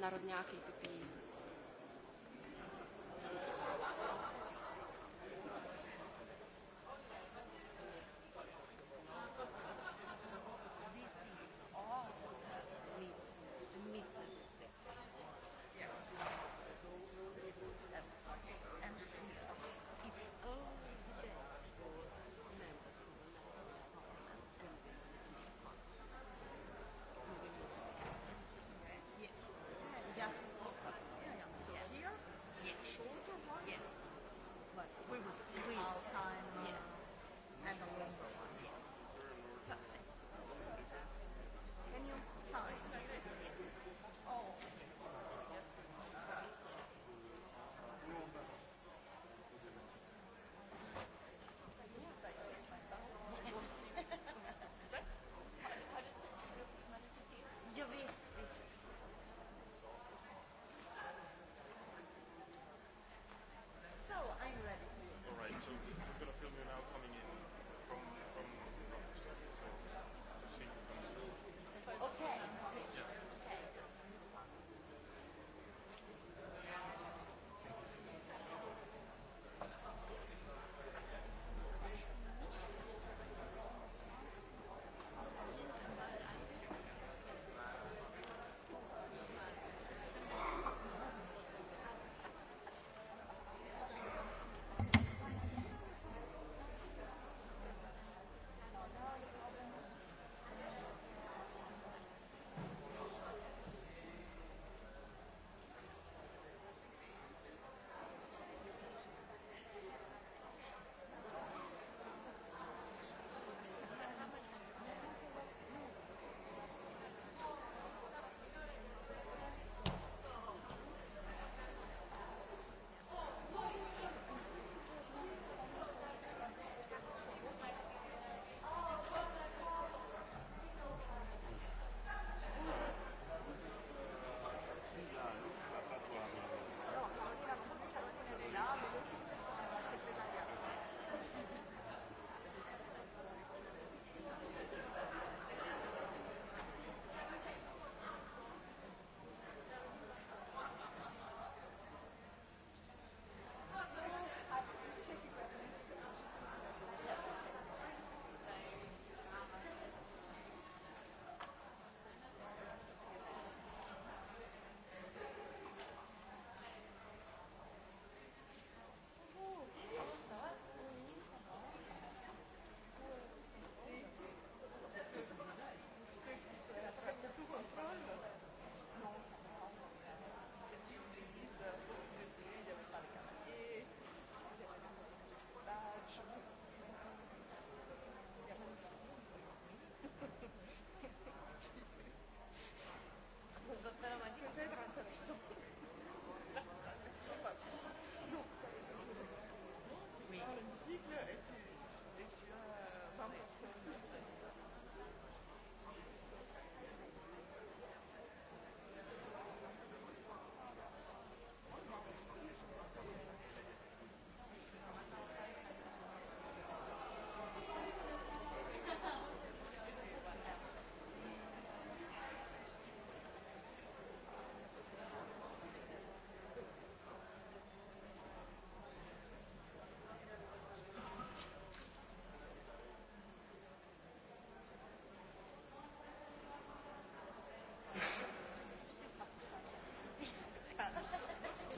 národňáky typy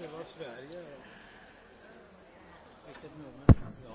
det var Sverige. Vilket nummer? Ja.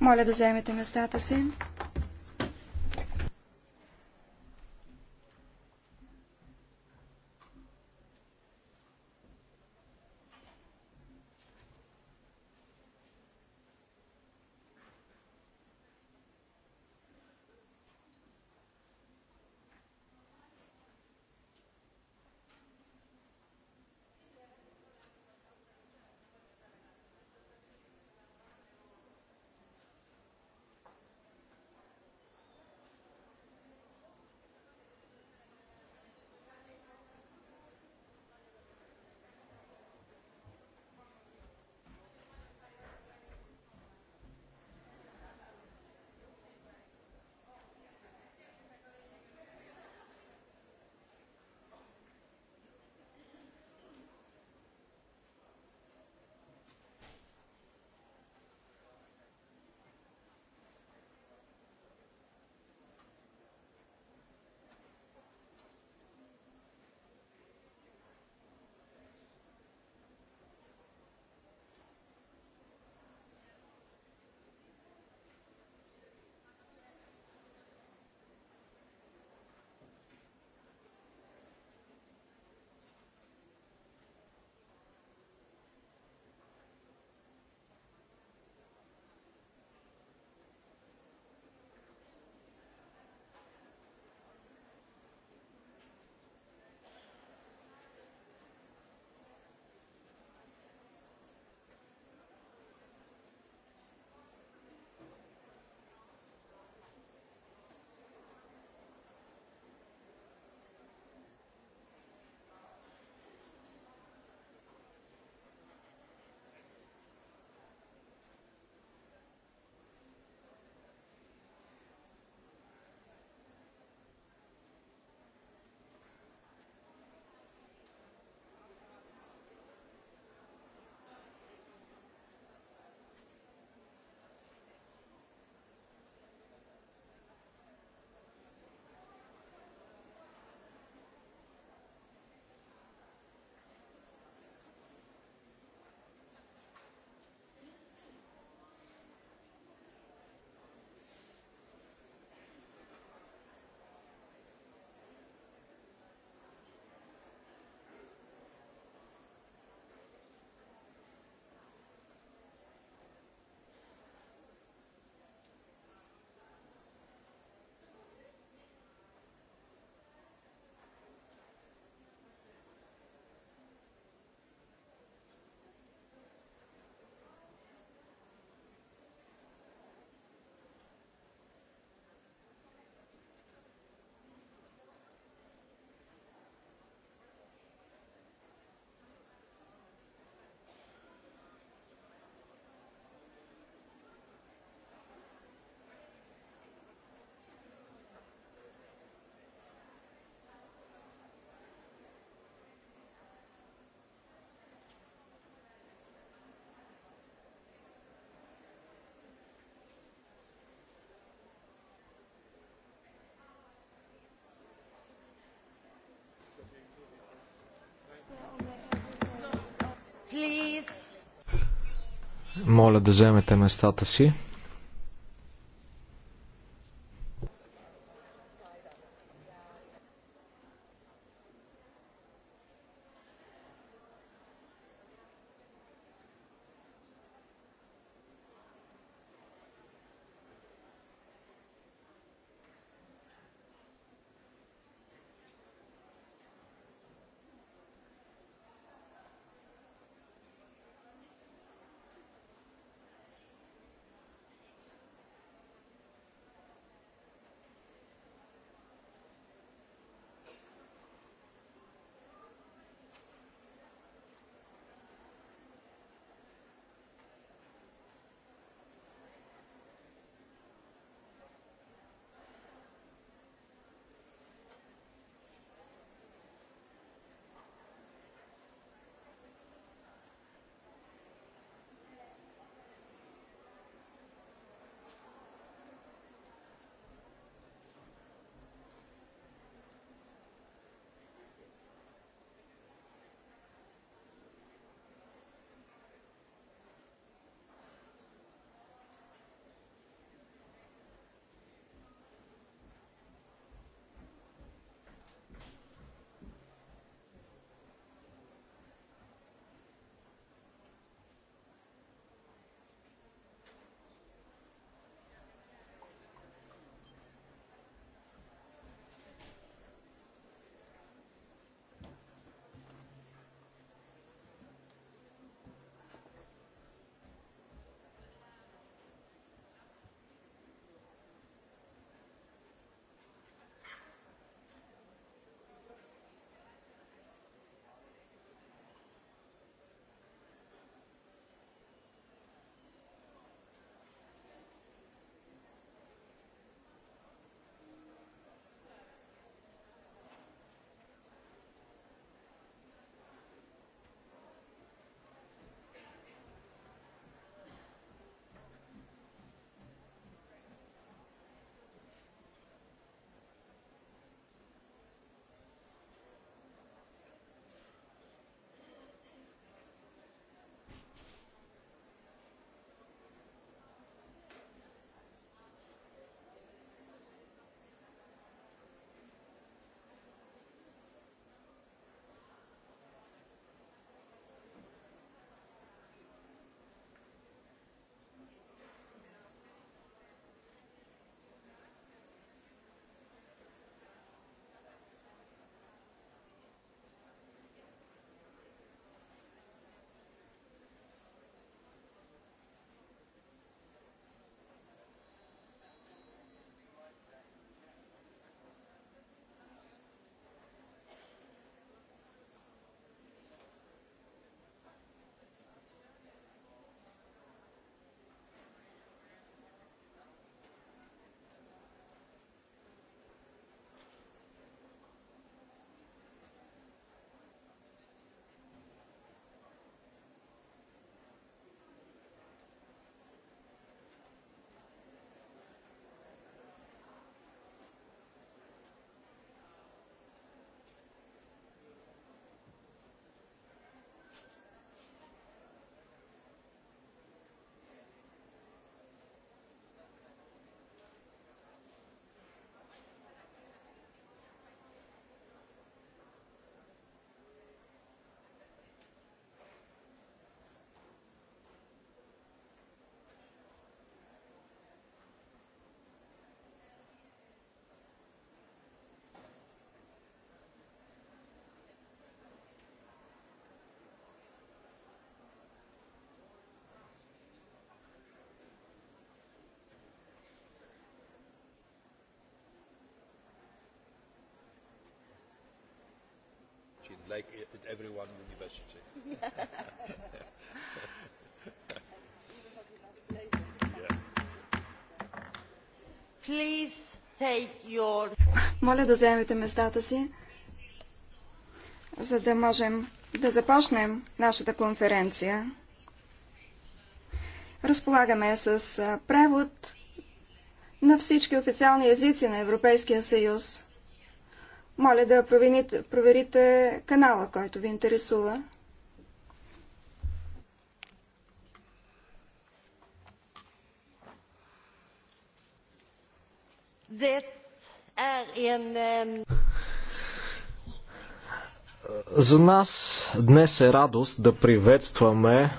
Моля да заемете местата си. Моля да вземете местата си. like at every one university. Моля да заемете местата си, за да можем да започнем нашата конференция. Разполагаме с превод на всички официални езици на Европейския съюз. Моля да проверите канала, който ви интересува. Er ehm, За нас днес е радост да приветстваме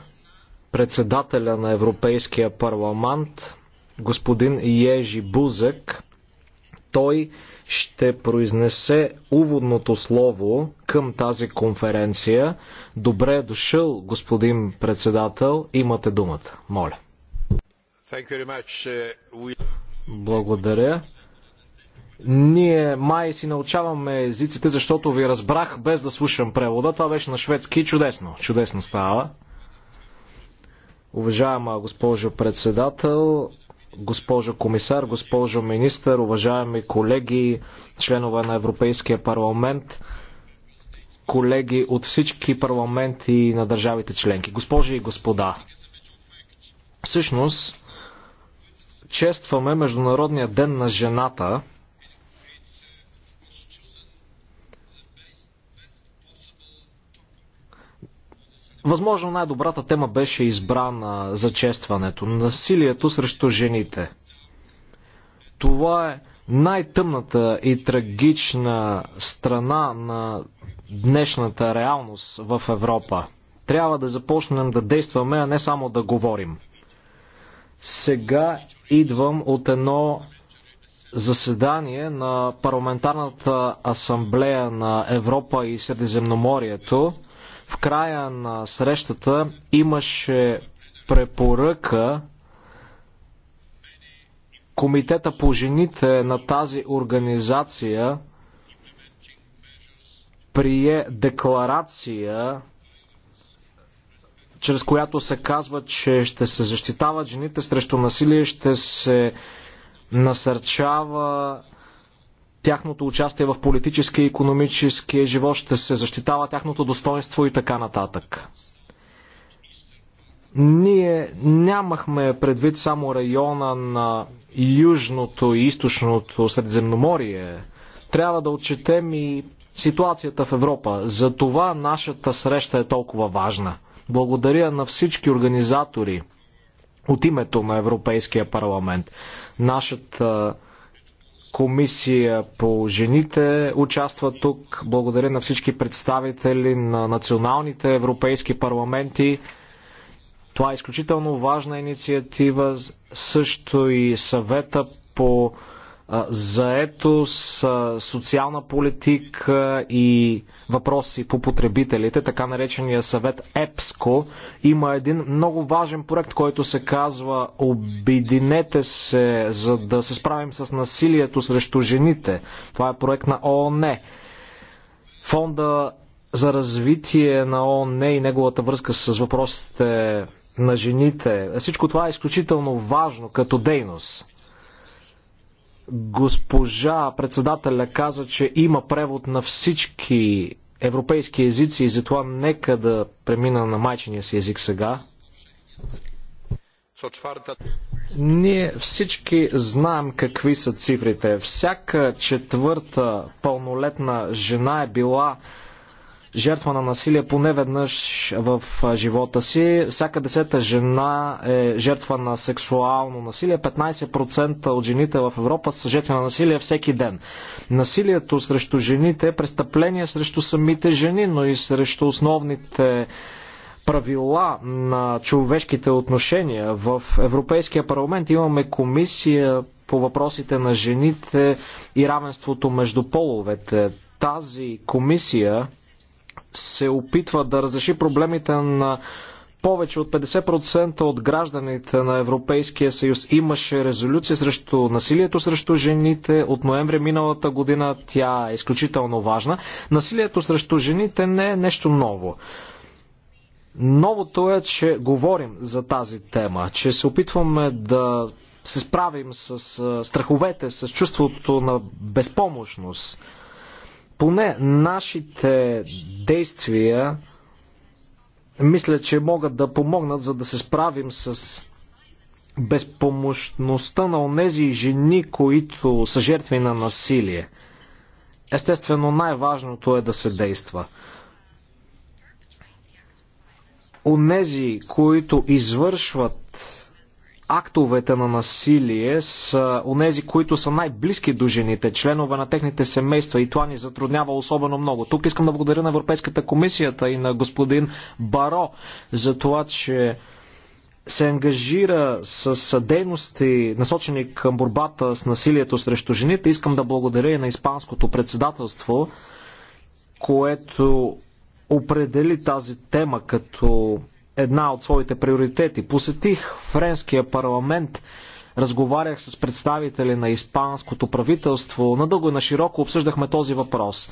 председателя на Европейския парламент, господин Ежи Бузек. Той е ще произнесе уводното слово към тази конференция. Добре е дошъл, господин председател. Имате думата. Моля. Uh, Благодаря. Ние май си научаваме езиците, защото ви разбрах без да слушам превода. Това беше на шведски. Чудесно. Чудесно става. Уважаема госпожо председател, госпожо комисар, госпожо министър, уважаеми колеги, членове на Европейския парламент, колеги от всички парламенти на държавите членки, госпожи и господа. Всъщност, честваме Международния ден на жената – Възможно най-добрата тема беше избрана за честването. Насилието срещу жените. Това е най-тъмната и трагична страна на днешната реалност в Европа. Трябва да започнем да действаме, а не само да говорим. Сега идвам от едно заседание на Парламентарната асамблея на Европа и Средиземноморието – в края на срещата имаше препоръка Комитета по жените на тази организация прие декларация, чрез която се казва, че ще се защитават жените срещу насилие, ще се насърчава тяхното участие в политически и економическия живот, ще се защитава тяхното достоинство и така нататък. Ние нямахме предвид само района на Южното и Източното Средиземноморие. Трябва да отчетем и ситуацията в Европа. За това нашата среща е толкова важна. Благодаря на всички организатори от името на Европейския парламент. Нашата комисия по жените участва тук. Благодаря на всички представители на националните европейски парламенти. Това е изключително важна инициатива. Също и съвета по заетост, социална политика и въпроси по потребителите, така наречения съвет ЕПСКО, има един много важен проект, който се казва Обединете се, за да се справим с насилието срещу жените. Това е проект на ООН. Фонда за развитие на ООН и неговата връзка с въпросите на жените. Всичко това е изключително важно като дейност. Госпожа председателя каза, че има превод на всички европейски езици и затова нека да премина на майчиния си език сега. Ние всички знаем какви са цифрите. Всяка четвърта пълнолетна жена е била жертва на насилие поне веднъж в живота си. Всяка десета жена е жертва на сексуално насилие. 15% от жените в Европа са жертва на насилие всеки ден. Насилието срещу жените е престъпление срещу самите жени, но и срещу основните правила на човешките отношения. В Европейския парламент имаме комисия по въпросите на жените и равенството между половете. Тази комисия се опитва да разреши проблемите на повече от 50% от гражданите на Европейския съюз. Имаше резолюция срещу насилието срещу жените от ноември миналата година. Тя е изключително важна. Насилието срещу жените не е нещо ново. Новото е, че говорим за тази тема, че се опитваме да се справим с страховете, с чувството на безпомощност. Поне нашите действия мисля, че могат да помогнат, за да се справим с безпомощността на онези жени, които са жертви на насилие. Естествено, най-важното е да се действа. Онези, които извършват актовете на насилие са онези, които са най-близки до жените, членове на техните семейства и това ни затруднява особено много. Тук искам да благодаря на Европейската комисията и на господин Баро за това, че се ангажира с дейности, насочени към борбата с насилието срещу жените. Искам да благодаря и на Испанското председателство, което определи тази тема като една от своите приоритети. Посетих Френския парламент, разговарях с представители на испанското правителство, надълго и на широко обсъждахме този въпрос.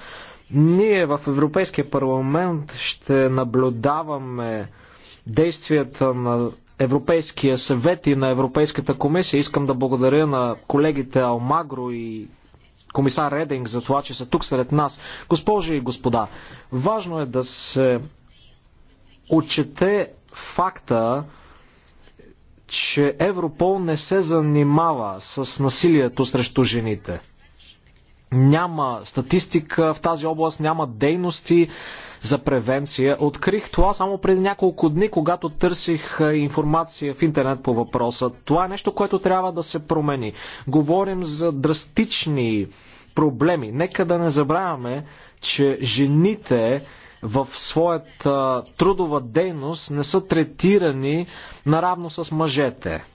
Ние в Европейския парламент ще наблюдаваме действията на Европейския съвет и на Европейската комисия. Искам да благодаря на колегите Алмагро и комисар Рединг за това, че са тук сред нас. Госпожи и господа, важно е да се отчете факта, че Европол не се занимава с насилието срещу жените. Няма статистика в тази област, няма дейности за превенция. Открих това само преди няколко дни, когато търсих информация в интернет по въпроса. Това е нещо, което трябва да се промени. Говорим за драстични проблеми. Нека да не забравяме, че жените в своята трудова дейност не са третирани наравно с мъжете.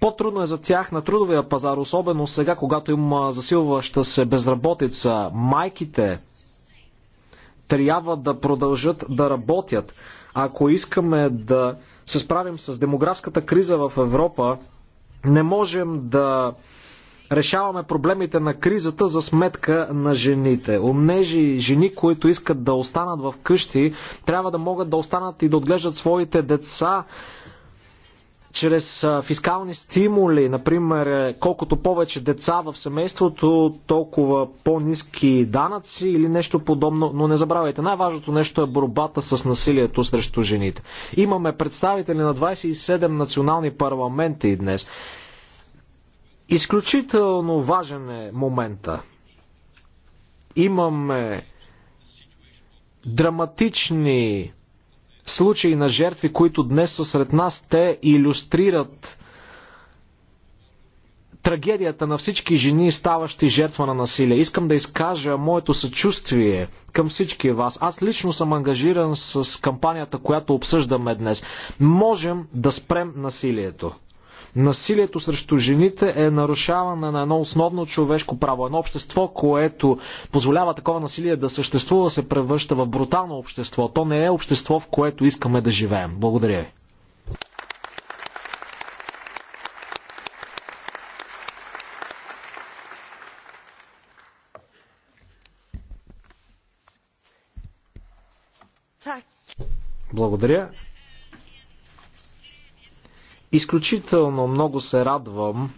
По-трудно е за тях на трудовия пазар, особено сега, когато има засилваща се безработица. Майките трябва да продължат да работят. Ако искаме да се справим с демографската криза в Европа, не можем да решаваме проблемите на кризата за сметка на жените. Умнежи жени, които искат да останат в къщи, трябва да могат да останат и да отглеждат своите деца чрез фискални стимули, например, колкото повече деца в семейството, толкова по-низки данъци или нещо подобно. Но не забравяйте, най-важното нещо е борбата с насилието срещу жените. Имаме представители на 27 национални парламенти днес. Изключително важен е момента. Имаме драматични случаи на жертви, които днес са сред нас. Те иллюстрират трагедията на всички жени, ставащи жертва на насилие. Искам да изкажа моето съчувствие към всички вас. Аз лично съм ангажиран с кампанията, която обсъждаме днес. Можем да спрем насилието. Насилието срещу жените е нарушаване на едно основно човешко право. Едно общество, което позволява такова насилие да съществува, се превръща в брутално общество. То не е общество, в което искаме да живеем. Благодаря ви. Благодаря. Изключително много се радвам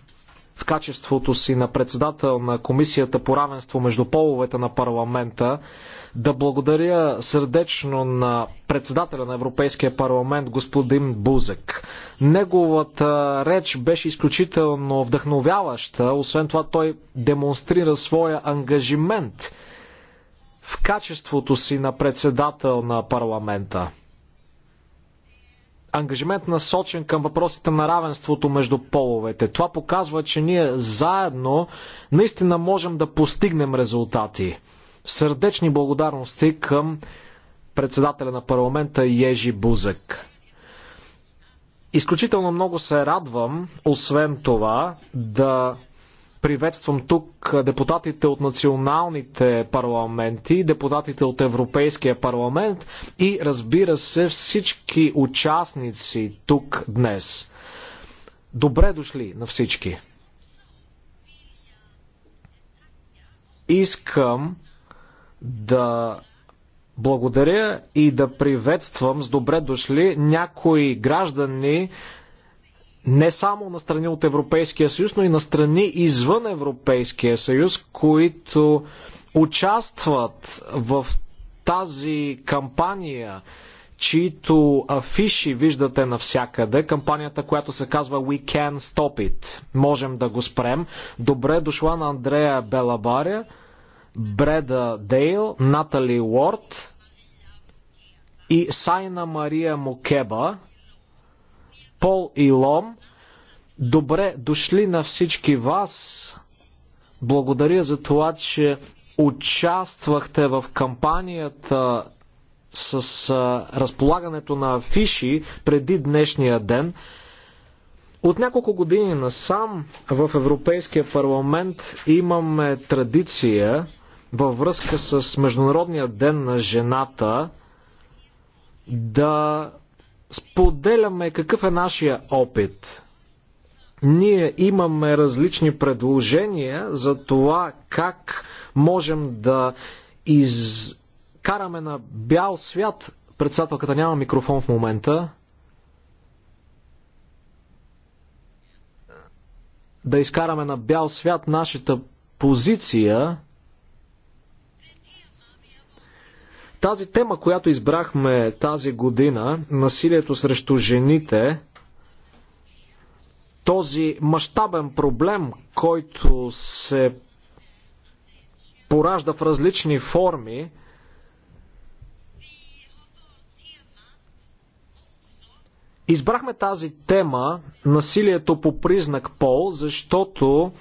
в качеството си на председател на Комисията по равенство между половете на парламента да благодаря сърдечно на председателя на Европейския парламент господин Бузек. Неговата реч беше изключително вдъхновяваща, освен това той демонстрира своя ангажимент в качеството си на председател на парламента ангажимент насочен към въпросите на равенството между половете. Това показва, че ние заедно наистина можем да постигнем резултати. Сърдечни благодарности към председателя на парламента Ежи Бузък. Изключително много се радвам, освен това, да Приветствам тук депутатите от националните парламенти, депутатите от Европейския парламент и разбира се всички участници тук днес. Добре дошли на всички! Искам да благодаря и да приветствам с добре дошли някои граждани не само на страни от Европейския съюз, но и на страни извън Европейския съюз, които участват в тази кампания, чието афиши виждате навсякъде. Кампанията, която се казва We Can Stop It. Можем да го спрем. Добре дошла на Андрея Белабаря, Бреда Дейл, Натали Уорд и Сайна Мария Мокеба. Пол и Лом. Добре дошли на всички вас. Благодаря за това, че участвахте в кампанията с а, разполагането на афиши преди днешния ден. От няколко години насам в Европейския парламент имаме традиция във връзка с Международния ден на жената да споделяме какъв е нашия опит. Ние имаме различни предложения за това как можем да изкараме на бял свят. Председателката няма микрофон в момента. Да изкараме на бял свят нашата позиция Тази тема, която избрахме тази година, насилието срещу жените, този мащабен проблем, който се поражда в различни форми, Избрахме тази тема насилието по признак пол, защото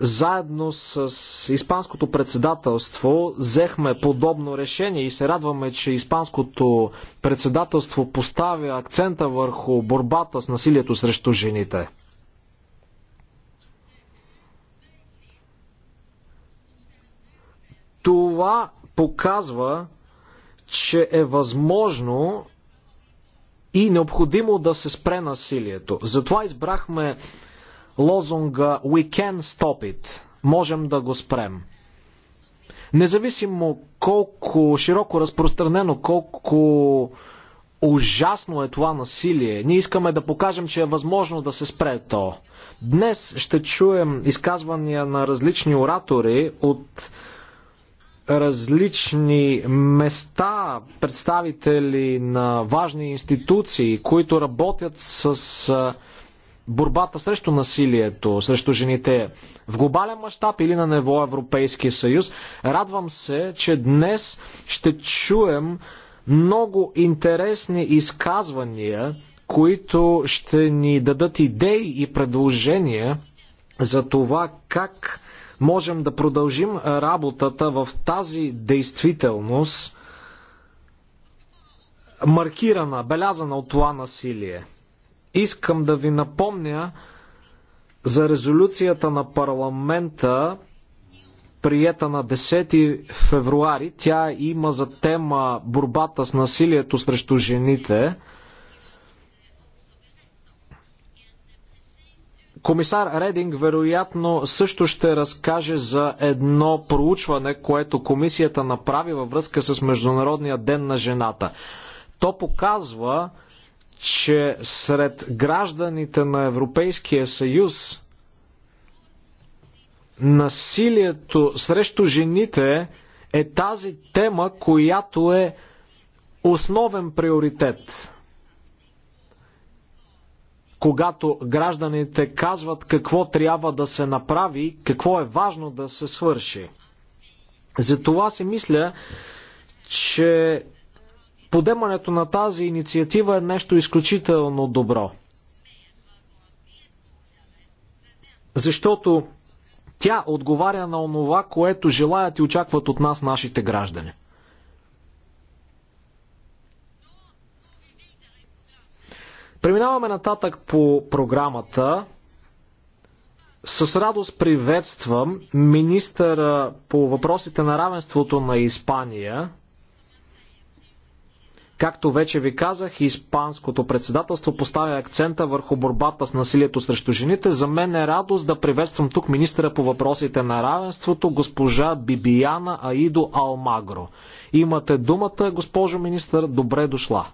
заедно с Испанското председателство взехме подобно решение и се радваме, че Испанското председателство поставя акцента върху борбата с насилието срещу жените. Това показва, че е възможно и необходимо да се спре насилието. Затова избрахме лозунга We can stop it. Можем да го спрем. Независимо колко широко разпространено, колко ужасно е това насилие, ние искаме да покажем, че е възможно да се спре то. Днес ще чуем изказвания на различни оратори от различни места, представители на важни институции, които работят с борбата срещу насилието, срещу жените в глобален мащаб или на ниво Европейски съюз. Радвам се, че днес ще чуем много интересни изказвания, които ще ни дадат идеи и предложения за това как можем да продължим работата в тази действителност, маркирана, белязана от това насилие. Искам да ви напомня за резолюцията на парламента, приета на 10 февруари. Тя има за тема борбата с насилието срещу жените. Комисар Рединг вероятно също ще разкаже за едно проучване, което комисията направи във връзка с Международния ден на жената. То показва, че сред гражданите на Европейския съюз насилието срещу жените е тази тема, която е основен приоритет. Когато гражданите казват какво трябва да се направи, какво е важно да се свърши. Затова си мисля, че подемането на тази инициатива е нещо изключително добро. Защото тя отговаря на онова, което желаят и очакват от нас нашите граждани. Преминаваме нататък по програмата. С радост приветствам министъра по въпросите на равенството на Испания, Както вече ви казах, Испанското председателство поставя акцента върху борбата с насилието срещу жените. За мен е радост да приветствам тук министъра по въпросите на равенството, госпожа Бибияна Аидо Алмагро. Имате думата, госпожо министър, добре дошла.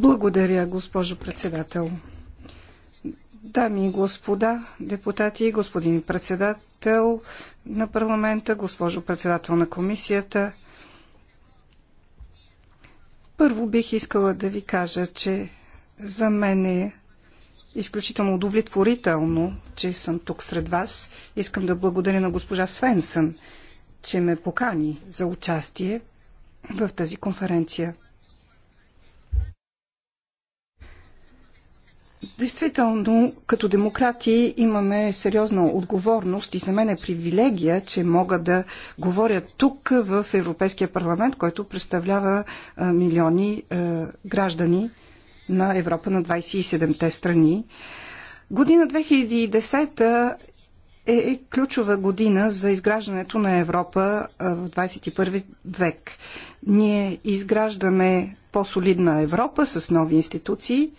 Благодаря, госпожо председател. Дами и господа, депутати, господин председател на парламента, госпожо председател на комисията, първо бих искала да ви кажа, че за мен е изключително удовлетворително, че съм тук сред вас. Искам да благодаря на госпожа Свенсън, че ме покани за участие в тази конференция. Действително, като демократи имаме сериозна отговорност и за мен е привилегия, че мога да говоря тук в Европейския парламент, който представлява милиони граждани на Европа на 27-те страни. Година 2010 е ключова година за изграждането на Европа в 21 век. Ние изграждаме по-солидна Европа с нови институции –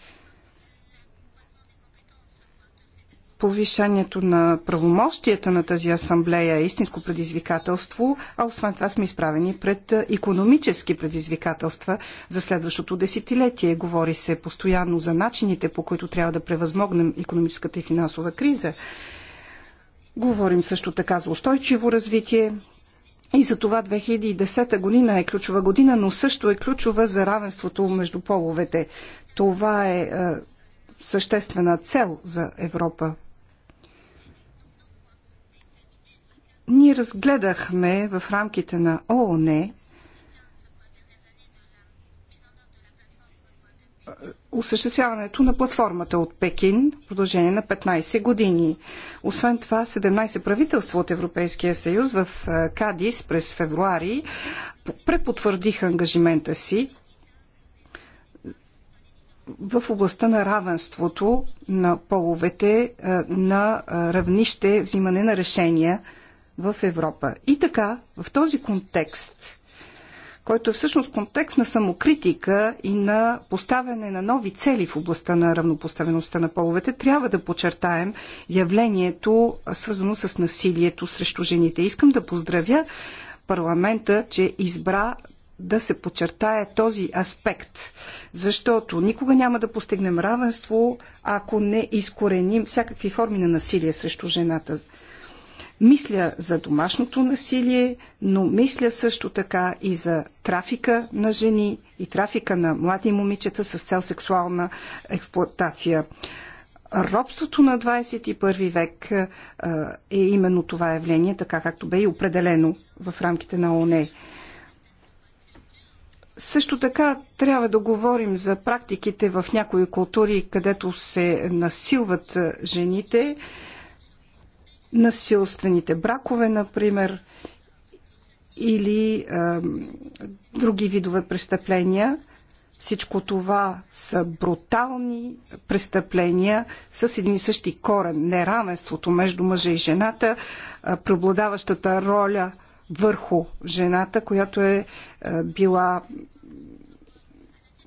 повишението на правомощията на тази асамблея е истинско предизвикателство, а освен това сме изправени пред економически предизвикателства за следващото десетилетие. Говори се постоянно за начините, по които трябва да превъзмогнем економическата и финансова криза. Говорим също така за устойчиво развитие, и за това 2010 година е ключова година, но също е ключова за равенството между половете. Това е, е съществена цел за Европа. Ние разгледахме в рамките на ООН осъществяването на платформата от Пекин в продължение на 15 години. Освен това, 17 правителства от Европейския съюз в Кадис през февруари препотвърдиха ангажимента си в областта на равенството на половете на равнище взимане на решения – в Европа. И така, в този контекст, който е всъщност контекст на самокритика и на поставяне на нови цели в областта на равнопоставеността на половете, трябва да подчертаем явлението, свързано с насилието срещу жените. Искам да поздравя парламента, че избра да се подчертае този аспект, защото никога няма да постигнем равенство, ако не изкореним всякакви форми на насилие срещу жената. Мисля за домашното насилие, но мисля също така и за трафика на жени и трафика на млади момичета с цел сексуална експлоатация. Робството на 21 век е именно това явление, така както бе и определено в рамките на ОНЕ. Също така трябва да говорим за практиките в някои култури, където се насилват жените насилствените бракове, например, или е, други видове престъпления. Всичко това са брутални престъпления с един и същи корен. Неравенството между мъжа и жената, преобладаващата роля върху жената, която е била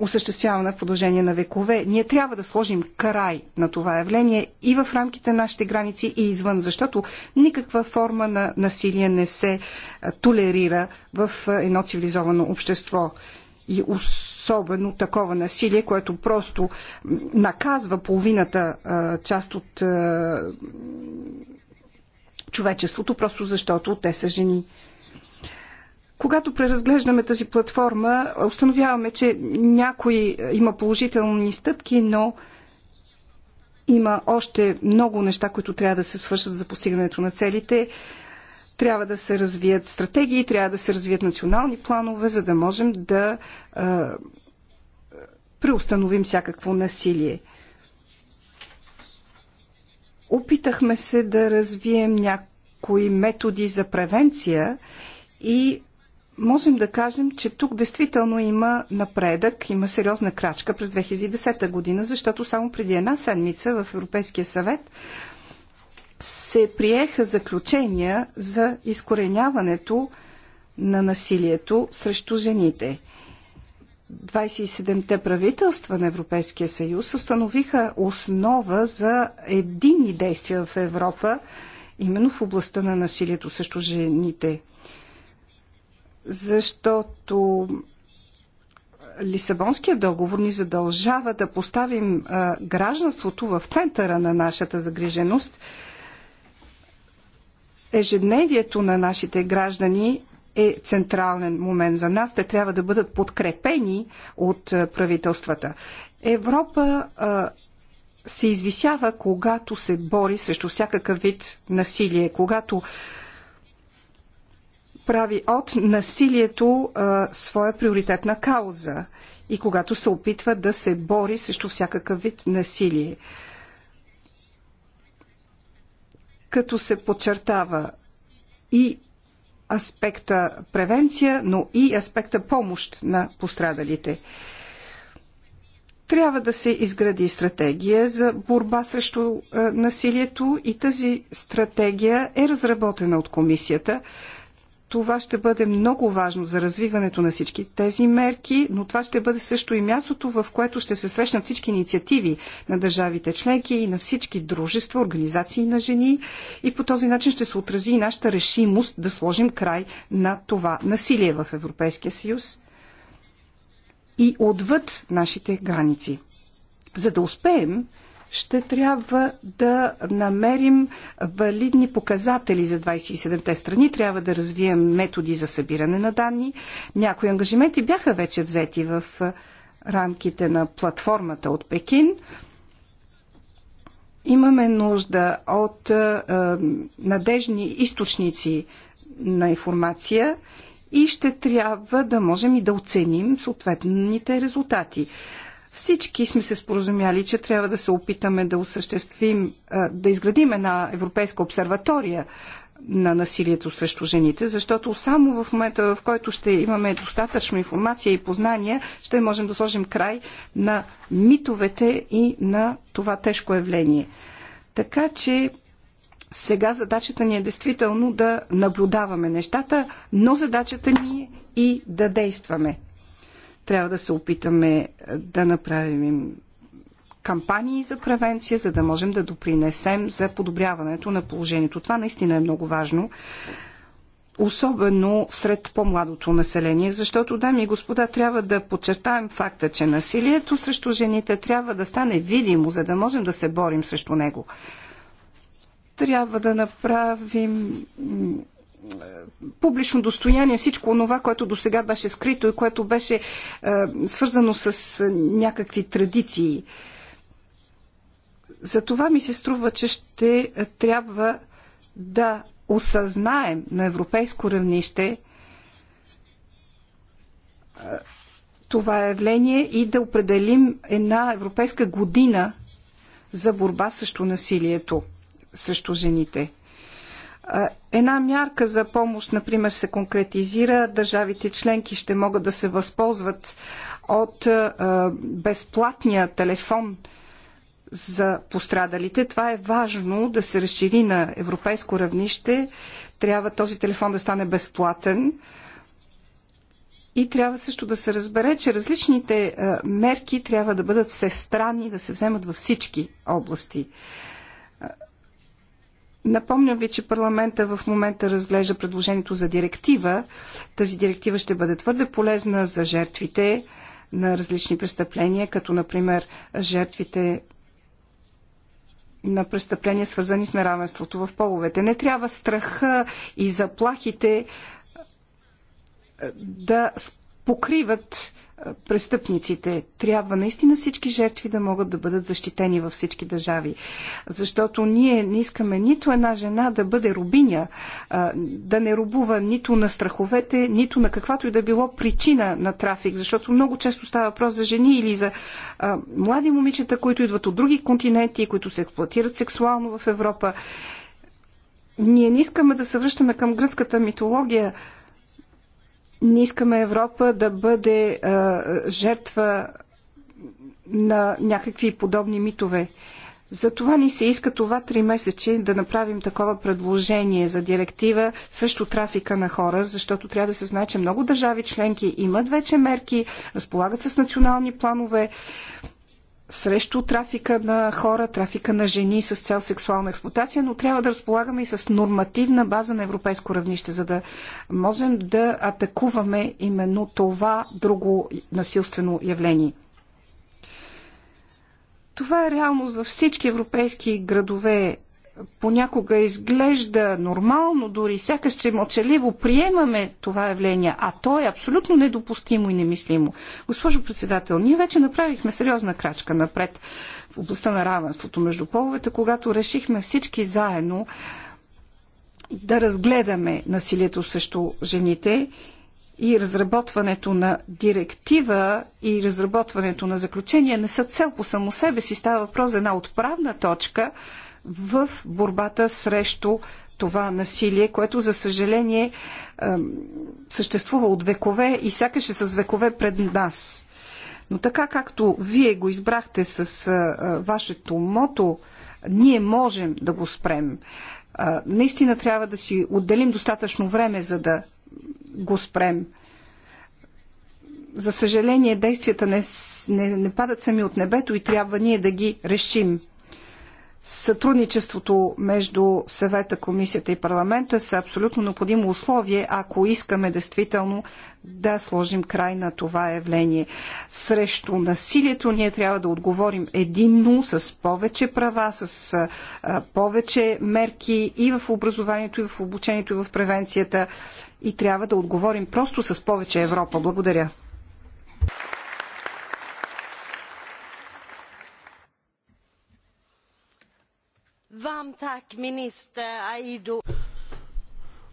осъществявана в продължение на векове. Ние трябва да сложим край на това явление и в рамките на нашите граници и извън, защото никаква форма на насилие не се е, толерира в е, едно цивилизовано общество. И особено такова насилие, което просто наказва половината е, част от човечеството, просто защото те са жени. Когато преразглеждаме тази платформа, установяваме, че някой е, има положителни стъпки, но има още много неща, които трябва да се свършат за постигането на целите. Трябва да се развият стратегии, трябва да се развият национални планове, за да можем да а, е, преустановим всякакво насилие. Опитахме се да развием някои методи за превенция и можем да кажем, че тук действително има напредък, има сериозна крачка през 2010 година, защото само преди една седмица в Европейския съвет се приеха заключения за изкореняването на насилието срещу жените. 27-те правителства на Европейския съюз установиха основа за единни действия в Европа, именно в областта на насилието срещу жените защото Лисабонския договор ни задължава да поставим гражданството в центъра на нашата загриженост. Ежедневието на нашите граждани е централен момент за нас. Те трябва да бъдат подкрепени от правителствата. Европа се извисява, когато се бори срещу всякакъв вид насилие, когато прави от насилието а, своя приоритетна кауза и когато се опитва да се бори срещу всякакъв вид насилие. Като се подчертава и аспекта превенция, но и аспекта помощ на пострадалите. Трябва да се изгради стратегия за борба срещу а, насилието и тази стратегия е разработена от комисията. Това ще бъде много важно за развиването на всички тези мерки, но това ще бъде също и мястото, в което ще се срещнат всички инициативи на държавите членки и на всички дружества, организации на жени и по този начин ще се отрази и нашата решимост да сложим край на това насилие в Европейския съюз и отвъд нашите граници. За да успеем, ще трябва да намерим валидни показатели за 27-те страни, трябва да развием методи за събиране на данни. Някои ангажименти бяха вече взети в рамките на платформата от Пекин. Имаме нужда от е, надежни източници на информация и ще трябва да можем и да оценим съответните резултати. Всички сме се споразумяли, че трябва да се опитаме да осъществим, да изградим една европейска обсерватория на насилието срещу жените, защото само в момента, в който ще имаме достатъчно информация и познания, ще можем да сложим край на митовете и на това тежко явление. Така че сега задачата ни е действително да наблюдаваме нещата, но задачата ни е и да действаме. Трябва да се опитаме е, да направим кампании за превенция, за да можем да допринесем за подобряването на положението. Това наистина е много важно особено сред по-младото население, защото, дами и господа, трябва да подчертаем факта, че насилието срещу жените трябва да стане видимо, за да можем да се борим срещу него. Трябва да направим публично достояние всичко това, което до сега беше скрито и което беше е, свързано с е, някакви традиции. За това ми се струва, че ще трябва да осъзнаем на европейско равнище е, това явление и да определим една европейска година за борба срещу насилието срещу жените. Една мярка за помощ, например, се конкретизира. Държавите членки ще могат да се възползват от безплатния телефон за пострадалите. Това е важно да се разшири на европейско равнище. Трябва този телефон да стане безплатен. И трябва също да се разбере, че различните мерки трябва да бъдат всестранни, да се вземат във всички области. Напомням ви, че парламента в момента разглежда предложението за директива. Тази директива ще бъде твърде полезна за жертвите на различни престъпления, като например жертвите на престъпления, свързани с неравенството в половете. Не трябва страха и заплахите да покриват престъпниците. Трябва наистина всички жертви да могат да бъдат защитени във всички държави. Защото ние не искаме нито една жена да бъде рубиня, да не рубува нито на страховете, нито на каквато и да било причина на трафик. Защото много често става въпрос за жени или за млади момичета, които идват от други континенти, и които се експлуатират сексуално в Европа. Ние не искаме да се връщаме към гръцката митология, не искаме Европа да бъде а, жертва на някакви подобни митове. Затова ни се иска това три месечи да направим такова предложение за директива срещу трафика на хора, защото трябва да се знае, че много държави членки имат вече мерки, разполагат с национални планове срещу трафика на хора, трафика на жени с цял сексуална експлуатация, но трябва да разполагаме и с нормативна база на европейско равнище, за да можем да атакуваме именно това друго насилствено явление. Това е реалност за всички европейски градове понякога изглежда нормално, дори сякаш, че мълчаливо приемаме това явление, а то е абсолютно недопустимо и немислимо. Госпожо председател, ние вече направихме сериозна крачка напред в областта на равенството между половете, когато решихме всички заедно да разгледаме насилието срещу жените и разработването на директива и разработването на заключение не са цел по само себе си. Става въпрос за една отправна точка – в борбата срещу това насилие, което за съжаление съществува от векове и сякаш е с векове пред нас. Но така както вие го избрахте с вашето мото, ние можем да го спрем. наистина трябва да си отделим достатъчно време, за да го спрем. За съжаление, действията не, не, не падат сами от небето и трябва ние да ги решим. Сътрудничеството между съвета, комисията и парламента са абсолютно необходимо условие, ако искаме действително да сложим край на това явление. Срещу насилието ние трябва да отговорим единно, с повече права, с а, повече мерки и в образованието, и в обучението, и в превенцията. И трябва да отговорим просто с повече Европа. Благодаря.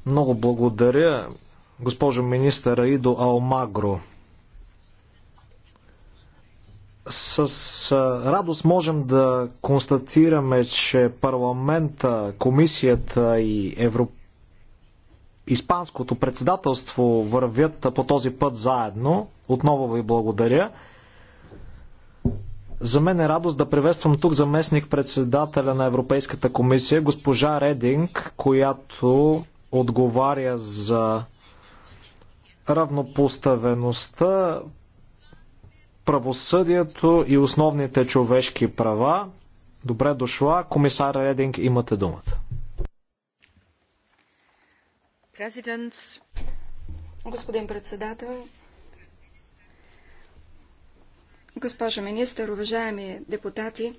Много благодаря, госпожо министър Аидо Алмагро. С радост можем да констатираме, че парламента, комисията и Европейския Испанското председателство вървят по този път заедно. Отново ви благодаря. За мен е радост да приветствам тук заместник председателя на Европейската комисия, госпожа Рединг, която отговаря за равнопоставеността, правосъдието и основните човешки права. Добре дошла. Комисар Рединг, имате думата. Господин председател, Госпожо министър, уважаеми депутати,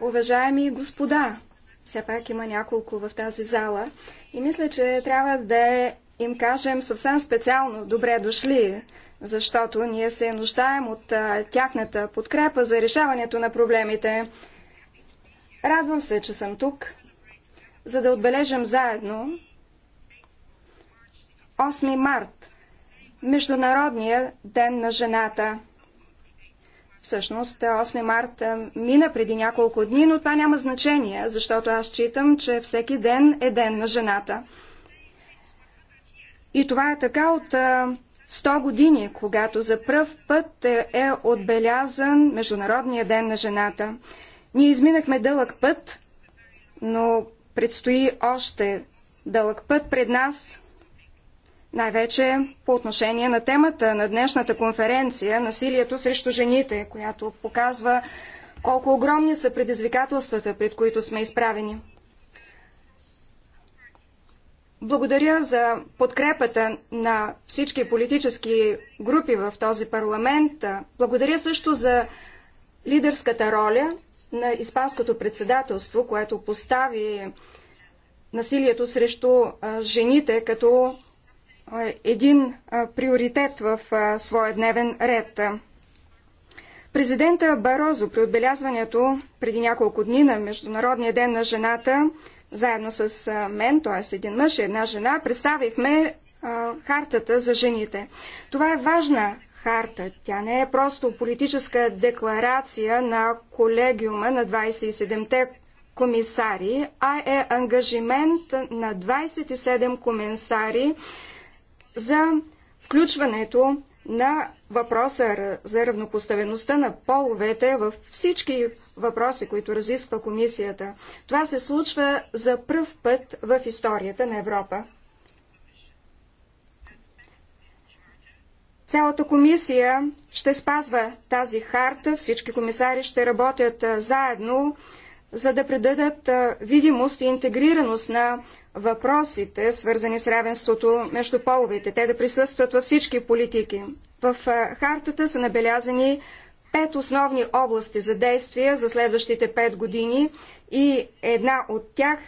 уважаеми господа, все пак има няколко в тази зала и мисля, че трябва да им кажем съвсем специално добре дошли, защото ние се нуждаем от тяхната подкрепа за решаването на проблемите. Радвам се, че съм тук, за да отбележим заедно 8 март, Международния ден на жената – Всъщност 8 марта мина преди няколко дни, но това няма значение, защото аз читам, че всеки ден е ден на жената. И това е така от 100 години, когато за пръв път е, е отбелязан Международния ден на жената. Ние изминахме дълъг път, но предстои още дълъг път пред нас най-вече по отношение на темата на днешната конференция насилието срещу жените, която показва колко огромни са предизвикателствата, пред които сме изправени. Благодаря за подкрепата на всички политически групи в този парламент. Благодаря също за лидерската роля на Испанското председателство, което постави насилието срещу жените като един приоритет в своя дневен ред. Президента Барозо при отбелязването преди няколко дни на Международния ден на жената, заедно с мен, т.е. един мъж и една жена, представихме хартата за жените. Това е важна харта. Тя не е просто политическа декларация на колегиума на 27-те комисари, а е ангажимент на 27 комисари за включването на въпроса за равнопоставеността на половете във всички въпроси, които разисква комисията. Това се случва за пръв път в историята на Европа. Цялата комисия ще спазва тази харта, всички комисари ще работят заедно, за да предадат видимост и интегрираност на въпросите, свързани с равенството между половете, те да присъстват във всички политики. В хартата са набелязани пет основни области за действие за следващите пет години и една от тях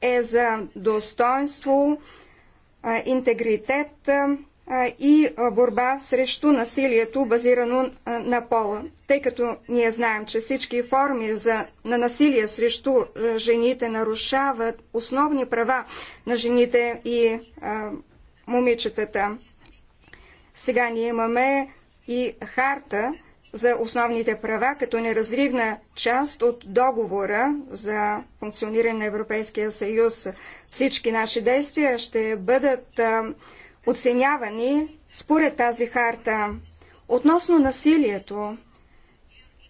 е за достоинство, интегритет, и борба срещу насилието, базирано на пола. Тъй като ние знаем, че всички форми за, на насилие срещу жените нарушават основни права на жените и а, момичетата. Сега ние имаме и харта за основните права като неразривна част от договора за функциониране на Европейския съюз. Всички наши действия ще бъдат а, оценявани според тази харта. Относно насилието,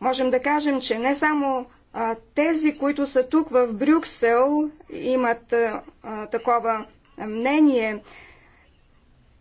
можем да кажем, че не само а, тези, които са тук в Брюксел, имат а, а, такова мнение.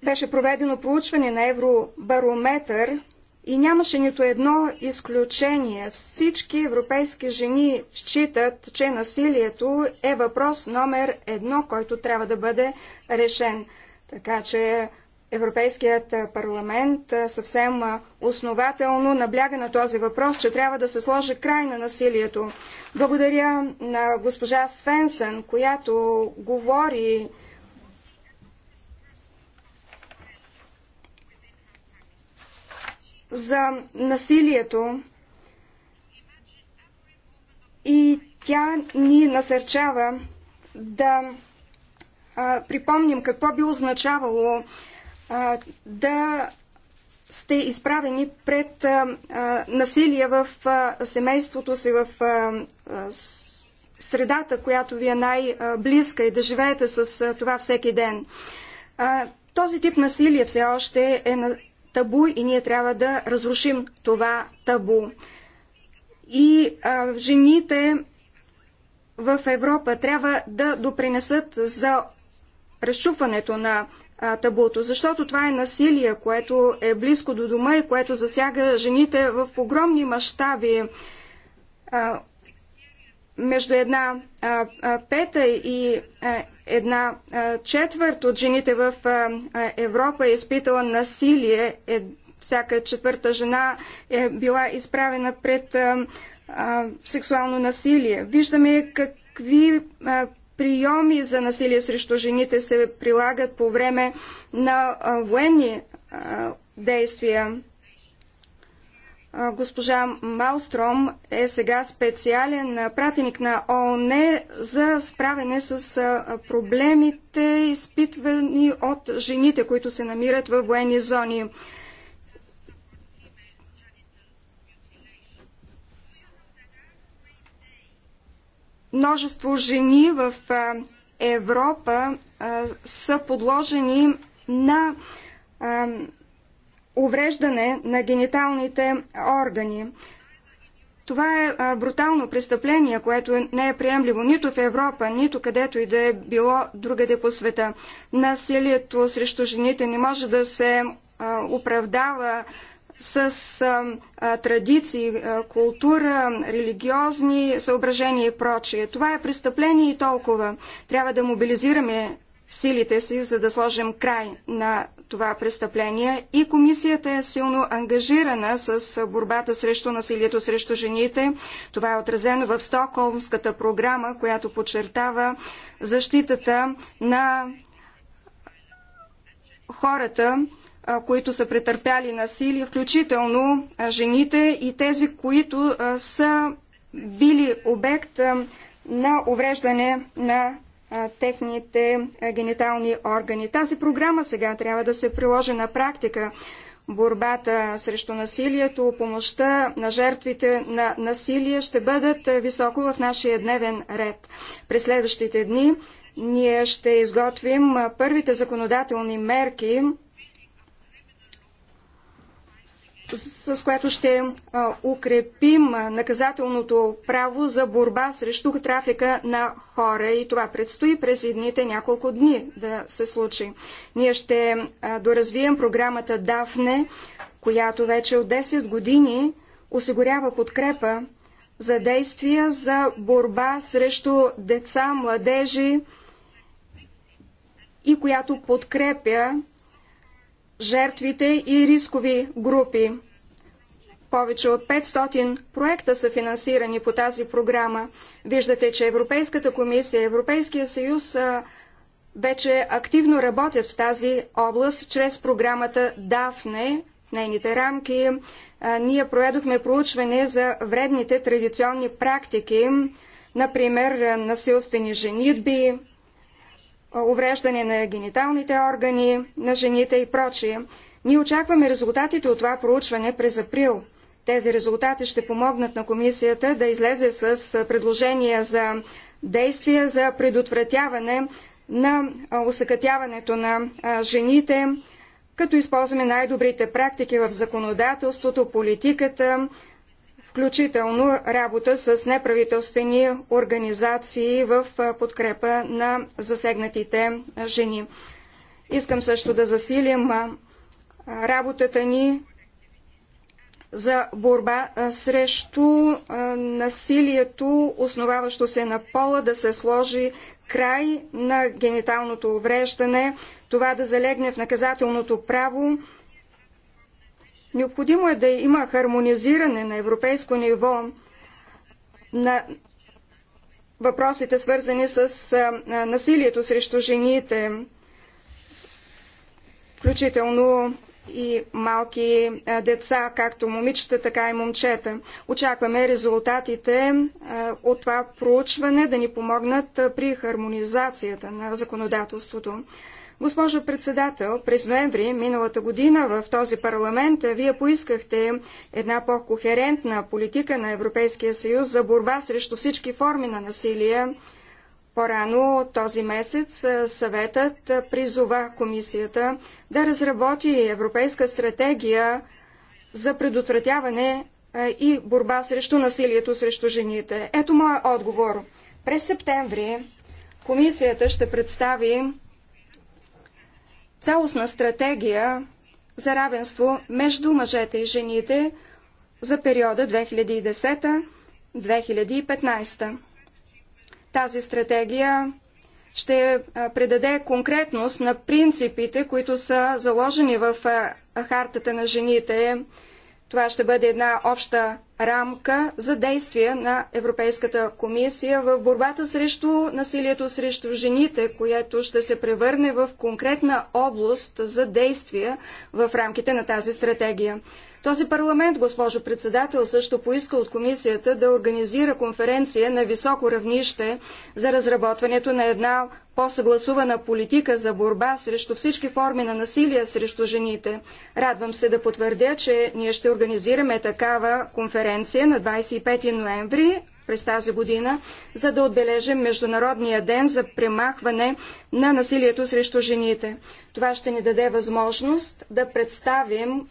Беше проведено проучване на Евробарометър и нямаше нито едно изключение. Всички европейски жени считат, че насилието е въпрос номер едно, който трябва да бъде решен. Така че Европейският парламент съвсем основателно набляга на този въпрос, че трябва да се сложи край на насилието. Благодаря на госпожа Свенсън, която говори за насилието и тя ни насърчава да а, припомним какво би означавало а, да сте изправени пред а, а, насилие в а, семейството си, в а, а, средата, която ви е най-близка и да живеете с а, това всеки ден. А, този тип насилие все още е на табу и ние трябва да разрушим това табу. И а, жените в Европа трябва да допринесат за разчупването на а, табуто, защото това е насилие, което е близко до дома и което засяга жените в огромни мащаби. Между една а, а, пета и а, една а, четвърт от жените в а, Европа е изпитала насилие. Е, всяка четвърта жена е била изправена пред а, а, сексуално насилие. Виждаме какви а, приеми за насилие срещу жените се прилагат по време на военни действия. Госпожа Малстром е сега специален пратеник на ООН за справене с проблемите, изпитвани от жените, които се намират в военни зони. Множество жени в Европа са подложени на увреждане на гениталните органи. Това е брутално престъпление, което не е приемливо нито в Европа, нито където и да е било другаде по света. Насилието срещу жените не може да се оправдава с традиции, култура, религиозни съображения и прочие. Това е престъпление и толкова. Трябва да мобилизираме силите си, за да сложим край на това престъпление и комисията е силно ангажирана с борбата срещу насилието срещу жените. Това е отразено в Стокхолмската програма, която подчертава защитата на хората, които са претърпяли насилие, включително жените и тези, които са били обект на увреждане на техните генитални органи. Тази програма сега трябва да се приложи на практика. Борбата срещу насилието, помощта на жертвите на насилие ще бъдат високо в нашия дневен ред. През следващите дни ние ще изготвим първите законодателни мерки, с, с която ще а, укрепим наказателното право за борба срещу трафика на хора. И това предстои през едните няколко дни да се случи. Ние ще а, доразвием програмата Дафне, която вече от 10 години осигурява подкрепа за действия за борба срещу деца, младежи и която подкрепя жертвите и рискови групи. Повече от 500 проекта са финансирани по тази програма. Виждате, че Европейската комисия, Европейския съюз вече активно работят в тази област чрез програмата ДАФНЕ нейните рамки. Ние проведохме проучване за вредните традиционни практики, например насилствени женитби, увреждане на гениталните органи на жените и прочие. Ние очакваме резултатите от това проучване през април. Тези резултати ще помогнат на комисията да излезе с предложения за действия за предотвратяване на усъкътяването на жените, като използваме най-добрите практики в законодателството, политиката, включително работа с неправителствени организации в подкрепа на засегнатите жени. Искам също да засилим работата ни за борба срещу насилието, основаващо се на пола, да се сложи край на гениталното увреждане, това да залегне в наказателното право, Необходимо е да има хармонизиране на европейско ниво на въпросите, свързани с насилието срещу жените, включително и малки деца, както момичета, така и момчета. Очакваме резултатите от това проучване да ни помогнат при хармонизацията на законодателството. Госпожо председател, през ноември миналата година в този парламент вие поискахте една по-кохерентна политика на Европейския съюз за борба срещу всички форми на насилие. По-рано този месец съветът призова комисията да разработи европейска стратегия за предотвратяване и борба срещу насилието срещу жените. Ето моя отговор. През септември комисията ще представи цялостна стратегия за равенство между мъжете и жените за периода 2010-2015. Тази стратегия ще предаде конкретност на принципите, които са заложени в хартата на жените, това ще бъде една обща рамка за действие на Европейската комисия в борбата срещу насилието срещу жените, което ще се превърне в конкретна област за действие в рамките на тази стратегия. Този парламент, госпожо председател, също поиска от комисията да организира конференция на високо равнище за разработването на една по-съгласувана политика за борба срещу всички форми на насилие срещу жените. Радвам се да потвърдя, че ние ще организираме такава конференция на 25 ноември през тази година, за да отбележим Международния ден за премахване на насилието срещу жените. Това ще ни даде възможност да представим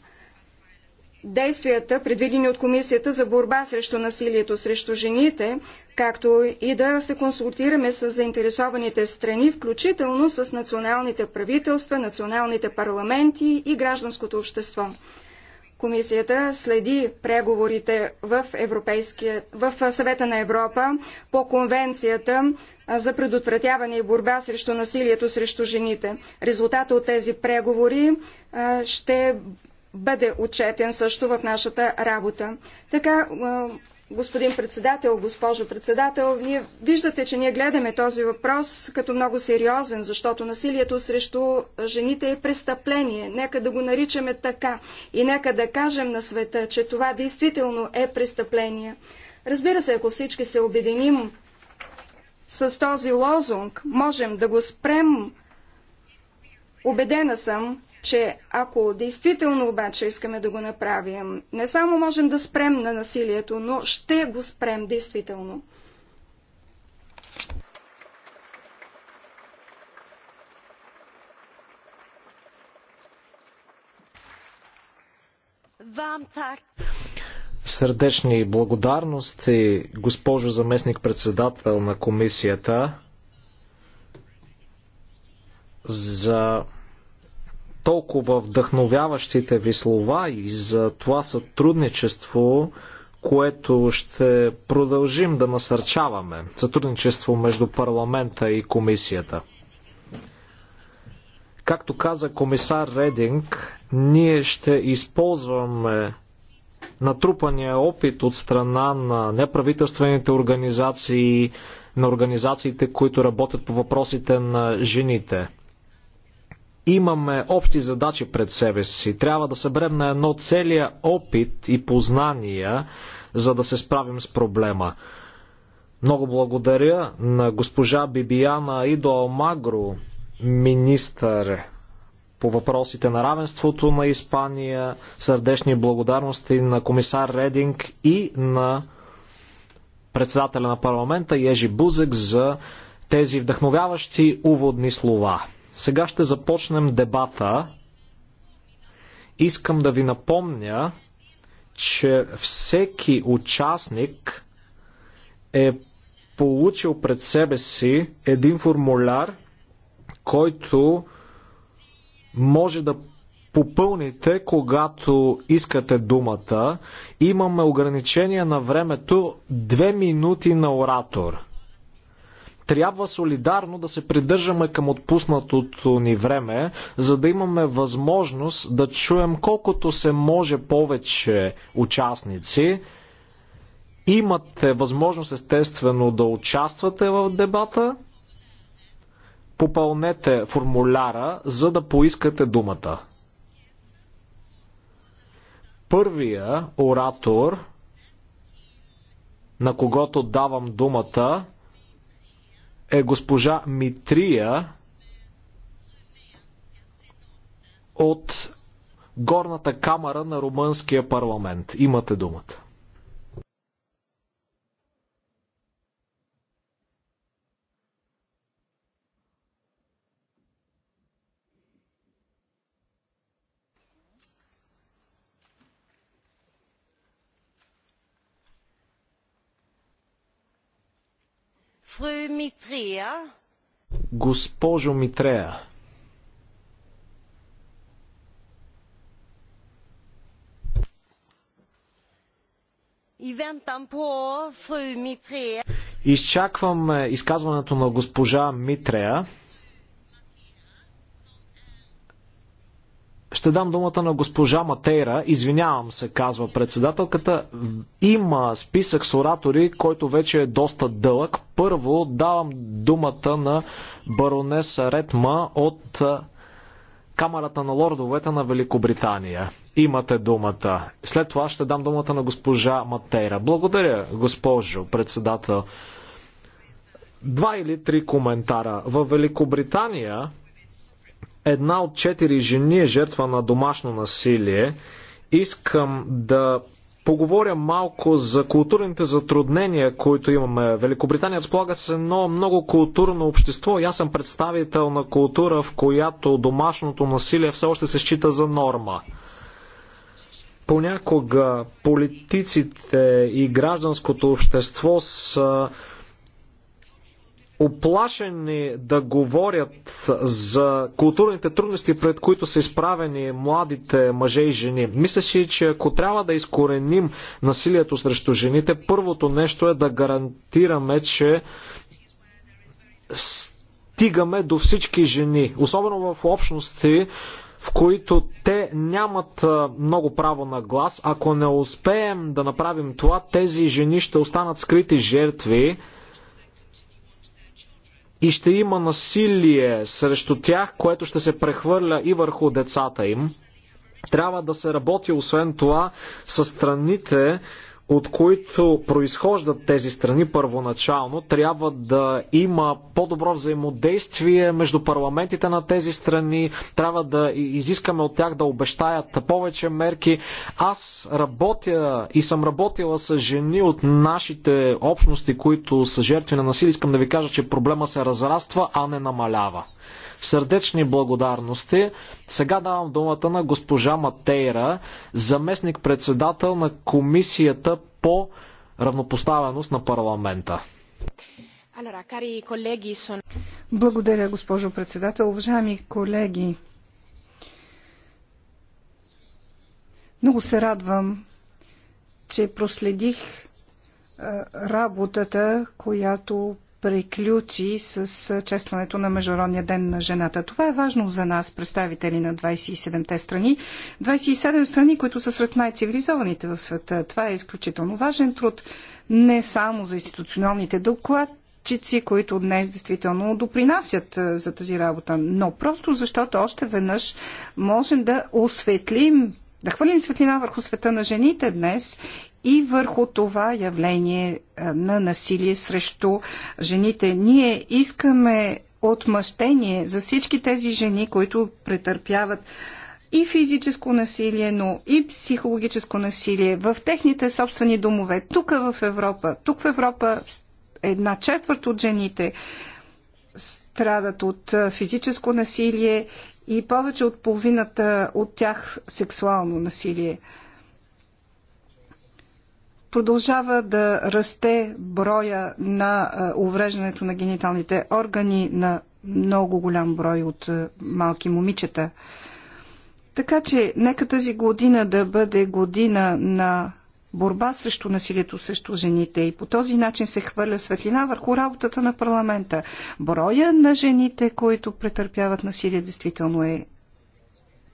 действията, предвидени от Комисията за борба срещу насилието срещу жените, както и да се консултираме с заинтересованите страни, включително с националните правителства, националните парламенти и гражданското общество. Комисията следи преговорите в, Европейския, в Съвета на Европа по конвенцията за предотвратяване и борба срещу насилието срещу жените. Резултата от тези преговори ще бъде отчетен също в нашата работа. Така, господин председател, госпожо председател, ние виждате, че ние гледаме този въпрос като много сериозен, защото насилието срещу жените е престъпление. Нека да го наричаме така и нека да кажем на света, че това действително е престъпление. Разбира се, ако всички се обединим с този лозунг, можем да го спрем. Обедена съм, че ако действително обаче искаме да го направим, не само можем да спрем на насилието, но ще го спрем действително. Сърдечни благодарности, госпожо заместник-председател на комисията, за толкова вдъхновяващите ви слова и за това сътрудничество, което ще продължим да насърчаваме. Сътрудничество между парламента и комисията. Както каза комисар Рединг, ние ще използваме натрупания опит от страна на неправителствените организации, на организациите, които работят по въпросите на жените – имаме общи задачи пред себе си. Трябва да съберем на едно целия опит и познания, за да се справим с проблема. Много благодаря на госпожа Бибияна Идо Алмагро, министър по въпросите на равенството на Испания, сърдечни благодарности на комисар Рединг и на председателя на парламента Ежи Бузек за тези вдъхновяващи уводни слова. Сега ще започнем дебата. Искам да ви напомня, че всеки участник е получил пред себе си един формуляр, който може да попълните, когато искате думата. Имаме ограничение на времето 2 минути на оратор. Трябва солидарно да се придържаме към отпуснатото ни време, за да имаме възможност да чуем колкото се може повече участници. Имате възможност естествено да участвате в дебата. Попълнете формуляра, за да поискате думата. Първия оратор, на когото давам думата, е госпожа Митрия от горната камера на румънския парламент. Имате думата. Фру Митрея. Госпожо Митрея. Изчаквам е, изказването на госпожа Митрея. Ще дам думата на госпожа Матейра. Извинявам се, казва председателката. Има списък с оратори, който вече е доста дълъг. Първо давам думата на баронеса Ретма от Камерата на лордовете на Великобритания. Имате думата. След това ще дам думата на госпожа Матейра. Благодаря, госпожо председател. Два или три коментара. В Великобритания една от четири жени е жертва на домашно насилие. Искам да поговоря малко за културните затруднения, които имаме. Великобритания разполага с едно много културно общество и аз съм представител на култура, в която домашното насилие все още се счита за норма. Понякога политиците и гражданското общество са оплашени да говорят за културните трудности, пред които са изправени младите мъже и жени. Мисля си, че ако трябва да изкореним насилието срещу жените, първото нещо е да гарантираме, че стигаме до всички жени, особено в общности, в които те нямат много право на глас. Ако не успеем да направим това, тези жени ще останат скрити жертви и ще има насилие срещу тях, което ще се прехвърля и върху децата им. Трябва да се работи, освен това, с страните, от които произхождат тези страни първоначално, трябва да има по-добро взаимодействие между парламентите на тези страни, трябва да изискаме от тях да обещаят повече мерки. Аз работя и съм работила с жени от нашите общности, които са жертви на насилие. Искам да ви кажа, че проблема се разраства, а не намалява. Сърдечни благодарности. Сега давам думата на госпожа Матейра, заместник-председател на Комисията по равнопоставеност на парламента. Благодаря, госпожо председател. Уважаеми колеги, много се радвам, че проследих работата, която приключи с честването на Международния ден на жената. Това е важно за нас, представители на 27-те страни. 27 страни, които са сред най-цивилизованите в света. Това е изключително важен труд не само за институционалните доклад, докладчици, които днес действително допринасят за тази работа, но просто защото още веднъж можем да осветлим, да хвалим светлина върху света на жените днес и върху това явление на насилие срещу жените. Ние искаме отмъщение за всички тези жени, които претърпяват и физическо насилие, но и психологическо насилие в техните собствени домове, тук в Европа. Тук в Европа една четвърт от жените страдат от физическо насилие и повече от половината от тях сексуално насилие. Продължава да расте броя на е, увреждането на гениталните органи на много голям брой от е, малки момичета. Така че, нека тази година да бъде година на борба срещу насилието срещу жените и по този начин се хвърля светлина върху работата на парламента. Броя на жените, които претърпяват насилие, действително е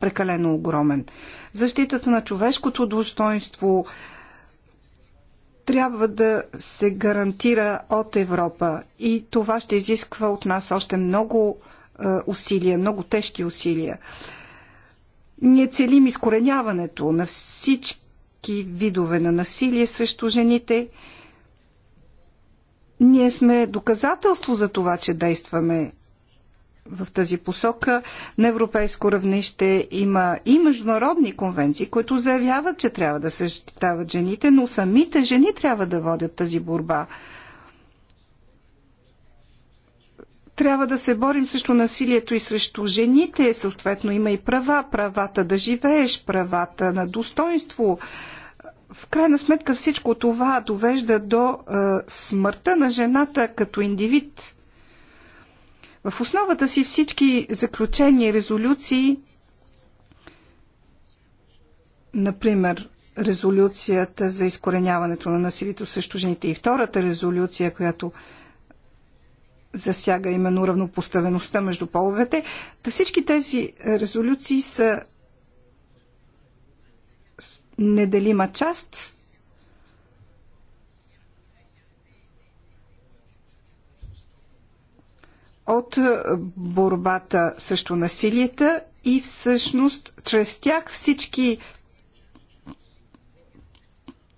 прекалено огромен. Защитата на човешкото достоинство трябва да се гарантира от Европа и това ще изисква от нас още много е, усилия, много тежки усилия. Ние целим изкореняването на всички видове на насилие срещу жените. Ние сме доказателство за това, че действаме в тази посока. На европейско равнище има и международни конвенции, които заявяват, че трябва да се защитават жените, но самите жени трябва да водят тази борба. Трябва да се борим срещу насилието и срещу жените. Съответно има и права. Правата да живееш, правата на достоинство. В крайна сметка всичко това довежда до е, смъртта на жената като индивид в основата си всички заключения и резолюции, например, резолюцията за изкореняването на насилието срещу жените и втората резолюция, която засяга именно равнопоставеността между половете, да всички тези резолюции са неделима част от борбата срещу насилията и всъщност чрез тях всички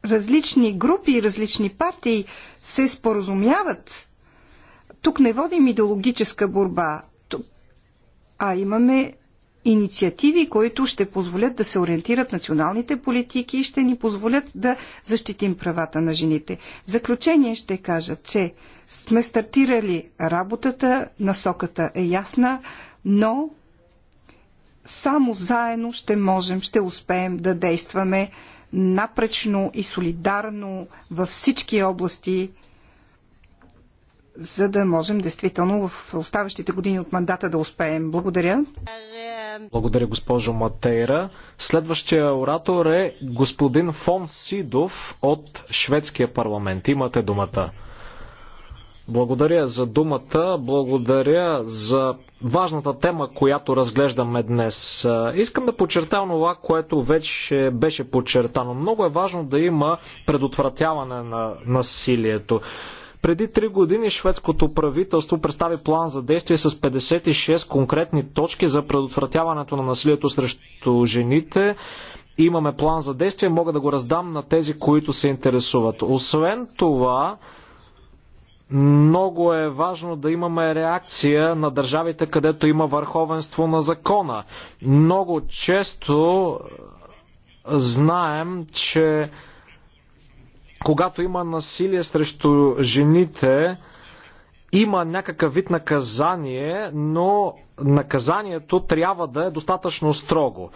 различни групи и различни партии се споразумяват. Тук не водим идеологическа борба, а имаме инициативи, които ще позволят да се ориентират националните политики и ще ни позволят да защитим правата на жените. В заключение ще кажа, че сме стартирали работата, насоката е ясна, но само заедно ще можем, ще успеем да действаме напречно и солидарно във всички области, за да можем действително в оставащите години от мандата да успеем. Благодаря. Благодаря, госпожо Матейра. Следващия оратор е господин Фон Сидов от шведския парламент. Имате думата. Благодаря за думата, благодаря за важната тема, която разглеждаме днес. Искам да подчертая това, което вече беше подчертано. Много е важно да има предотвратяване на насилието. Преди три години шведското правителство представи план за действие с 56 конкретни точки за предотвратяването на насилието срещу жените. Имаме план за действие, мога да го раздам на тези, които се интересуват. Освен това, много е важно да имаме реакция на държавите, където има върховенство на закона. Много често знаем, че когато има насилие срещу жените, има някакъв вид наказание, но наказанието трябва да е достатъчно строго.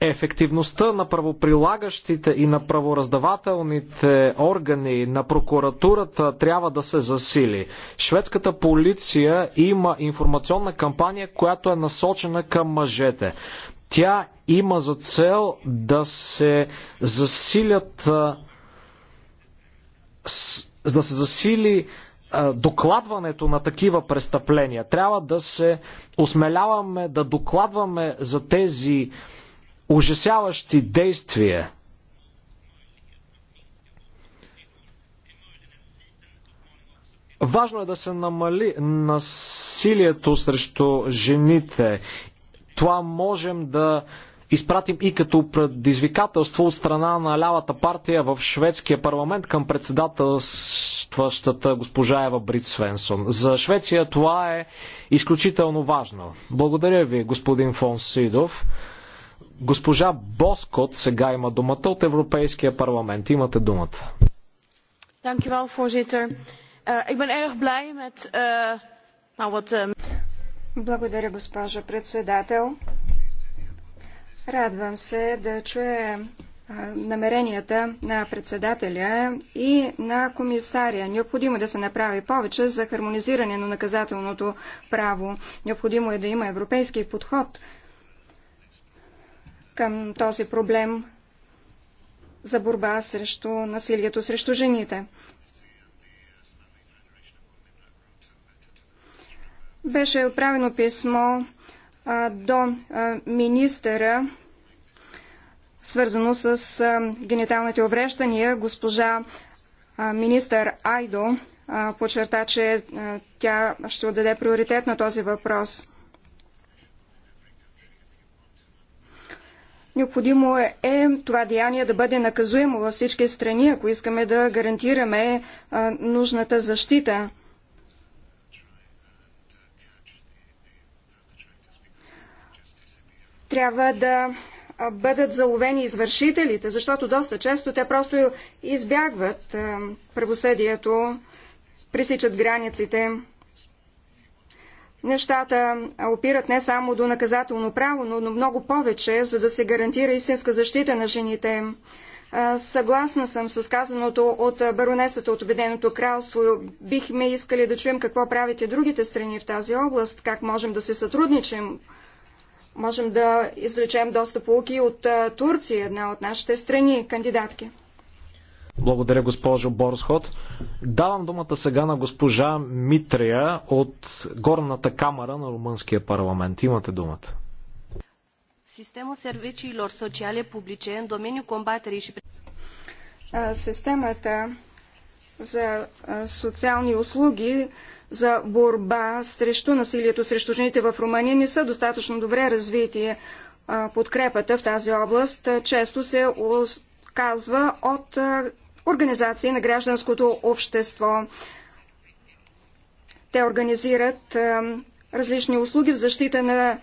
Ефективността на правоприлагащите и на правораздавателните органи на прокуратурата трябва да се засили. Шведската полиция има информационна кампания, която е насочена към мъжете. Тя има за цел да се засилят да се засили докладването на такива престъпления. Трябва да се осмеляваме да докладваме за тези ужасяващи действия. Важно е да се намали насилието срещу жените. Това можем да изпратим и като предизвикателство от страна на лявата партия в шведския парламент към председателстващата госпожа Ева Брит Свенсон. За Швеция това е изключително важно. Благодаря ви, господин Фон Сидов. Госпожа Боскот сега има думата от Европейския парламент. Имате думата. Благодаря, госпожа председател. Радвам се да чуя намеренията на председателя и на комисаря. Необходимо е да се направи повече за хармонизиране на наказателното право. Необходимо е да има европейски подход към този проблем за борба срещу насилието срещу жените. Беше отправено писмо до министъра, свързано с гениталните увреждания, госпожа министър Айдо подчерта, че тя ще отдаде приоритет на този въпрос. Необходимо е това деяние да бъде наказуемо във всички страни, ако искаме да гарантираме нужната защита. трябва да бъдат заловени извършителите, защото доста често те просто избягват правосъдието, пресичат границите. Нещата опират не само до наказателно право, но много повече, за да се гарантира истинска защита на жените. Съгласна съм с казаното от баронесата от Обеденото кралство. Бихме искали да чуем какво правите другите страни в тази област, как можем да се сътрудничим можем да извлечем доста полки от Турция, една от нашите страни, кандидатки. Благодаря, госпожо Борсход. Давам думата сега на госпожа Митрия от Горната камера на Румънския парламент. Имате думата. Система сервициilor sociale publice în domeniul combaterii și... Системата за социални услуги за борба срещу насилието срещу жените в Румъния не са достатъчно добре развити. Подкрепата в тази област често се казва от организации на гражданското общество. Те организират различни услуги в защита на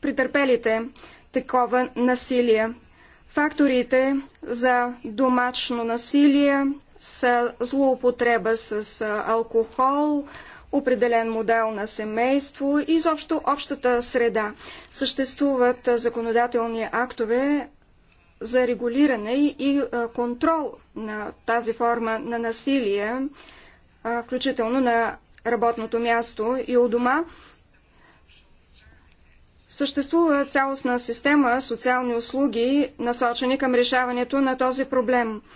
претърпелите такова насилие. Факторите за домашно насилие, са злоупотреба с алкохол, определен модел на семейство и изобщо общата среда. Съществуват законодателни актове за регулиране и контрол на тази форма на насилие, включително на работното място и у дома. Съществува цялостна система социални услуги, насочени към решаването на този проблем –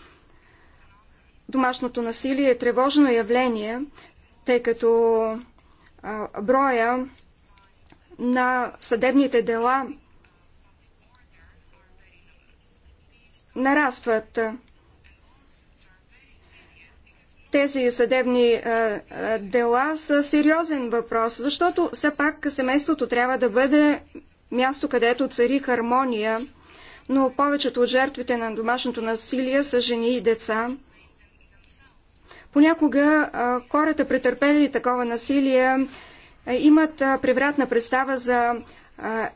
домашното насилие е тревожно явление, тъй като броя на съдебните дела нарастват. Тези съдебни дела са сериозен въпрос, защото все пак семейството трябва да бъде място, където цари хармония, но повечето от жертвите на домашното насилие са жени и деца. Понякога хората, претърпели такова насилие, имат превратна представа за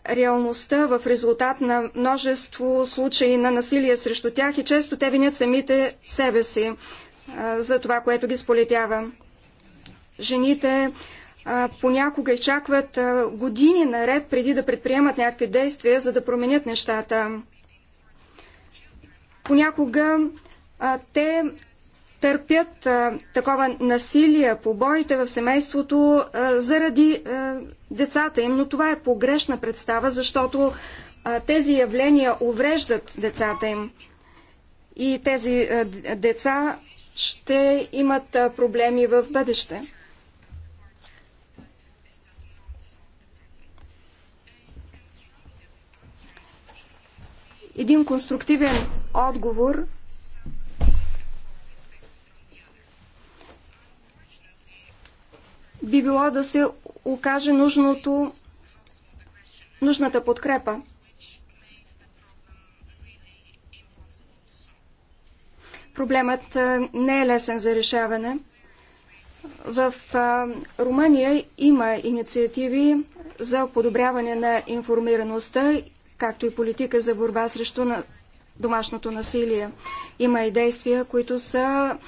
реалността в резултат на множество случаи на насилие срещу тях и често те винят самите себе си за това, което ги сполетява. Жените понякога изчакват години наред преди да предприемат някакви действия, за да променят нещата. Понякога те търпят а, такова насилие, побоите в семейството а, заради а, децата им, но това е погрешна представа, защото а, тези явления увреждат децата им. И тези а, деца ще имат а, проблеми в бъдеще. Един конструктивен отговор – би било да се окаже нужното, нужната подкрепа. Проблемът не е лесен за решаване. В Румъния има инициативи за подобряване на информираността, както и политика за борба срещу на домашното насилие. Има и действия, които са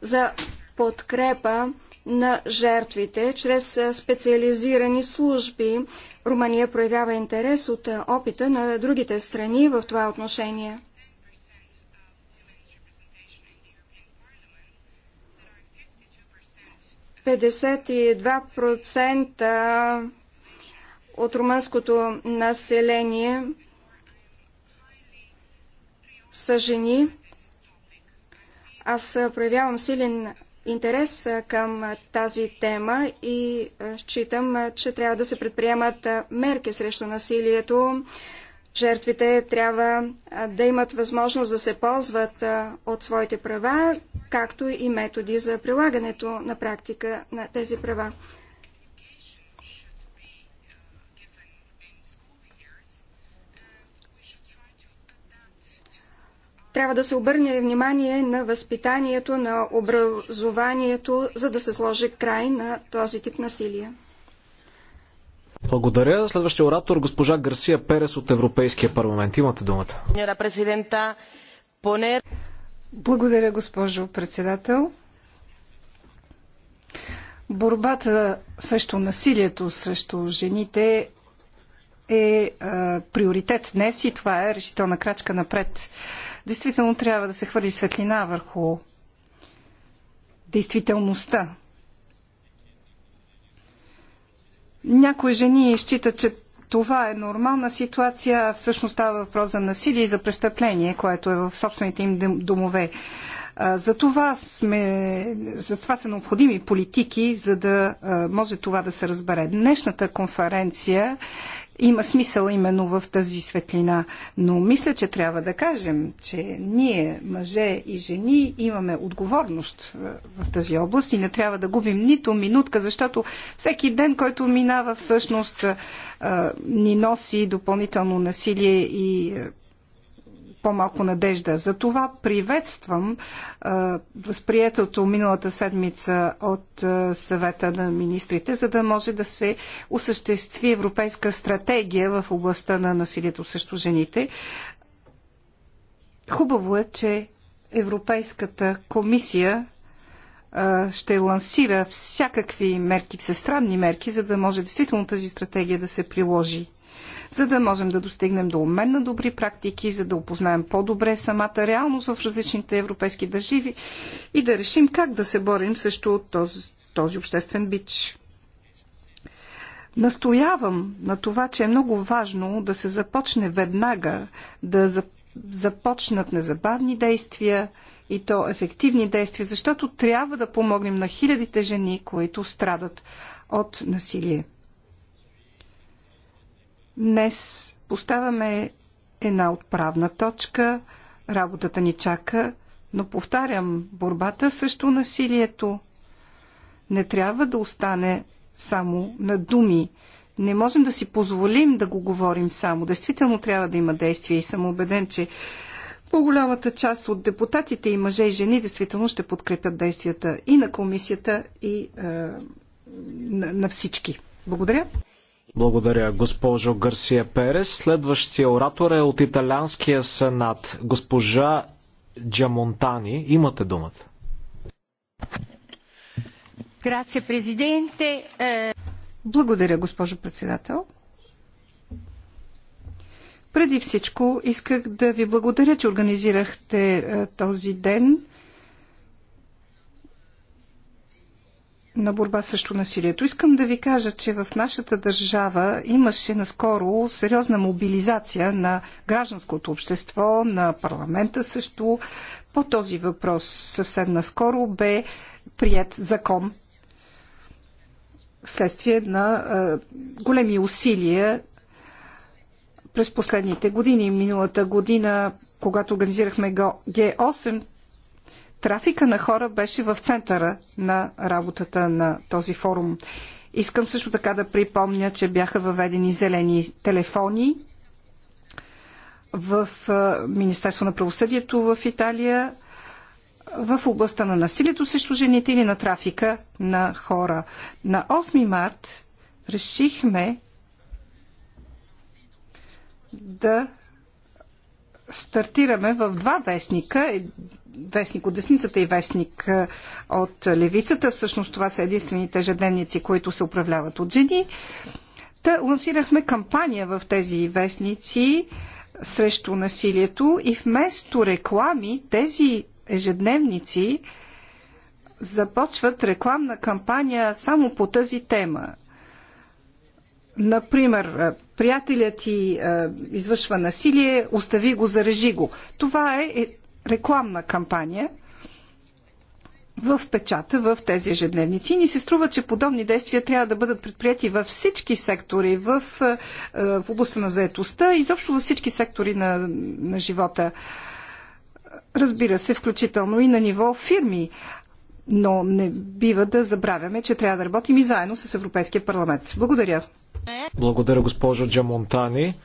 за подкрепа на жертвите чрез специализирани служби. Румъния проявява интерес от опита на другите страни в това отношение. от румънското население са жени. Аз проявявам силен интерес към тази тема и считам, че трябва да се предприемат мерки срещу насилието. Жертвите трябва да имат възможност да се ползват от своите права, както и методи за прилагането на практика на тези права. Трябва да се обърне внимание на възпитанието, на образованието, за да се сложи край на този тип насилие. Благодаря. Следващия оратор госпожа Гарсия Перес от Европейския парламент. Имате думата. Благодаря, госпожо председател. Борбата срещу насилието срещу жените е а, приоритет днес и това е решителна крачка напред действително трябва да се хвърли светлина върху действителността. Някои жени считат, че това е нормална ситуация, а всъщност става въпрос за насилие и за престъпление, което е в собствените им домове. За това, сме, за това са необходими политики, за да може това да се разбере. Днешната конференция има смисъл именно в тази светлина. Но мисля, че трябва да кажем, че ние, мъже и жени, имаме отговорност е, в тази област и не трябва да губим нито минутка, защото всеки ден, който минава, всъщност е, е, ни носи допълнително насилие и по-малко надежда. Затова приветствам е, възприетото миналата седмица от е, съвета на министрите, за да може да се осъществи европейска стратегия в областта на насилието срещу жените. Хубаво е, че Европейската комисия е, ще лансира всякакви мерки, всестранни мерки, за да може действително тази стратегия да се приложи за да можем да достигнем до обмен на добри практики, за да опознаем по-добре самата реалност в различните европейски държави и да решим как да се борим от този, този обществен бич. Настоявам на това, че е много важно да се започне веднага, да започнат незабавни действия и то ефективни действия, защото трябва да помогнем на хилядите жени, които страдат от насилие. Днес поставяме една отправна точка, работата ни чака, но повтарям, борбата срещу насилието не трябва да остане само на думи. Не можем да си позволим да го говорим само. Действително трябва да има действие и съм убеден, че по-голямата част от депутатите и мъже и жени действително ще подкрепят действията и на комисията, и е, на, на всички. Благодаря. Благодаря, госпожо Гарсия Перес. Следващия оратор е от Италианския сенат, госпожа Джамонтани. Имате думата. Грация, президенте. Е, благодаря, госпожо председател. Преди всичко исках да ви благодаря, че организирахте е, този ден – на борба срещу насилието. Искам да ви кажа, че в нашата държава имаше наскоро сериозна мобилизация на гражданското общество, на парламента също. По този въпрос съвсем наскоро бе прият закон вследствие на е, големи усилия през последните години. Миналата година, когато организирахме Г8, Трафика на хора беше в центъра на работата на този форум. Искам също така да припомня, че бяха въведени зелени телефони в Министерство на правосъдието в Италия в областта на насилието срещу жените или на трафика на хора. На 8 март решихме да стартираме в два вестника вестник от десницата и вестник е, от левицата. Всъщност това са единствените ежедневници, които се управляват от жени. Та лансирахме кампания в тези вестници срещу насилието и вместо реклами тези ежедневници започват рекламна кампания само по тази тема. Например, е, приятелят ти е, извършва насилие, остави го, зарежи го. Това е рекламна кампания в печата, в тези ежедневници. И ни се струва, че подобни действия трябва да бъдат предприяти във всички сектори, в, е, в областта на заетостта, изобщо във всички сектори на, на живота. Разбира се, включително и на ниво фирми. Но не бива да забравяме, че трябва да работим и заедно с Европейския парламент. Благодаря. Благодаря, госпожо Джамонтани.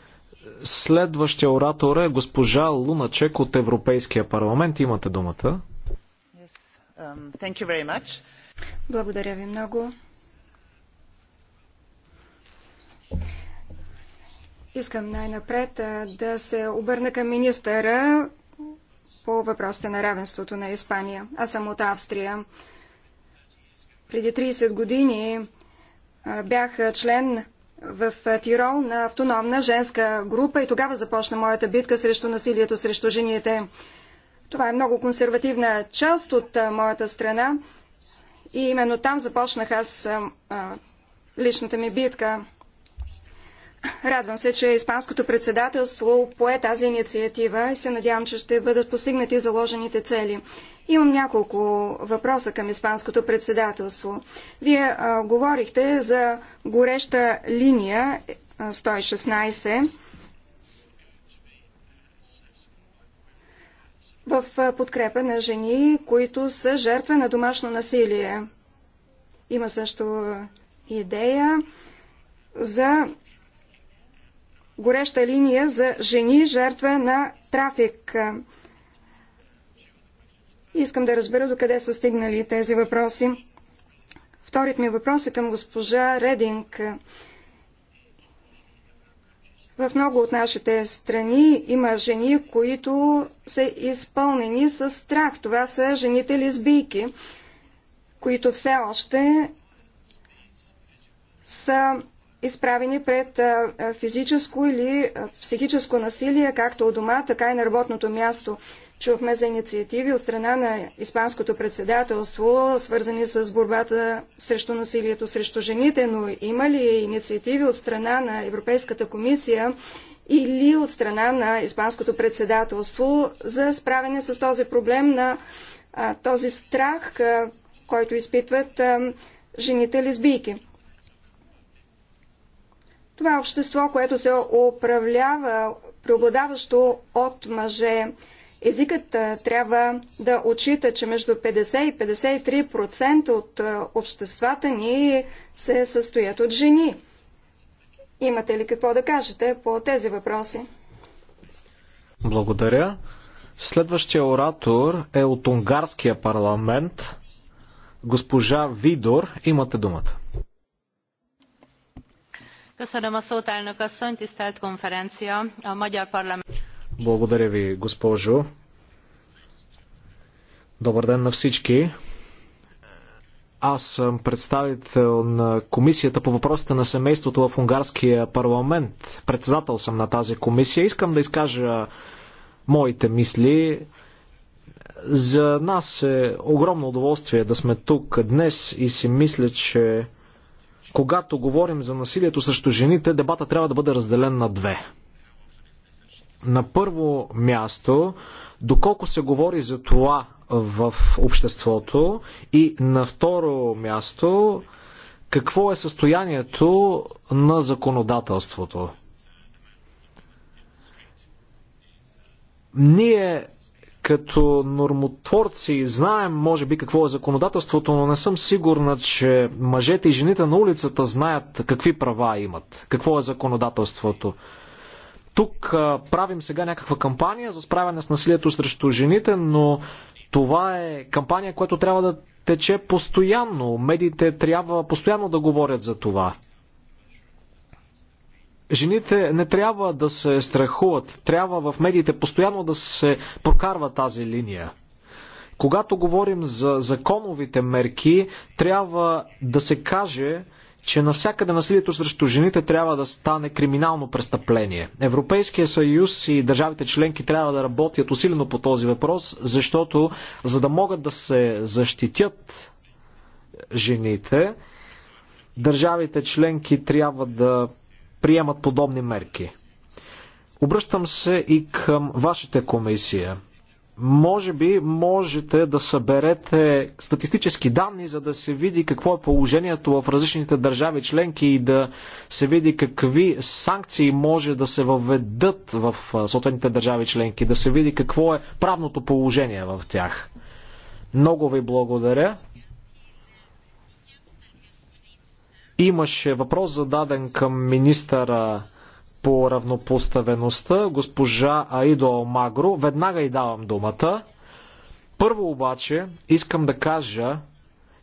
Следващия оратор е госпожа Луначек от Европейския парламент. Имате думата. Um, Благодаря ви много. Искам най-напред да се обърна към министъра по въпросите на равенството на Испания. Аз съм от Австрия. Преди 30 години бях член в Тирол на автономна женска група и тогава започна моята битка срещу насилието срещу жените. Това е много консервативна част от моята страна и именно там започнах аз личната ми битка. Радвам се, че Испанското председателство пое тази инициатива и се надявам, че ще бъдат постигнати заложените цели. Имам няколко въпроса към Испанското председателство. Вие а, говорихте за гореща линия 116. в подкрепа на жени, които са жертва на домашно насилие. Има също идея за гореща линия за жени, жертва на трафик. Искам да разбера до къде са стигнали тези въпроси. Вторият ми въпрос е към госпожа Рединг. В много от нашите страни има жени, които са изпълнени с страх. Това са жените лесбийки, които все още са изправени пред физическо или психическо насилие, както у дома, така и на работното място. Чухме за инициативи от страна на Испанското председателство, свързани с борбата срещу насилието срещу жените, но има ли инициативи от страна на Европейската комисия или от страна на Испанското председателство за справяне с този проблем на този страх, който изпитват жените лесбийки? Това е общество, което се управлява преобладаващо от мъже. Езикът трябва да отчита, че между 50 и 53% от обществата ни се състоят от жени. Имате ли какво да кажете по тези въпроси? Благодаря. Следващия оратор е от унгарския парламент. Госпожа Видор, имате думата. Благодаря ви, госпожо. Добър ден на всички. Аз съм представител на Комисията по въпросите на семейството в Унгарския парламент. Председател съм на тази комисия. Искам да изкажа моите мисли. За нас е огромно удоволствие да сме тук днес и си мисля, че когато говорим за насилието срещу жените, дебата трябва да бъде разделен на две. На първо място, доколко се говори за това в обществото и на второ място, какво е състоянието на законодателството. Ние като нормотворци знаем, може би, какво е законодателството, но не съм сигурна, че мъжете и жените на улицата знаят какви права имат, какво е законодателството. Тук а, правим сега някаква кампания за справяне с насилието срещу жените, но това е кампания, която трябва да тече постоянно. Медиите трябва постоянно да говорят за това. Жените не трябва да се страхуват. Трябва в медиите постоянно да се прокарва тази линия. Когато говорим за законовите мерки, трябва да се каже, че навсякъде насилието срещу жените трябва да стане криминално престъпление. Европейския съюз и държавите членки трябва да работят усилено по този въпрос, защото за да могат да се защитят жените, държавите членки трябва да приемат подобни мерки. Обръщам се и към вашата комисия. Може би можете да съберете статистически данни, за да се види какво е положението в различните държави членки и да се види какви санкции може да се въведат в съответните държави членки, да се види какво е правното положение в тях. Много ви благодаря. Имаше въпрос зададен към министъра по равнопоставеността, госпожа Аидо Алмагро. Веднага й давам думата. Първо обаче искам да кажа,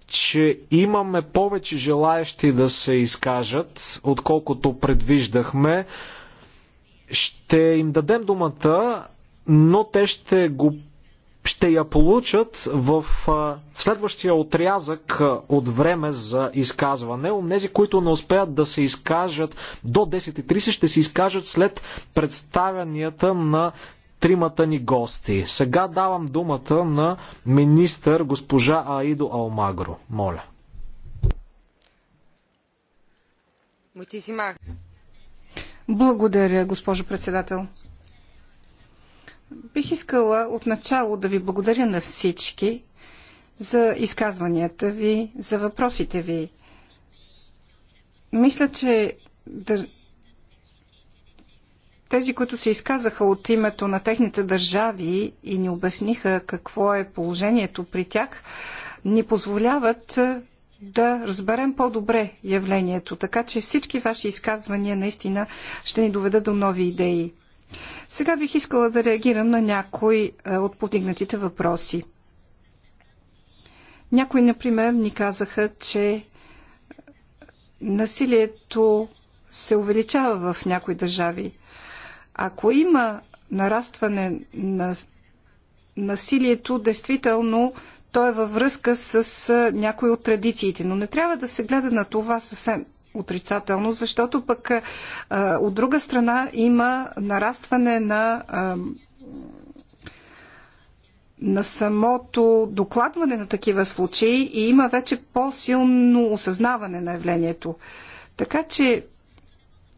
че имаме повече желаящи да се изкажат, отколкото предвиждахме. Ще им дадем думата, но те ще го ще я получат в следващия отрязък от време за изказване. Онези, които не успеят да се изкажат до 10.30, ще се изкажат след представянията на тримата ни гости. Сега давам думата на министър госпожа Аидо Алмагро. Моля. Благодаря, госпожо председател. Бих искала отначало да ви благодаря на всички за изказванията ви, за въпросите ви. Мисля, че тези, които се изказаха от името на техните държави и ни обясниха какво е положението при тях, ни позволяват да разберем по-добре явлението. Така че всички ваши изказвания наистина ще ни доведат до нови идеи. Сега бих искала да реагирам на някои е, от подигнатите въпроси. Някои, например, ни казаха, че насилието се увеличава в някои държави. Ако има нарастване на насилието, действително то е във връзка с е, някои от традициите. Но не трябва да се гледа на това съвсем отрицателно, защото пък от друга страна има нарастване на на самото докладване на такива случаи и има вече по-силно осъзнаване на явлението. Така че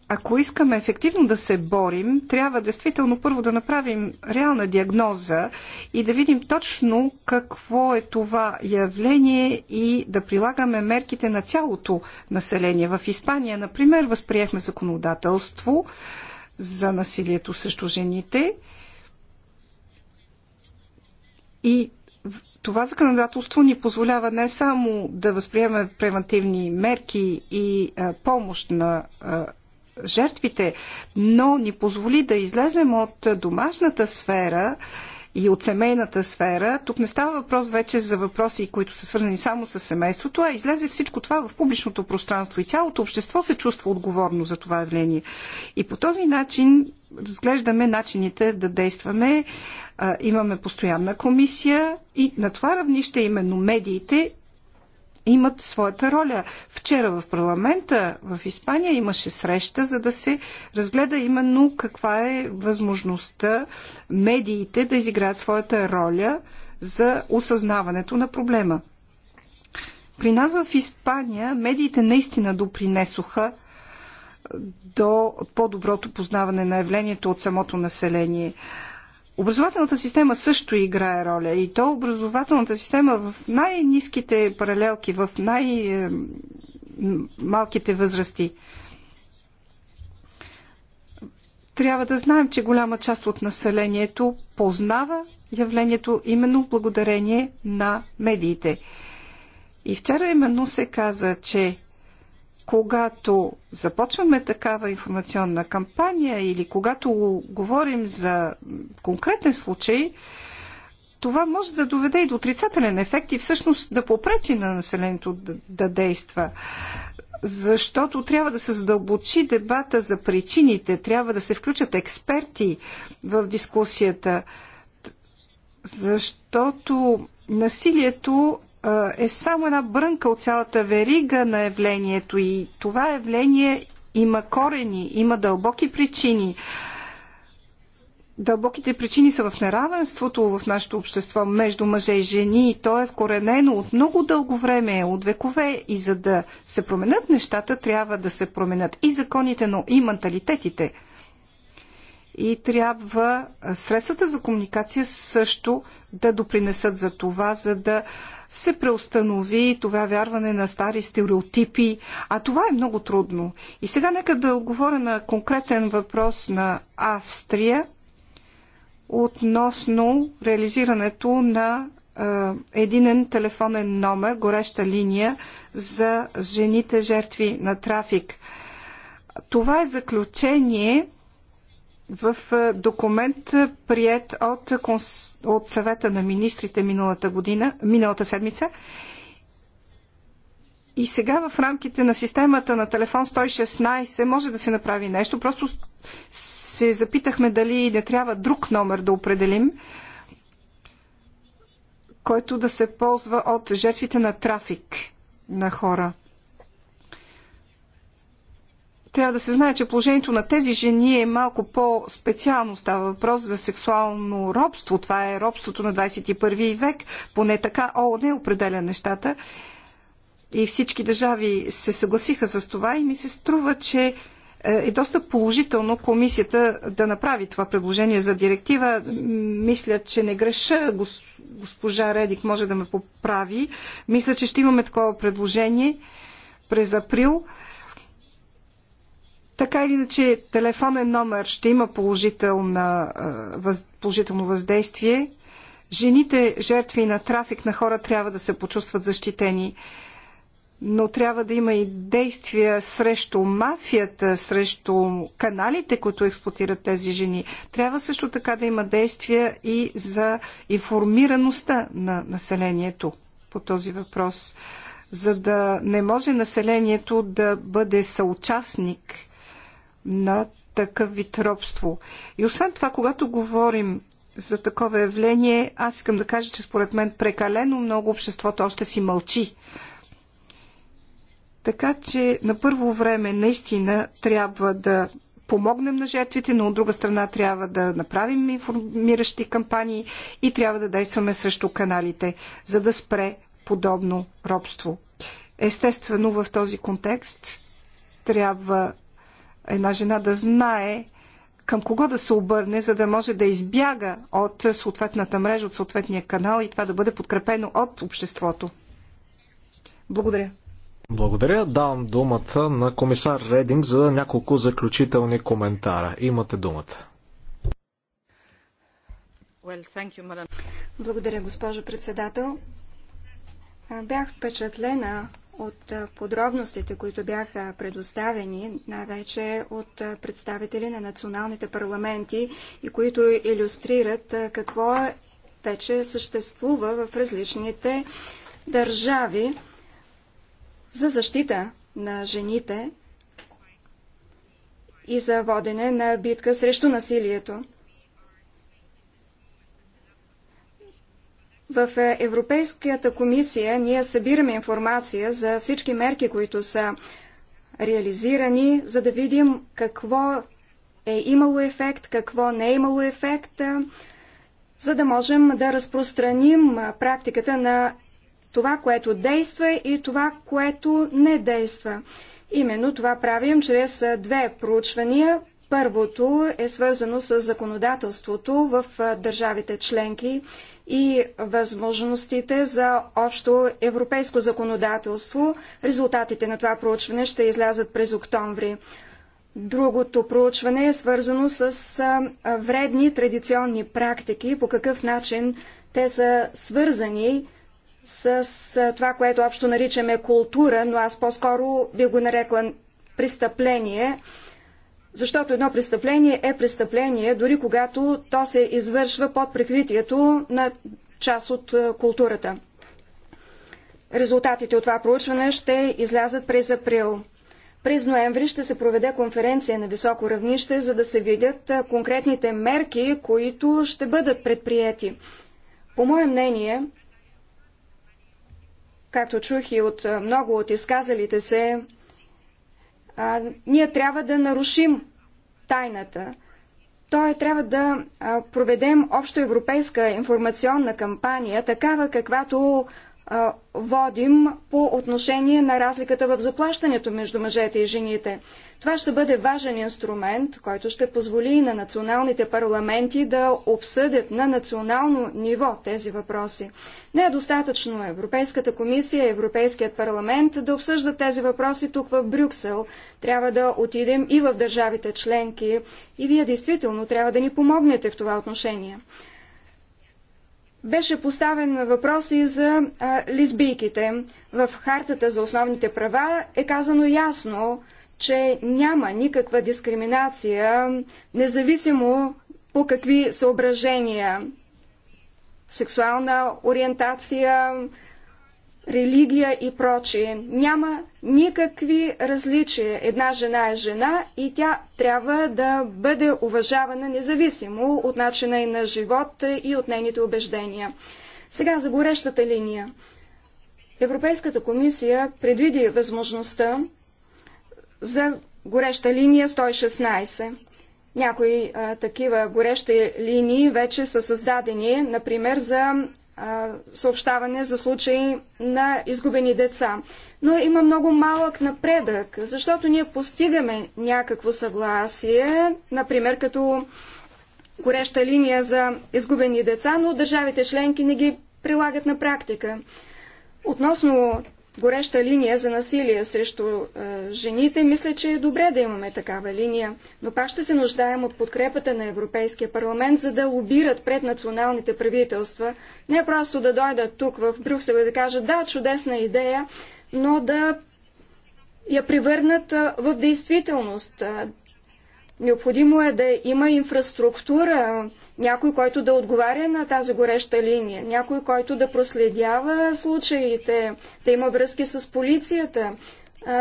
ако искаме ефективно да се борим, трябва действително първо да направим реална диагноза и да видим точно какво е това явление и да прилагаме мерките на цялото население. В Испания, например, възприехме законодателство за насилието срещу жените и това законодателство ни позволява не само да възприемем превентивни мерки и а, помощ на а, жертвите, но ни позволи да излезем от домашната сфера и от семейната сфера. Тук не става въпрос вече за въпроси, които са свързани само с семейството, а излезе всичко това в публичното пространство и цялото общество се чувства отговорно за това явление. И по този начин разглеждаме начините да действаме. имаме постоянна комисия и на това равнище именно медиите имат своята роля. Вчера в парламента в Испания имаше среща, за да се разгледа именно каква е възможността медиите да изиграят своята роля за осъзнаването на проблема. При нас в Испания медиите наистина допринесоха до по-доброто познаване на явлението от самото население. Образователната система също играе роля и то образователната система в най-низките паралелки, в най-малките е, възрасти. Трябва да знаем, че голяма част от населението познава явлението именно благодарение на медиите. И вчера именно се каза, че когато започваме такава информационна кампания или когато говорим за конкретен случай, това може да доведе и до отрицателен ефект и всъщност да попречи на населението да, да действа. Защото трябва да се задълбочи дебата за причините, трябва да се включат експерти в дискусията, защото насилието е само една брънка от цялата верига на явлението и това явление има корени, има дълбоки причини. Дълбоките причини са в неравенството в нашето общество между мъже и жени и то е вкоренено от много дълго време, от векове и за да се променят нещата, трябва да се променят и законите, но и менталитетите. И трябва средствата за комуникация също да допринесат за това, за да се преустанови това вярване на стари стереотипи, а това е много трудно. И сега нека да отговоря на конкретен въпрос на Австрия относно реализирането на единен телефонен номер, гореща линия за жените жертви на трафик. Това е заключение – в документ, прият от, от съвета на министрите миналата година, миналата седмица. И сега в рамките на системата на телефон 116 може да се направи нещо. Просто се запитахме дали не трябва друг номер да определим, който да се ползва от жертвите на трафик на хора. Трябва да се знае, че положението на тези жени е малко по-специално. Става въпрос за сексуално робство. Това е робството на 21 век. Поне така ООН е определя нещата. И всички държави се съгласиха с това и ми се струва, че е, е доста положително комисията да направи това предложение за директива. Мисля, че не греша. Госпожа Редик може да ме поправи. Мисля, че ще имаме такова предложение през април. Така или иначе, телефонен номер ще има положителна, въз, положително въздействие. Жените, жертви на трафик на хора, трябва да се почувстват защитени. Но трябва да има и действия срещу мафията, срещу каналите, които експлуатират тези жени. Трябва също така да има действия и за информираността на населението по този въпрос, за да не може населението да бъде съучастник – на такъв вид робство. И освен това, когато говорим за такова явление, аз искам да кажа, че според мен прекалено много обществото още си мълчи. Така че на първо време наистина трябва да помогнем на жертвите, но от друга страна трябва да направим информиращи кампании и трябва да действаме срещу каналите, за да спре подобно робство. Естествено, в този контекст трябва една жена да знае към кого да се обърне, за да може да избяга от съответната мрежа, от съответния канал и това да бъде подкрепено от обществото. Благодаря. Благодаря. Давам думата на комисар Рединг за няколко заключителни коментара. Имате думата. Благодаря, госпожо председател. Бях впечатлена от подробностите, които бяха предоставени, най-вече от представители на националните парламенти и които иллюстрират какво вече съществува в различните държави за защита на жените и за водене на битка срещу насилието. В е, Европейската комисия ние събираме информация за всички мерки, които са реализирани, за да видим какво е имало ефект, какво не е имало ефект, е, за да можем да разпространим е, практиката на това, което действа и това, което не действа. Именно това правим чрез две проучвания. Първото е свързано с законодателството в държавите членки и възможностите за общо европейско законодателство. Резултатите на това проучване ще излязат през октомври. Другото проучване е свързано с вредни традиционни практики, по какъв начин те са свързани с това, което общо наричаме култура, но аз по-скоро би го нарекла престъпление, защото едно престъпление е престъпление, дори когато то се извършва под прикритието на част от е, културата. Резултатите от това проучване ще излязат през април. През ноември ще се проведе конференция на високо равнище, за да се видят е, конкретните мерки, които ще бъдат предприяти. По мое мнение, както чух и от е, много от изказалите се а, ние трябва да нарушим тайната. Той трябва да проведем общоевропейска информационна кампания, такава каквато водим по отношение на разликата в заплащането между мъжете и жените. Това ще бъде важен инструмент, който ще позволи на националните парламенти да обсъдят на национално ниво тези въпроси. Не е достатъчно Европейската комисия, Европейският парламент да обсъждат тези въпроси тук в Брюксел. Трябва да отидем и в държавите членки и вие действително трябва да ни помогнете в това отношение. Беше поставен въпрос и за а, лесбийките. В Хартата за основните права е казано ясно, че няма никаква дискриминация, независимо по какви съображения сексуална ориентация, религия и прочие. Няма никакви различия. Една жена е жена и тя трябва да бъде уважавана независимо от начина и на живот и от нейните убеждения. Сега за горещата линия. Европейската комисия предвиди възможността за гореща линия 116. Някои а, такива горещи линии вече са създадени, например за съобщаване за случаи на изгубени деца. Но има много малък напредък, защото ние постигаме някакво съгласие, например като гореща линия за изгубени деца, но държавите членки не ги прилагат на практика. Относно гореща линия за насилие срещу е, жените, мисля, че е добре да имаме такава линия, но пак ще се нуждаем от подкрепата на Европейския парламент, за да лобират пред националните правителства, не просто да дойдат тук в Брюксел и да кажат да, чудесна идея, но да я превърнат е, в действителност, е, Необходимо е да има инфраструктура, някой, който да отговаря на тази гореща линия, някой, който да проследява случаите, да има връзки с полицията,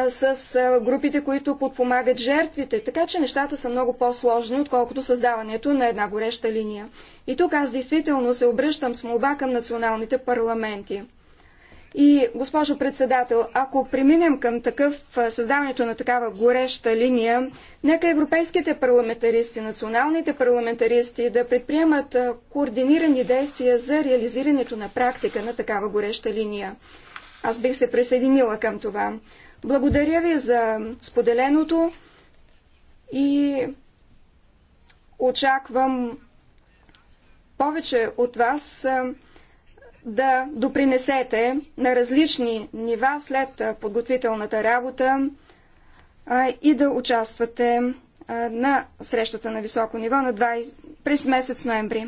с групите, които подпомагат жертвите. Така че нещата са много по-сложни, отколкото създаването на една гореща линия. И тук аз действително се обръщам с молба към националните парламенти. И, госпожо председател, ако преминем към такъв, създаването на такава гореща линия, нека европейските парламентаристи, националните парламентаристи да предприемат координирани действия за реализирането на практика на такава гореща линия. Аз бих се присъединила към това. Благодаря ви за споделеното и очаквам повече от вас да допринесете на различни нива след подготвителната работа и да участвате на срещата на високо ниво на 20, през месец ноември.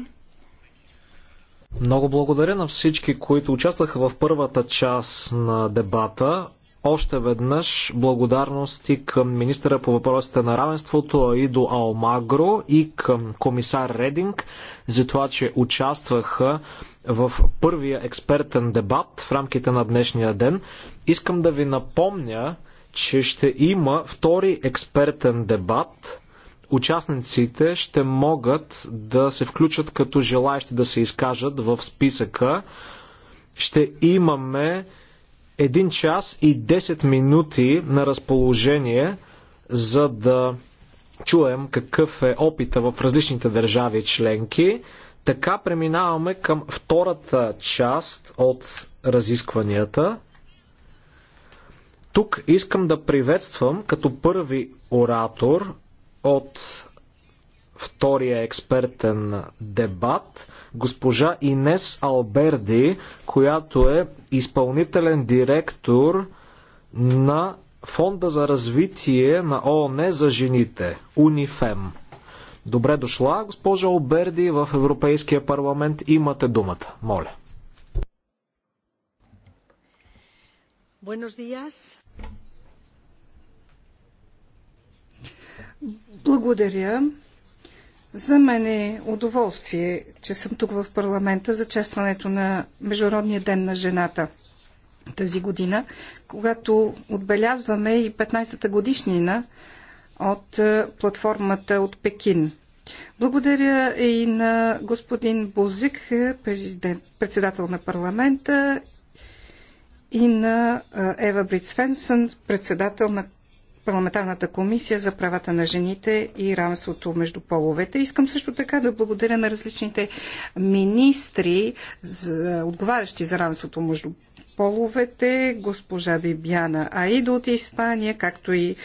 Много благодаря на всички, които участваха в първата част на дебата. Още веднъж благодарности към министъра по въпросите на равенството Аидо Алмагро и към комисар Рединг за това, че участваха в първия експертен дебат в рамките на днешния ден. Искам да ви напомня, че ще има втори експертен дебат. Участниците ще могат да се включат като желаящи да се изкажат в списъка. Ще имаме 1 час и 10 минути на разположение, за да чуем какъв е опита в различните държави членки така преминаваме към втората част от разискванията. Тук искам да приветствам като първи оратор от втория експертен дебат госпожа Инес Алберди, която е изпълнителен директор на Фонда за развитие на ООН за жените, УНИФЕМ. Добре дошла, госпожа Оберди, в Европейския парламент. Имате думата. Моля. Благодаря. За мен е удоволствие, че съм тук в парламента за честването на Международния ден на жената тази година, когато отбелязваме и 15-та годишнина от е, платформата от Пекин. Благодаря и на господин Бузик, е, председател на парламента, и на е, Ева Брицфенсън, председател на парламентарната комисия за правата на жените и равенството между половете. Искам също така да благодаря на различните министри, за, отговарящи за равенството между половете, госпожа Бибяна Аидо от Испания, както и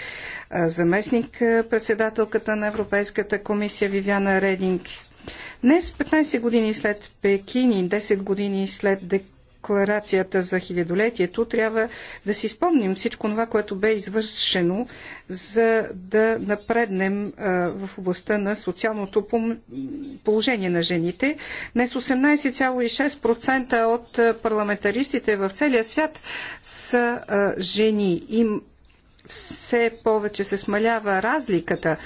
заместник председателката на Европейската комисия Вивяна Рединг. Днес, 15 години след Пекин и 10 години след декабрь, декларацията за хилядолетието, трябва да си спомним всичко това, което бе извършено, за да напреднем в областта на социалното положение на жените. Днес 18,6% от парламентаристите в целия свят са жени. Им все повече се смалява разликата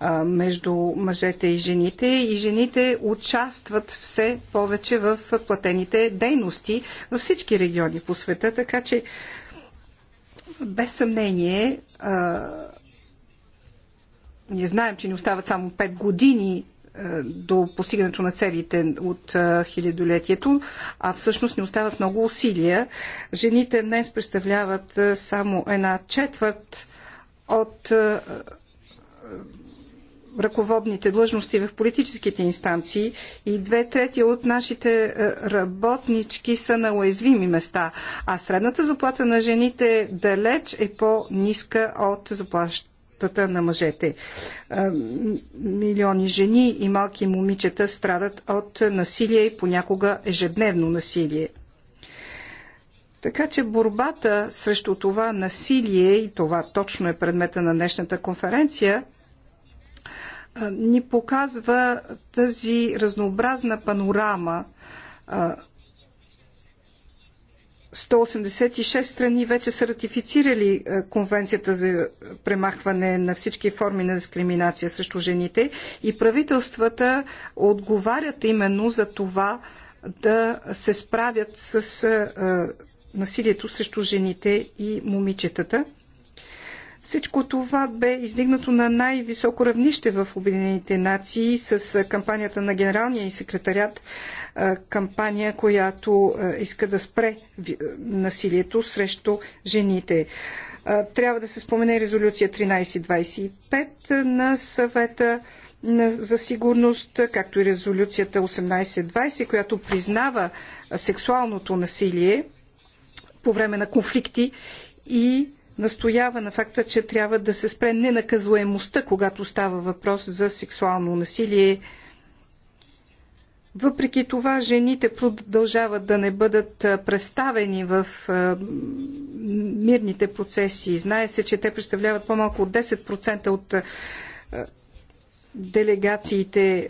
а, между мъжете и жените и жените участват все повече в платените дейности във всички региони по света, така че без съмнение а, ние знаем, че ни остават само 5 години е, до постигането на целите от е, хилядолетието, а всъщност не остават много усилия. Жените днес представляват е, само една четвърт от ръководните длъжности в политическите инстанции и две трети от нашите работнички са на уязвими места, а средната заплата на жените далеч е по-ниска от заплащ работата на мъжете. Милиони жени и малки момичета страдат от насилие и понякога ежедневно насилие. Така че борбата срещу това насилие, и това точно е предмета на днешната конференция, ни показва тази разнообразна панорама 186 страни вече са ратифицирали е, конвенцията за премахване на всички форми на дискриминация срещу жените и правителствата отговарят именно за това да се справят с е, е, насилието срещу жените и момичетата. Всичко това бе издигнато на най-високо равнище в Обединените нации с кампанията на Генералния и секретарят, кампания, която иска да спре насилието срещу жените. Трябва да се спомене резолюция 1325 на съвета за сигурност, както и резолюцията 1820, която признава сексуалното насилие по време на конфликти и настоява на факта, че трябва да се спре ненаказуемостта, когато става въпрос за сексуално насилие. Въпреки това, жените продължават да не бъдат представени в мирните процеси. Знае се, че те представляват по-малко от 10% от делегациите,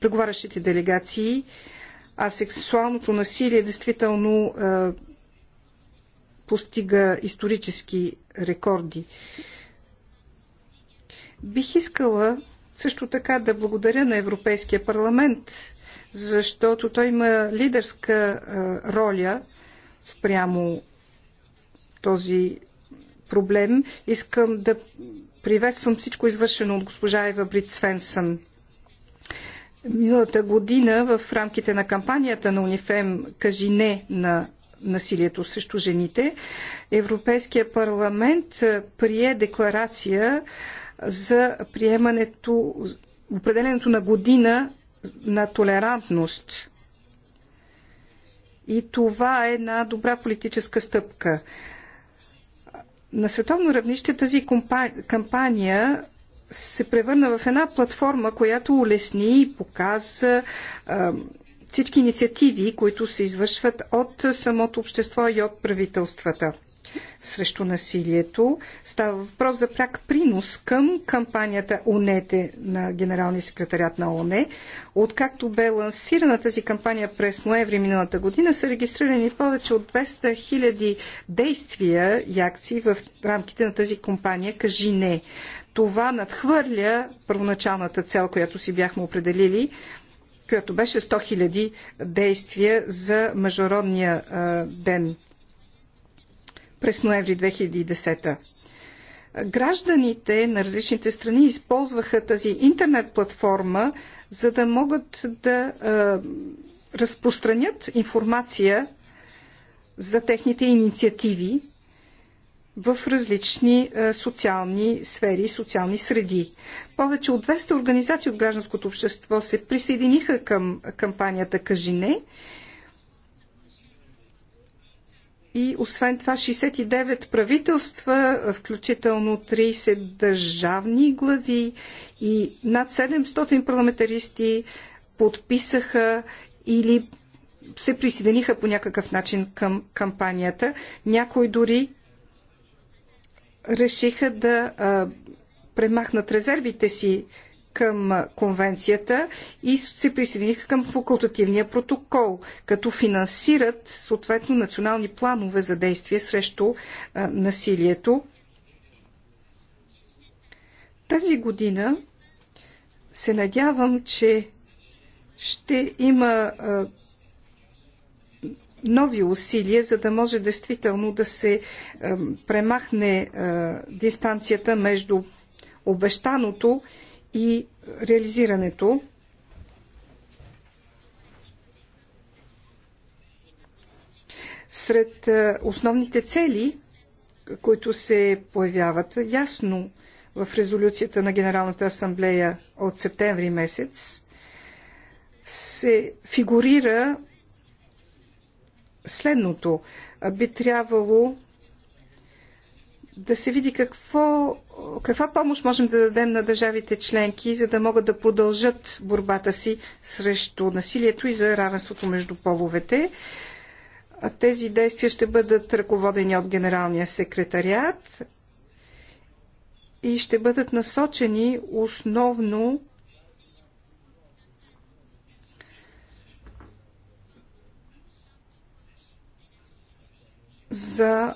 преговарящите делегации, а сексуалното насилие е действително постига исторически рекорди. Бих искала също така да благодаря на Европейския парламент, защото той има лидерска роля спрямо този проблем. Искам да приветствам всичко извършено от госпожа Ева Брит Свенсън. Миналата година в рамките на кампанията на Унифем Кажи не на насилието срещу жените. Европейския парламент е, прие декларация за приемането, определенето на година на толерантност. И това е една добра политическа стъпка. На световно равнище тази кампания се превърна в една платформа, която улесни и показа всички инициативи, които се извършват от самото общество и от правителствата срещу насилието. Става въпрос за пряк принос към кампанията ОНЕТЕ на Генералния секретарят на ОНЕ. Откакто бе лансирана тази кампания през ноември миналата година, са регистрирани повече от 200 000 действия и акции в рамките на тази компания Кажи не. Това надхвърля първоначалната цел, която си бяхме определили която беше 100 000 действия за Международния ден през ноември 2010. Гражданите на различните страни използваха тази интернет платформа, за да могат да разпространят информация за техните инициативи в различни е, социални сфери, социални среди. Повече от 200 организации от гражданското общество се присъединиха към кампанията Кажи не. И освен това 69 правителства, включително 30 държавни глави и над 700 парламентаристи подписаха или се присъединиха по някакъв начин към кампанията. Някои дори решиха да премахнат резервите си към конвенцията и се присъединиха към факултативния протокол, като финансират съответно национални планове за действие срещу а, насилието. Тази година се надявам, че ще има а, нови усилия, за да може действително да се премахне дистанцията между обещаното и реализирането. Сред основните цели, които се появяват ясно в резолюцията на Генералната асамблея от септември месец, се фигурира следното. Би трябвало да се види какво, каква помощ можем да дадем на държавите членки, за да могат да продължат борбата си срещу насилието и за равенството между половете. Тези действия ще бъдат ръководени от Генералния секретариат и ще бъдат насочени основно за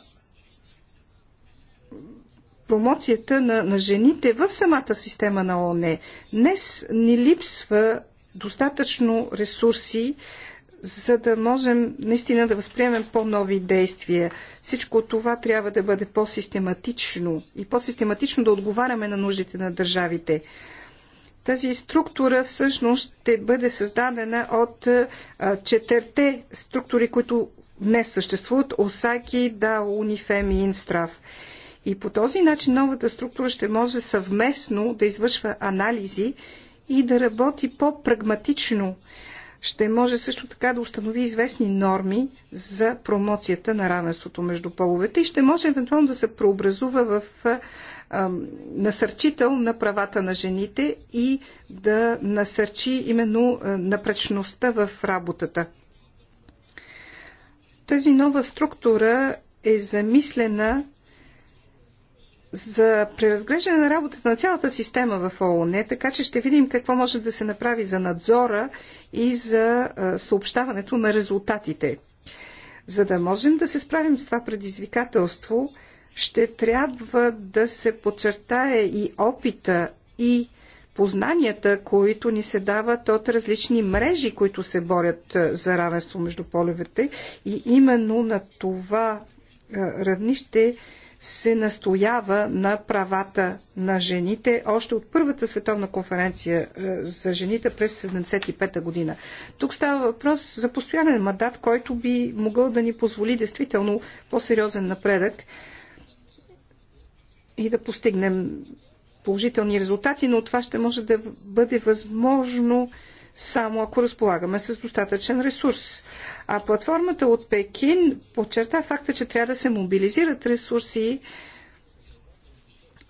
промоцията на, на жените в самата система на ООН. Днес ни липсва достатъчно ресурси, за да можем наистина да възприемем по-нови действия. Всичко това трябва да бъде по-систематично и по-систематично да отговаряме на нуждите на държавите. Тази структура всъщност ще бъде създадена от четирте структури, които днес съществуват Осаки, да, Унифем и Инстраф. И по този начин новата структура ще може съвместно да извършва анализи и да работи по-прагматично. Ще може също така да установи известни норми за промоцията на равенството между половете и ще може евентуално да се преобразува в насърчител на правата на жените и да насърчи именно напречността в работата. Тази нова структура е замислена за преразглеждане на работата на цялата система в ООН, така че ще видим какво може да се направи за надзора и за съобщаването на резултатите. За да можем да се справим с това предизвикателство, ще трябва да се подчертае и опита и познанията, които ни се дават от различни мрежи, които се борят е, за равенство между полевете. И именно на това е, равнище се настоява на правата на жените още от Първата световна конференция е, за жените през 75 година. Тук става въпрос за постоянен мандат, който би могъл да ни позволи действително по-сериозен напредък и да постигнем положителни резултати, но това ще може да бъде възможно само ако разполагаме с достатъчен ресурс. А платформата от Пекин подчерта факта, че трябва да се мобилизират ресурси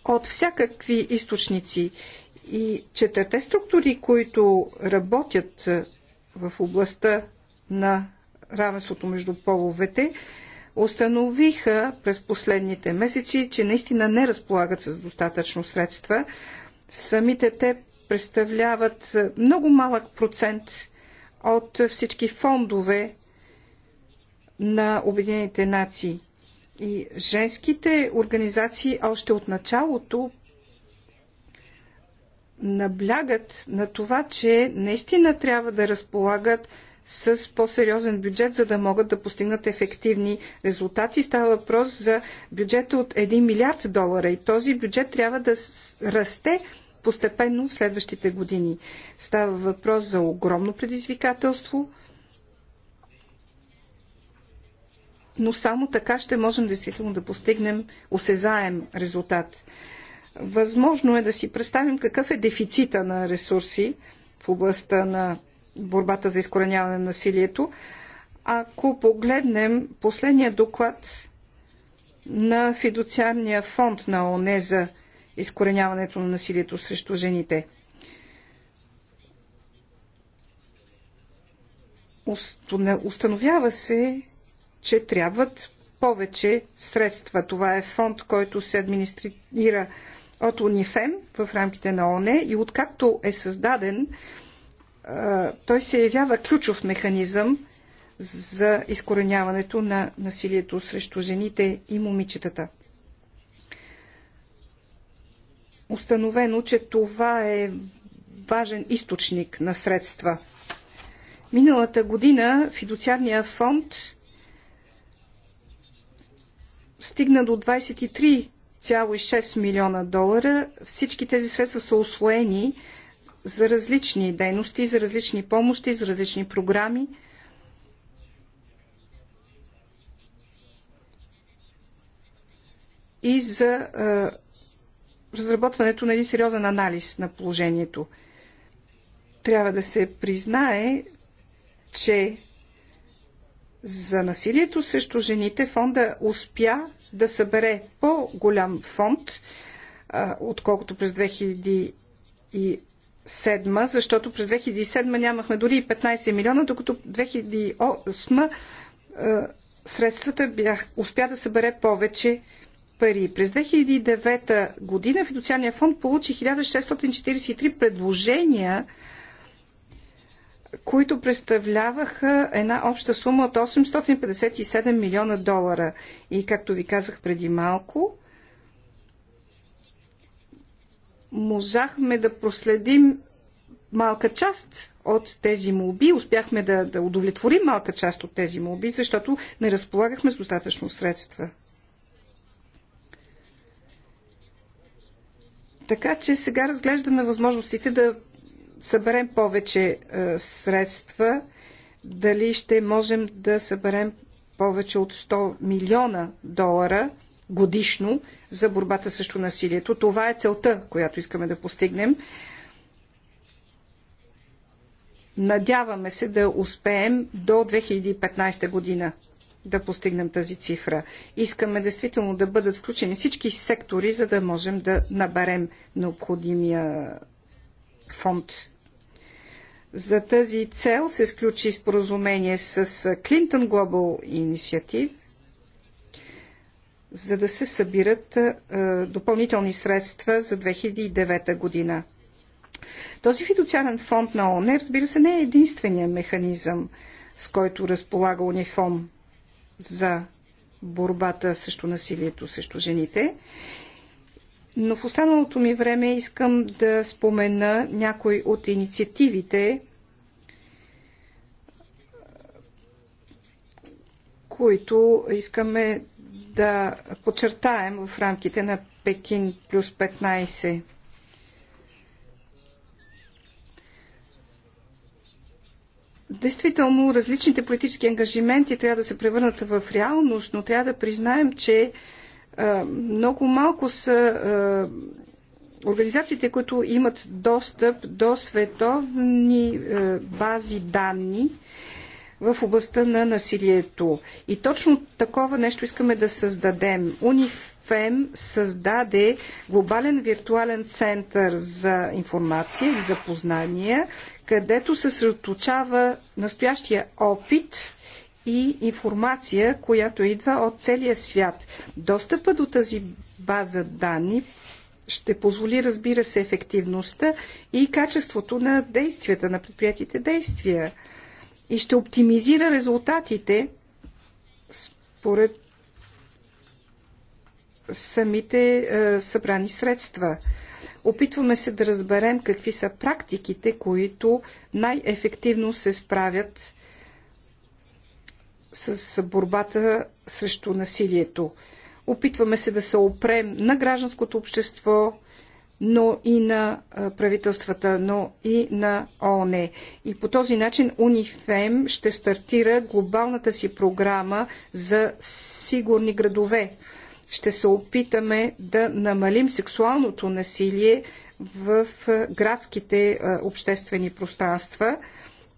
от всякакви източници и четвърте структури, които работят в областта на равенството между половете, установиха през последните месеци, че наистина не разполагат с достатъчно средства. Самите те представляват е, много малък процент от всички фондове на Обединените нации. И женските организации още от началото наблягат на това, че наистина трябва да разполагат с по-сериозен бюджет, за да могат да постигнат ефективни резултати. Става въпрос за бюджета от 1 милиард долара и този бюджет трябва да расте постепенно в следващите години. Става въпрос за огромно предизвикателство, но само така ще можем действително да постигнем осезаем резултат. Възможно е да си представим какъв е дефицита на ресурси в областта на борбата за изкореняване на насилието. Ако погледнем последния доклад на фидуциарния фонд на ОНЕ за изкореняването на насилието срещу жените. Установява се, че трябват повече средства. Това е фонд, който се администрира от УНИФЕМ в рамките на ОНЕ и откакто е създаден, той се явява ключов механизъм за изкореняването на насилието срещу жените и момичетата. Установено, че това е важен източник на средства. Миналата година фидуциарния фонд стигна до 23,6 милиона долара. Всички тези средства са освоени за различни дейности, за различни помощи, за различни програми. И за а, разработването на един сериозен анализ на положението. Трябва да се признае, че за насилието срещу жените фонда успя да събере по-голям фонд, отколкото през 2008 2007, защото през 2007 нямахме дори 15 милиона, докато 2008 средствата бях, успя да събере повече пари. През 2009 година Фидуциалния фонд получи 1643 предложения, които представляваха една обща сума от 857 милиона долара. И както ви казах преди малко, можахме да проследим малка част от тези молби, успяхме да, да удовлетворим малка част от тези молби, защото не разполагахме с достатъчно средства. Така че сега разглеждаме възможностите да съберем повече е, средства, дали ще можем да съберем повече от 100 милиона долара – годишно за борбата срещу насилието. Това е целта, която искаме да постигнем. Надяваме се да успеем до 2015 година да постигнем тази цифра. Искаме действително да бъдат включени всички сектори, за да можем да наберем необходимия фонд. За тази цел се сключи споразумение с Clinton Global Initiative за да се събират допълнителни средства за 2009 година. Този фидуциарен фонд на ООН, разбира се, не е единствения механизъм, с който разполага УНИФОМ за борбата срещу насилието срещу жените. Но в останалото ми време искам да спомена някои от инициативите, които искаме да подчертаем в рамките на Пекин плюс 15. Действително, различните политически ангажименти трябва да се превърнат в реалност, но трябва да признаем, че много малко са организациите, които имат достъп до световни бази данни в областта на насилието. И точно такова нещо искаме да създадем. УНИФЕМ създаде глобален виртуален център за информация и запознания, където се съсредоточава настоящия опит и информация, която идва от целия свят. Достъпа до тази база данни ще позволи, разбира се, ефективността и качеството на действията, на предприятите действия и ще оптимизира резултатите според самите е, събрани средства. Опитваме се да разберем какви са практиките, които най-ефективно се справят с борбата срещу насилието. Опитваме се да се опрем на гражданското общество, но и на правителствата, но и на ООН. И по този начин УНИФЕМ ще стартира глобалната си програма за сигурни градове. Ще се опитаме да намалим сексуалното насилие в градските обществени пространства –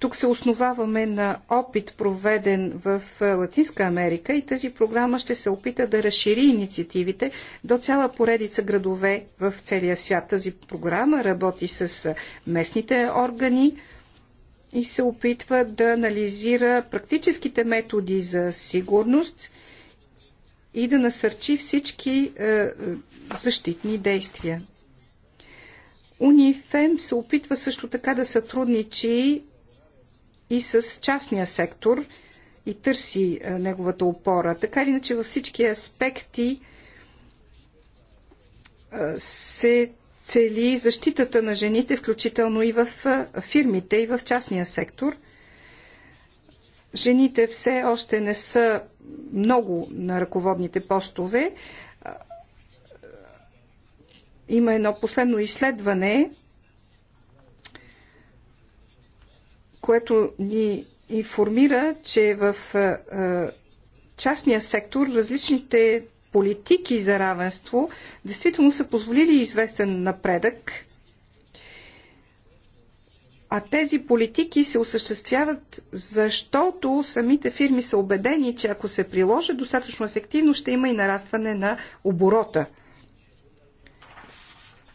тук се основаваме на опит, проведен в е, Латинска Америка и тази програма ще се опита да разшири инициативите до цяла поредица градове в целия свят. Тази програма работи с е, местните органи и се опитва да анализира практическите методи за сигурност и да насърчи всички е, защитни действия. Унифем се опитва също така да сътрудничи и с частния сектор и търси е, неговата опора. Така или иначе във всички аспекти е, се цели защитата на жените, включително и в е, фирмите, и в частния сектор. Жените все още не са много на ръководните постове. Има едно последно изследване, което ни информира, че в частния сектор различните политики за равенство действително са позволили известен напредък, а тези политики се осъществяват, защото самите фирми са убедени, че ако се приложат достатъчно ефективно, ще има и нарастване на оборота.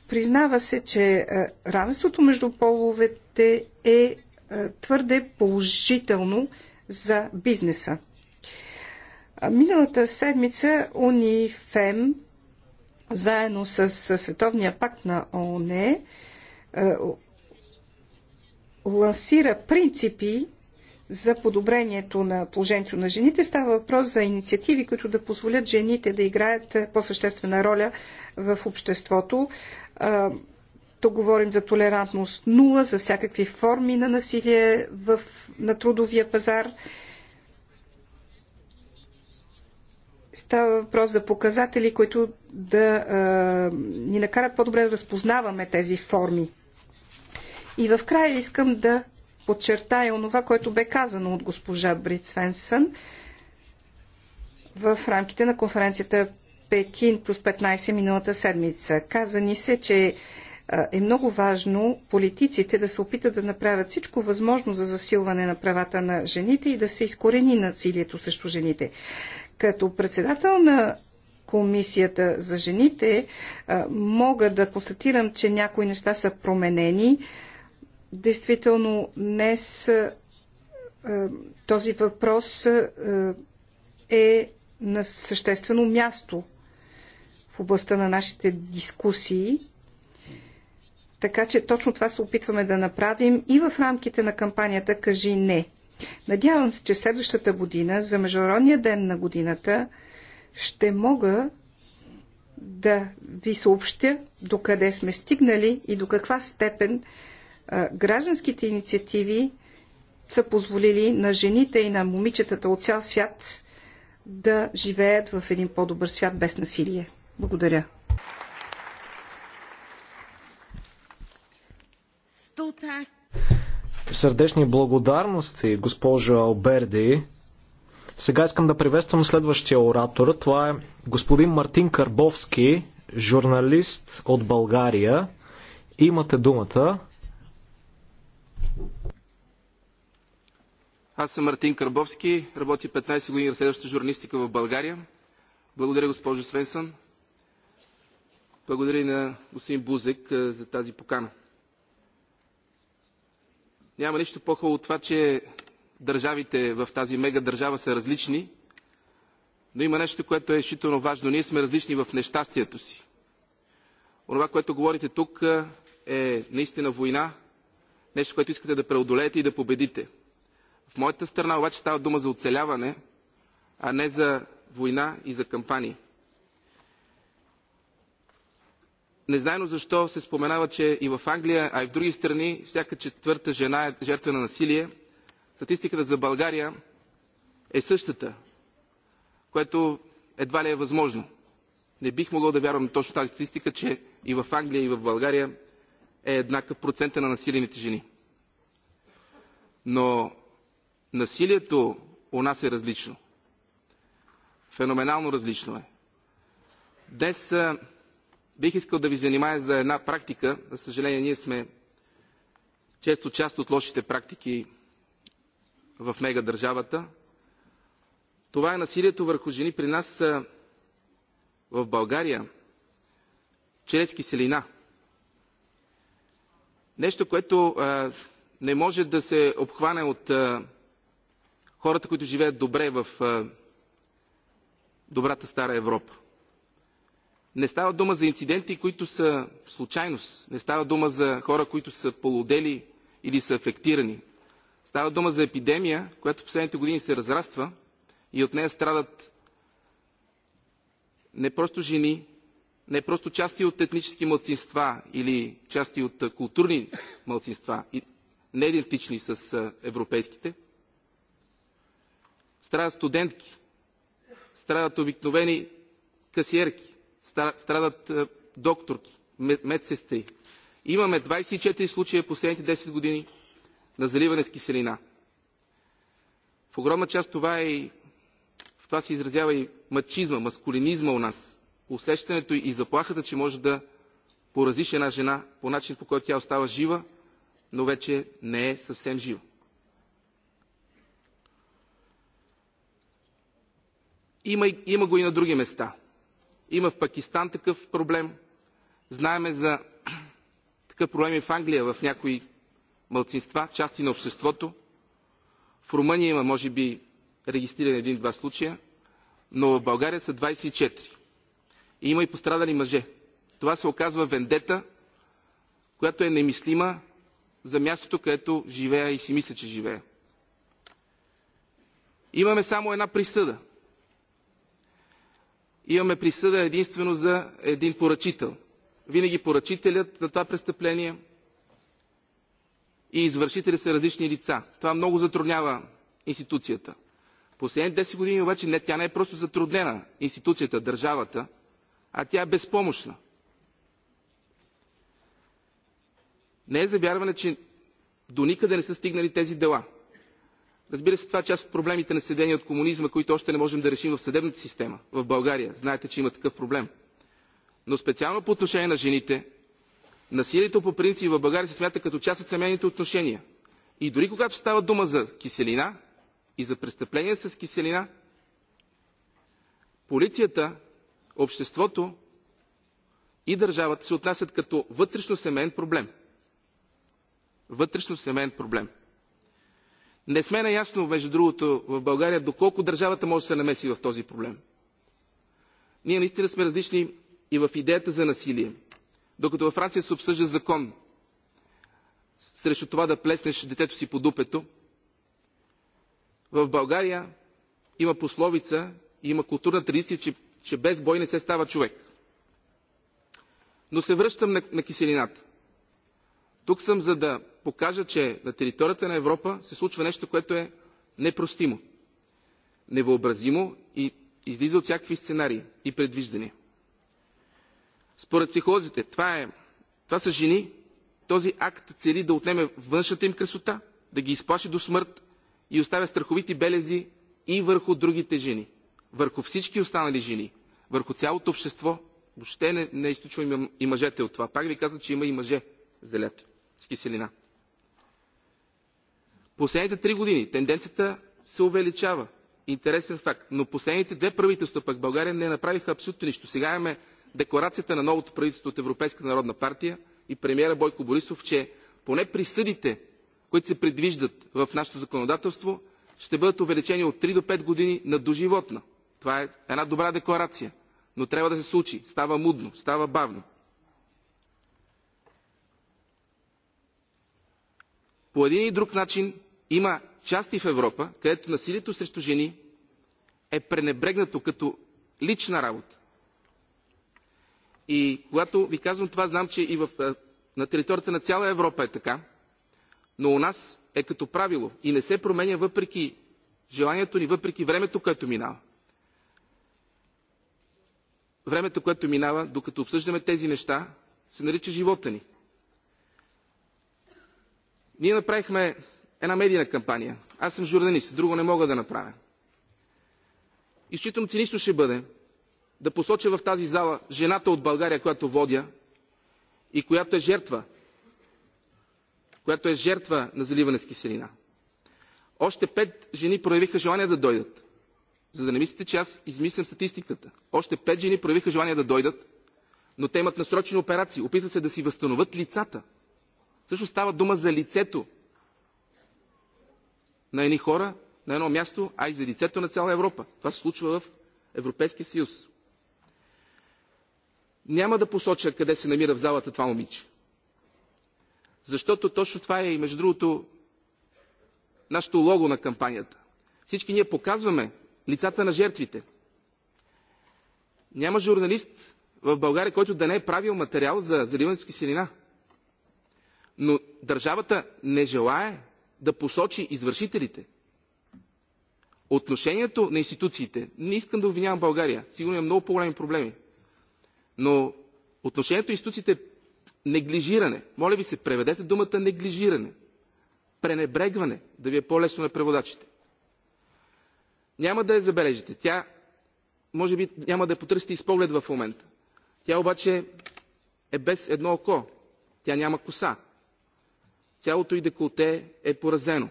Признава се, че равенството между половете е е, твърде положително за бизнеса. Миналата седмица УНИФЕМ заедно с Световния пакт на ООН е, лансира принципи за подобрението на положението на жените. Става въпрос за инициативи, които да позволят жените да играят по-съществена роля в обществото когато говорим за толерантност нула, за всякакви форми на насилие в, на трудовия пазар. Става въпрос за показатели, които да а, ни накарат по-добре да разпознаваме тези форми. И в края искам да подчертая онова, което бе казано от госпожа Брит Свенсън в рамките на конференцията Пекин плюс 15 миналата седмица. Каза ни се, че е много важно политиците да се опитат да направят всичко възможно за засилване на правата на жените и да се изкорени насилието срещу жените. Като председател на Комисията за жените мога да констатирам, че някои неща са променени. Действително, днес този въпрос е на съществено място в областта на нашите дискусии така че точно това се опитваме да направим и в рамките на кампанията Кажи не. Надявам се, че следващата година, за Международния ден на годината, ще мога да ви съобщя докъде сме стигнали и до каква степен а, гражданските инициативи са позволили на жените и на момичетата от цял свят да живеят в един по-добър свят без насилие. Благодаря. Сърдечни благодарности, госпожо Алберди. Сега искам да приветствам следващия оратор. Това е господин Мартин Карбовски, журналист от България. Имате думата. Аз съм Мартин Карбовски, работи 15 години разследваща журналистика в България. Благодаря, госпожо Свенсън. Благодаря и на господин Бузек за тази покана. Няма нищо по-хубаво от това, че държавите в тази мега държава са различни, но има нещо, което е изключително важно. Ние сме различни в нещастието си. Онова, което говорите тук, е наистина война, нещо, което искате да преодолеете и да победите. В моята страна обаче става дума за оцеляване, а не за война и за кампании. Незнайно защо се споменава, че и в Англия, а и в други страни, всяка четвърта жена е жертва на насилие. Статистиката за България е същата, което едва ли е възможно. Не бих могъл да вярвам точно тази статистика, че и в Англия, и в България е еднакъв процента на насилените жени. Но насилието у нас е различно. Феноменално различно е. Днес бих искал да ви занимая за една практика. За съжаление, ние сме често част от лошите практики в мегадържавата. Това е насилието върху жени при нас в България чрез киселина. Нещо, което а, не може да се обхване от а, хората, които живеят добре в а, добрата стара Европа. Не става дума за инциденти, които са случайност. Не става дума за хора, които са полудели или са афектирани. Става дума за епидемия, която в последните години се разраства и от нея страдат не просто жени, не просто части от етнически мълцинства или части от културни мълцинства, не идентични с европейските. Страдат студентки, страдат обикновени касиерки, страдат е, докторки, медсестри. Имаме 24 случая последните 10 години на заливане с киселина. В огромна част това е и в това се изразява и мачизма, маскулинизма у нас. Усещането и заплахата, че може да поразиш една жена по начин, по който тя остава жива, но вече не е съвсем жива. Има, има го и на други места – има в Пакистан такъв проблем. Знаеме за такъв проблем и в Англия, в някои мълцинства, части на обществото. В Румъния има, може би, регистрирани един-два случая, но в България са 24. И има и пострадали мъже. Това се оказва вендета, която е немислима за мястото, където живея и си мисля, че живея. Имаме само една присъда имаме присъда единствено за един поръчител. Винаги поръчителят на това престъпление и извършители са различни лица. Това много затруднява институцията. Последните 10 години обаче не, тя не е просто затруднена, институцията, държавата, а тя е безпомощна. Не е за вярване, че до никъде не са стигнали тези дела – Разбира се, това е част от проблемите, на седени от комунизма, които още не можем да решим в съдебната система в България. Знаете, че има такъв проблем. Но специално по отношение на жените, насилието по принцип в България се смята като част от семейните отношения. И дори когато става дума за киселина и за престъпления с киселина, полицията, обществото и държавата се отнасят като вътрешно семейен проблем. Вътрешно семейен проблем. Не сме наясно, между другото, в България, доколко държавата може да се намеси в този проблем. Ние наистина сме различни и в идеята за насилие. Докато във Франция се обсъжда закон срещу това да плеснеш детето си по дупето, в България има пословица и има културна традиция, че, че без бой не се става човек. Но се връщам на, на киселината. Тук съм за да покажа, че на територията на Европа се случва нещо, което е непростимо, невъобразимо и излиза от всякакви сценарии и предвиждания. Според психолозите, това, е, това са жени, този акт цели да отнеме външната им красота, да ги изплаши до смърт и оставя страховити белези и върху другите жени, върху всички останали жени, върху цялото общество. Въобще не, не е изключвам и мъжете от това. Пак ви казвам, че има и мъже зелят с киселина. Последните три години тенденцията се увеличава. Интересен факт. Но последните две правителства пък в България не направиха абсолютно нищо. Сега имаме декларацията на новото правителство от Европейската народна партия и премиера Бойко Борисов, че поне присъдите, които се предвиждат в нашето законодателство, ще бъдат увеличени от 3 до 5 години на доживотна. Това е една добра декларация, но трябва да се случи. Става мудно, става бавно. По един и друг начин има части в Европа, където насилието срещу жени е пренебрегнато като лична работа. И когато ви казвам това, знам, че и в, на територията на цяла Европа е така, но у нас е като правило и не се променя въпреки желанието ни, въпреки времето, което минава. Времето, което минава, докато обсъждаме тези неща, се нарича живота ни. Ние направихме една медийна кампания. Аз съм журналист, друго не мога да направя. И считам, че нищо ще бъде да посоча в тази зала жената от България, която водя и която е жертва, която е жертва на заливане с киселина. Още пет жени проявиха желание да дойдат. За да не мислите, че аз измислям статистиката. Още пет жени проявиха желание да дойдат, но те имат насрочени операции. Опитват се да си възстановят лицата. Също става дума за лицето, на едни хора, на едно място, а и за лицето на цяла Европа. Това се случва в Европейския съюз. Няма да посоча къде се намира в залата това момиче. Защото точно това е и между другото нашето лого на кампанията. Всички ние показваме лицата на жертвите. Няма журналист в България, който да не е правил материал за заливането киселина. Но държавата не желае да посочи извършителите. Отношението на институциите, не искам да обвинявам България, сигурно има много по-големи проблеми, но отношението на институциите е неглижиране. Моля ви се, преведете думата неглижиране. Пренебрегване, да ви е по-лесно на преводачите. Няма да я забележите. Тя, може би, няма да потърсите и с поглед в момента. Тя обаче е без едно око. Тя няма коса. Цялото й деколте е поразено.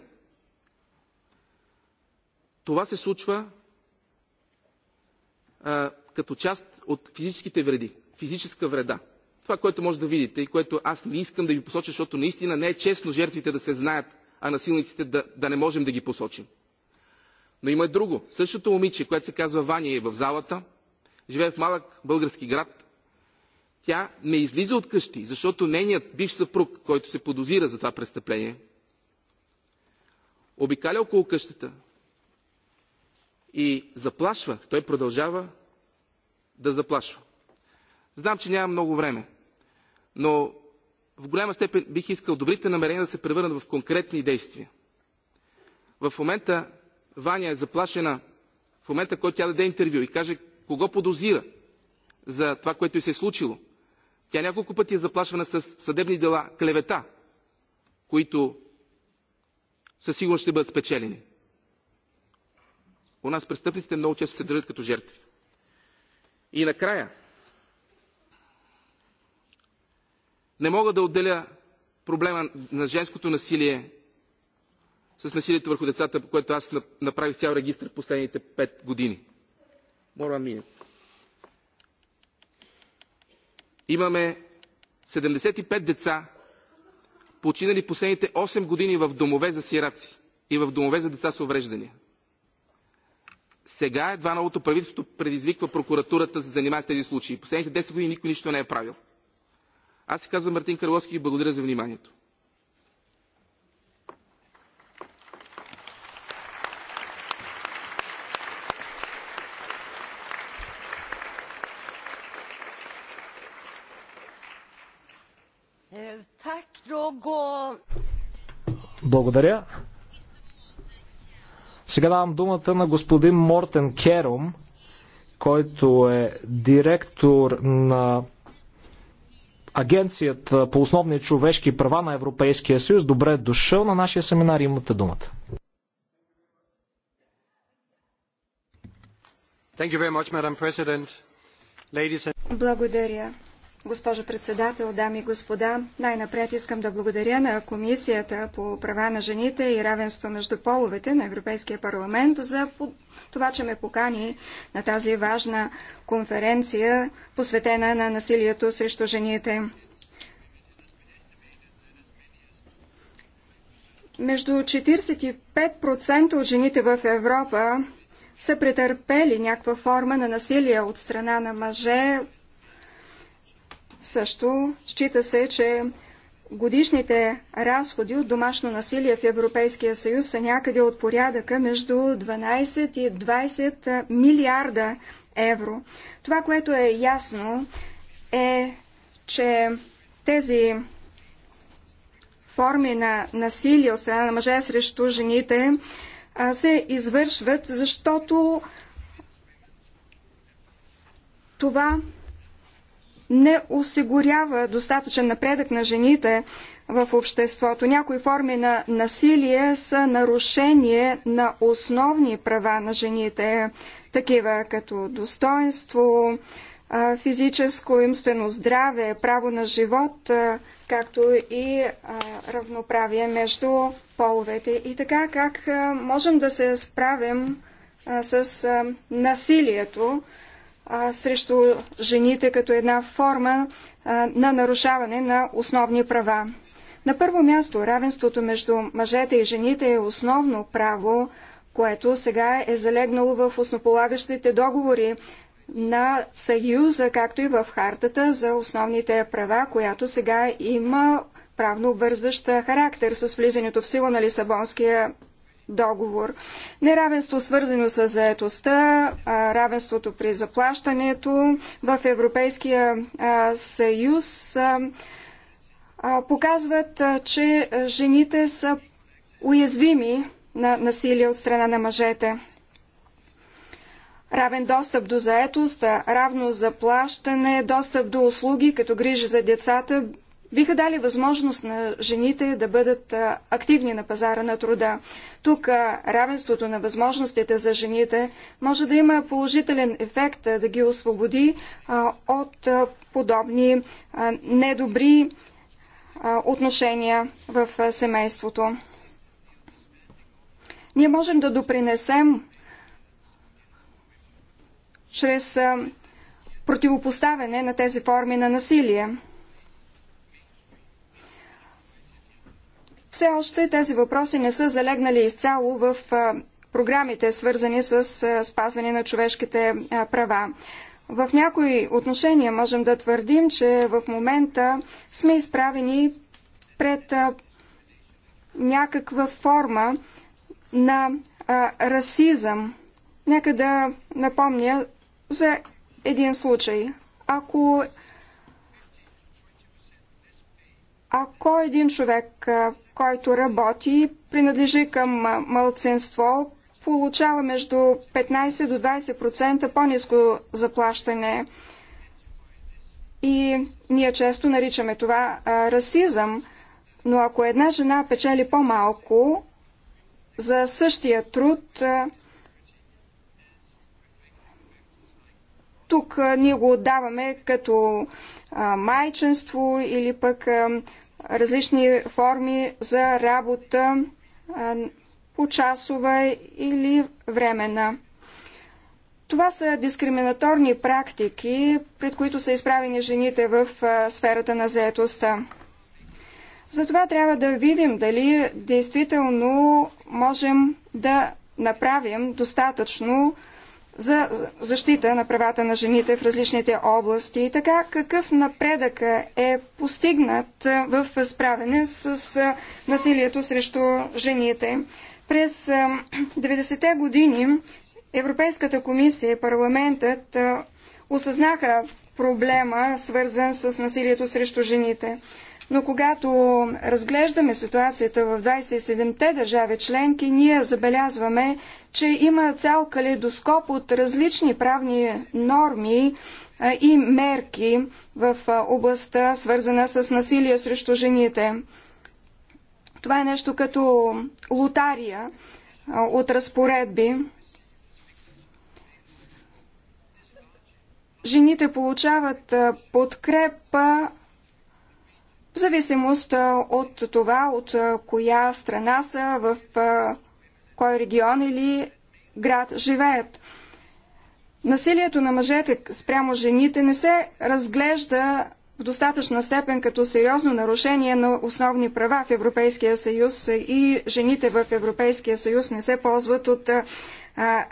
Това се случва а, като част от физическите вреди, физическа вреда. Това, което може да видите и което аз не искам да ви посоча, защото наистина не е честно жертвите да се знаят, а насилниците да, да не можем да ги посочим. Но има и друго. Същото момиче, което се казва Ваня е в залата, живее в малък български град, тя не излиза от къщи, защото нейният бивш съпруг, който се подозира за това престъпление, обикаля около къщата и заплашва. Той продължава да заплашва. Знам, че няма много време, но в голяма степен бих искал добрите намерения да се превърнат в конкретни действия. В момента Ваня е заплашена, в момента, който тя даде интервю и каже кого подозира за това, което й се е случило, тя няколко пъти е заплашвана с съдебни дела, клевета, които със сигурност ще бъдат спечелени. У нас престъпниците много често се държат като жертви. И накрая, не мога да отделя проблема на женското насилие с насилието върху децата, което аз направих цял регистр последните пет години. Мора Минец. Имаме 75 деца, починали последните 8 години в домове за сираци и в домове за деца с увреждания. Сега едва новото правителство предизвиква прокуратурата да се занимава с тези случаи. Последните 10 години никой нищо не е правил. Аз се казвам Мартин Карловски и благодаря за вниманието. много. Благодаря. Сега давам думата на господин Мортен Керум, който е директор на Агенцията по основни човешки права на Европейския съюз. Добре е дошъл на нашия семинар. Имате думата. Благодаря, Госпожо председател, дами и господа, най-напред искам да благодаря на Комисията по права на жените и равенство между половете на Европейския парламент за това, че ме покани на тази важна конференция, посветена на насилието срещу жените. Между 45% от жените в Европа са претърпели някаква форма на насилие от страна на мъже, също счита се, че годишните разходи от домашно насилие в Европейския съюз са някъде от порядъка между 12 и 20 милиарда евро. Това, което е ясно, е, че тези форми на насилие от страна на мъже срещу жените се извършват, защото това не осигурява достатъчен напредък на жените в обществото. Някои форми на насилие са нарушение на основни права на жените, такива като достоинство, физическо имствено, здраве, право на живот, както и равноправие между половете. И така как можем да се справим с насилието, а, срещу жените като една форма а, на нарушаване на основни права. На първо място, равенството между мъжете и жените е основно право, което сега е залегнало в основополагащите договори на Съюза, както и в Хартата за основните права, която сега има правно вързваща характер с влизането в сила на Лисабонския договор. Неравенство свързано с заетостта, равенството при заплащането в Европейския съюз показват, че жените са уязвими на насилие от страна на мъжете. Равен достъп до заетост, равно заплащане, достъп до услуги, като грижи за децата, биха дали възможност на жените да бъдат активни на пазара на труда тук равенството на възможностите за жените може да има положителен ефект да ги освободи от подобни недобри отношения в семейството. Ние можем да допринесем чрез противопоставяне на тези форми на насилие. Все още тези въпроси не са залегнали изцяло в програмите, свързани с спазване на човешките права. В някои отношения можем да твърдим, че в момента сме изправени пред някаква форма на расизъм. Нека да напомня за един случай. Ако ако един човек който работи, принадлежи към мълценство, получава между 15 до 20% по-низко заплащане. И ние често наричаме това а, расизъм, но ако една жена печели по-малко за същия труд, а, тук а, ние го отдаваме като а, или пък а, различни форми за работа по часове или времена. Това са дискриминаторни практики, пред които са изправени жените в сферата на заетостта. Затова трябва да видим дали действително можем да направим достатъчно за защита на правата на жените в различните области и така какъв напредък е постигнат в справене с насилието срещу жените. През 90-те години Европейската комисия и парламентът осъзнаха проблема, свързан с насилието срещу жените. Но когато разглеждаме ситуацията в 27-те държави членки, ние забелязваме, че има цял калейдоскоп от различни правни норми и мерки в областта, свързана с насилие срещу жените. Това е нещо като лотария от разпоредби. Жените получават подкрепа в зависимост от това, от коя страна са, в кой регион или град живеят. Насилието на мъжете спрямо жените не се разглежда в достатъчна степен като сериозно нарушение на основни права в Европейския съюз и жените в Европейския съюз не се ползват от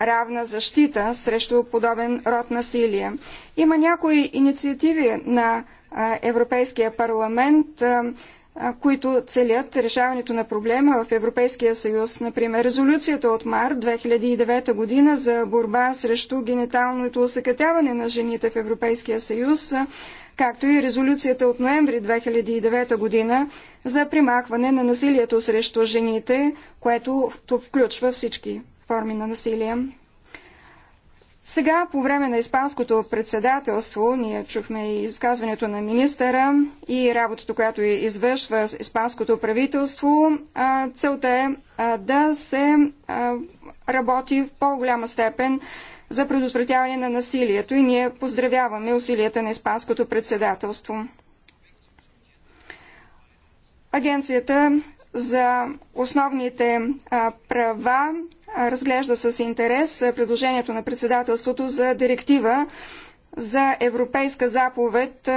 равна защита срещу подобен род насилие. Има някои инициативи на Европейския парламент, които целят решаването на проблема в Европейския съюз. Например, резолюцията от март 2009 година за борба срещу гениталното осъкътяване на жените в Европейския съюз, както и резолюцията от ноември 2009 година за примахване на насилието срещу жените, което включва всички форми на насилие. Сега, по време на Испанското председателство, ние чухме и изказването на министъра и работата, която извършва Испанското правителство. Целта е да се работи в по-голяма степен за предотвратяване на насилието и ние поздравяваме усилията на Испанското председателство. Агенцията за основните права разглежда с интерес предложението на председателството за директива за европейска заповед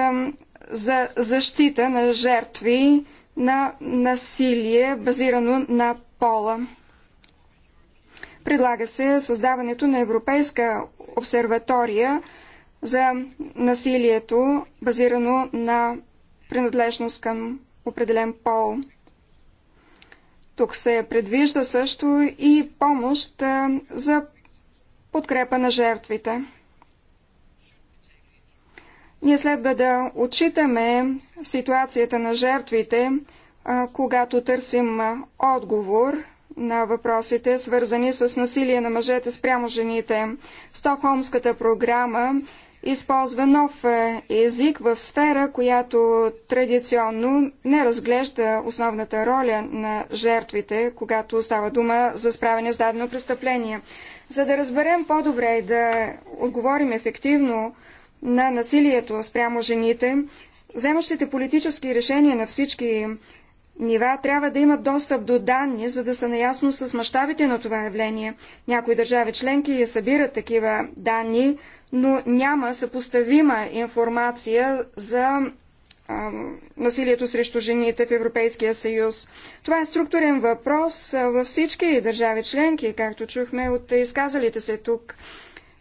за защита на жертви на насилие, базирано на пола. Предлага се създаването на Европейска обсерватория за насилието, базирано на принадлежност към определен пол. Тук се предвижда също и помощ за подкрепа на жертвите. Ние следва да отчитаме ситуацията на жертвите, когато търсим отговор на въпросите, свързани с насилие на мъжете спрямо жените. Стокхолмската програма използва нов е, език в сфера, която традиционно не разглежда основната роля на жертвите, когато става дума за справяне с дадено престъпление. За да разберем по-добре и да отговорим ефективно на насилието спрямо жените, вземащите политически решения на всички нива трябва да имат достъп до данни, за да са наясно с мащабите на това явление. Някои държави членки събират такива данни, но няма съпоставима информация за насилието срещу жените в Европейския съюз. Това е структурен въпрос във всички държави членки, както чухме от изказалите се тук.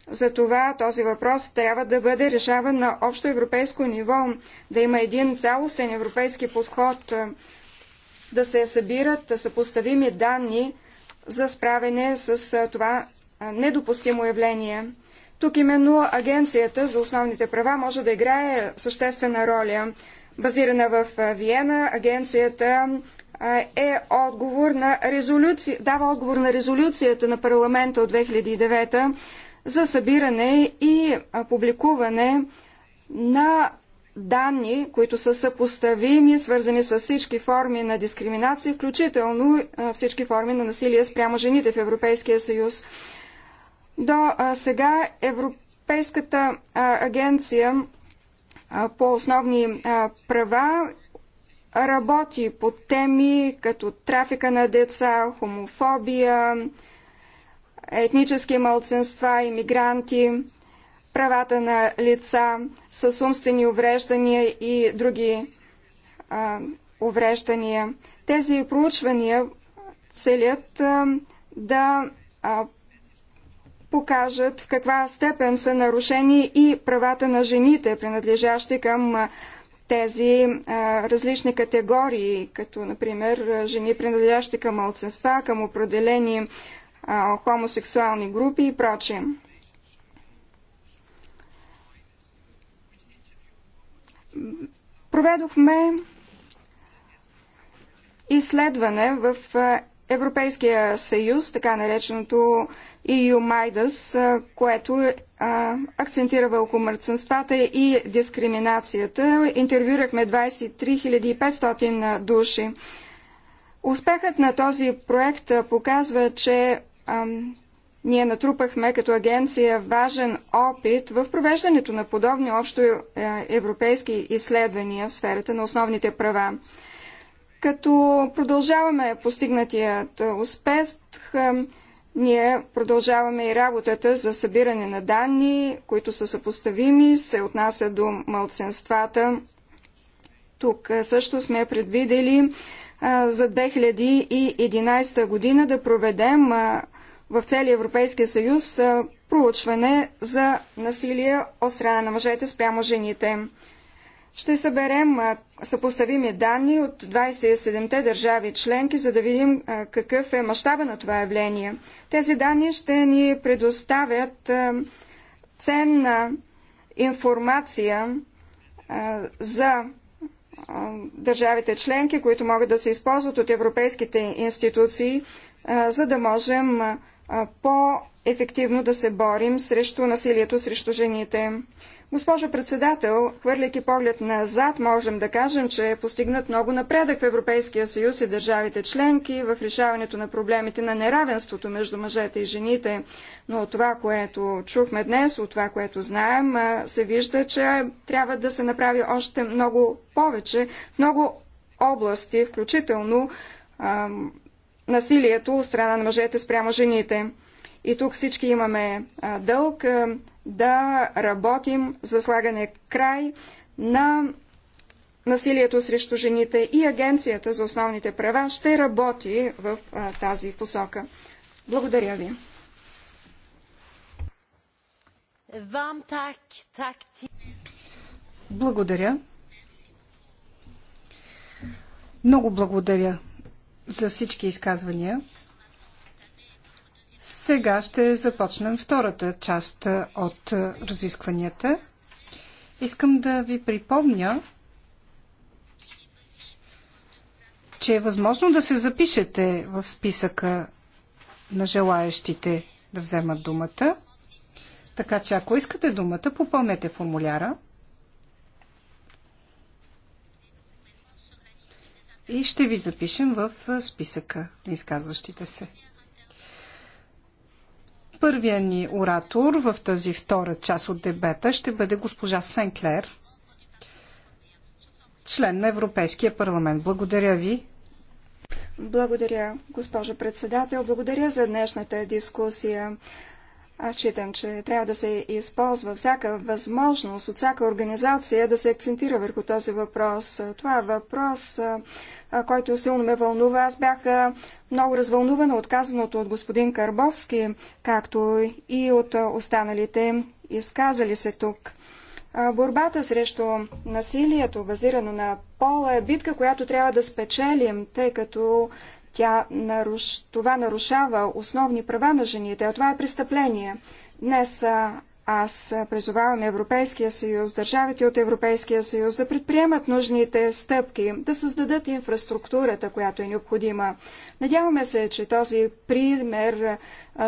за това. този въпрос трябва да бъде решаван на общо европейско ниво, да има един цялостен европейски подход, да се събират съпоставими данни за справяне с това недопустимо явление. Тук именно Агенцията за основните права може да играе съществена роля. Базирана в Виена, агенцията е отговор на резолюци... дава отговор на резолюцията на парламента от 2009 за събиране и публикуване на данни, които са съпоставими, свързани с всички форми на дискриминация, включително всички форми на насилие спрямо жените в Европейския съюз. До сега Европейската агенция по основни права работи по теми като трафика на деца, хомофобия, етнически малцинства, иммигранти, правата на лица с умствени увреждания и други а, увреждания. Тези проучвания целят а, да а, покажат в каква степен са нарушени и правата на жените, принадлежащи към тези а, различни категории, като например жени, принадлежащи към мълценства, към определени а, хомосексуални групи и прочие. Проведохме изследване в Европейския съюз, така нареченото и Юмайдас, което акцентира върху мърцинствата и дискриминацията. Интервюрахме 23 500 души. Успехът на този проект показва, че а, ние натрупахме като агенция важен опит в провеждането на подобни общо е, европейски изследвания в сферата на основните права. Като продължаваме постигнатият успех, ние продължаваме и работата за събиране на данни, които са съпоставими, се отнася до мълценствата. Тук също сме предвидели за 2011 година да проведем в целия Европейския съюз проучване за насилие от страна на мъжете спрямо жените. Ще съберем съпоставими данни от 27-те държави членки, за да видим какъв е мащаба на това явление. Тези данни ще ни предоставят ценна информация за държавите членки, които могат да се използват от европейските институции, за да можем по-ефективно да се борим срещу насилието срещу жените. Госпожо председател, хвърляйки поглед назад, можем да кажем, че е постигнат много напредък в Европейския съюз и държавите членки в решаването на проблемите на неравенството между мъжете и жените. Но от това, което чухме днес, от това, което знаем, се вижда, че трябва да се направи още много повече, много области, включително насилието от страна на мъжете спрямо жените. И тук всички имаме а, дълг. А, да работим за слагане край на насилието срещу жените и Агенцията за основните права ще работи в а, тази посока. Благодаря ви. Благодаря. Много благодаря за всички изказвания. Сега ще започнем втората част е, от е, разискванията. Искам да ви припомня, че е възможно да се запишете в списъка на желаящите да вземат думата. Така че ако искате думата, попълнете формуляра. И ще ви запишем в е, списъка на изказващите се. Първия ни оратор в тази втора част от дебета ще бъде госпожа Сенклер, член на Европейския парламент. Благодаря ви. Благодаря, госпожо председател. Благодаря за днешната дискусия. Аз считам, че трябва да се използва всяка възможност от всяка организация да се акцентира върху този въпрос. Това е въпрос, който силно ме вълнува. Аз бях много развълнувана от казаното от господин Карбовски, както и от останалите изказали се тук. Борбата срещу насилието, базирано на пола, е битка, която трябва да спечелим, тъй като тя наруш... Това нарушава основни права на жените, а това е престъпление. Днес аз призовавам Европейския съюз, държавите от Европейския съюз да предприемат нужните стъпки, да създадат инфраструктурата, която е необходима. Надяваме се, че този пример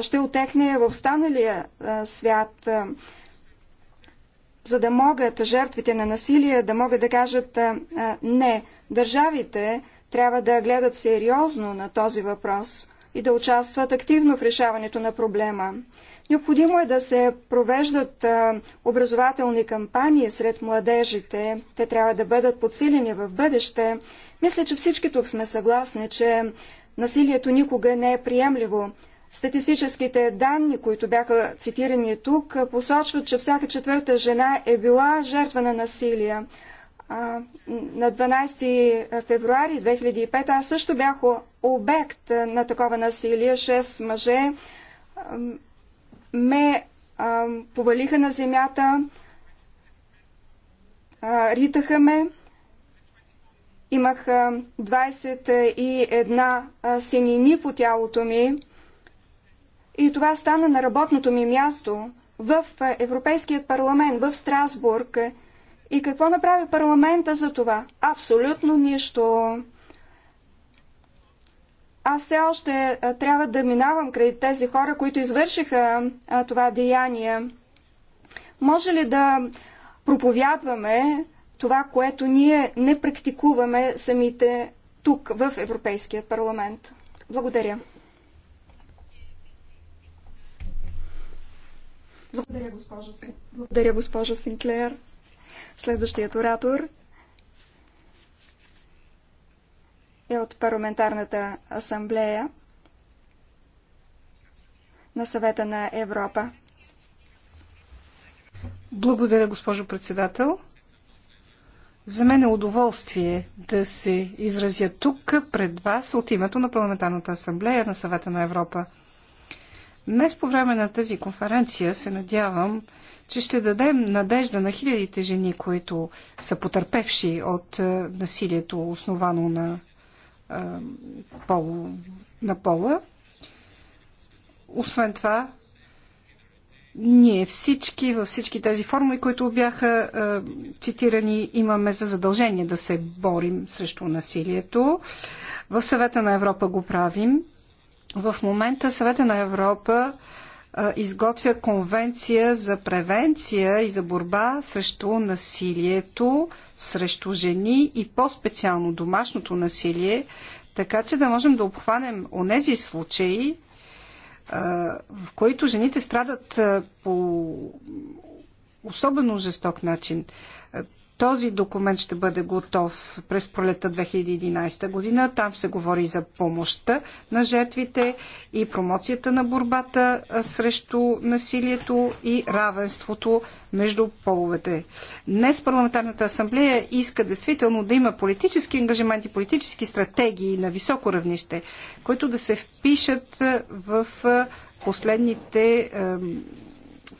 ще отехне в останалия свят, за да могат жертвите на насилие да могат да кажат не. Държавите трябва да гледат сериозно на този въпрос и да участват активно в решаването на проблема. Необходимо е да се провеждат образователни кампании сред младежите. Те трябва да бъдат подсилени в бъдеще. Мисля, че всички тук сме съгласни, че насилието никога не е приемливо. Статистическите данни, които бяха цитирани тук, посочват, че всяка четвърта жена е била жертва на насилие на 12 февруари 2005 аз също бях обект на такова насилие. Шест мъже ме повалиха на земята, ритаха ме. Имах 21 синини по тялото ми. И това стана на работното ми място в Европейският парламент, в Страсбург. И какво направи парламента за това? Абсолютно нищо. Аз все още трябва да минавам край тези хора, които извършиха това деяние. Може ли да проповядваме това, което ние не практикуваме самите тук в Европейския парламент? Благодаря. Благодаря, госпожа Синклер. Следващият оратор е от Парламентарната асамблея на съвета на Европа. Благодаря, госпожо председател. За мен е удоволствие да се изразя тук пред вас от името на Парламентарната асамблея на съвета на Европа – Днес по време на тази конференция се надявам, че ще дадем надежда на хилядите жени, които са потърпевши от е, насилието, основано на, е, на пола. Освен това, ние всички, във всички тези форми, които бяха е, цитирани, имаме за задължение да се борим срещу насилието. В съвета на Европа го правим. В момента Съвета на Европа изготвя конвенция за превенция и за борба срещу насилието срещу жени и по-специално домашното насилие, така че да можем да обхванем онези случаи, в които жените страдат по особено жесток начин. Този документ ще бъде готов през пролета 2011 година. Там се говори за помощта на жертвите и промоцията на борбата срещу насилието и равенството между половете. Днес парламентарната асамблея иска действително да има политически ангажименти, политически стратегии на високо равнище, които да се впишат в последните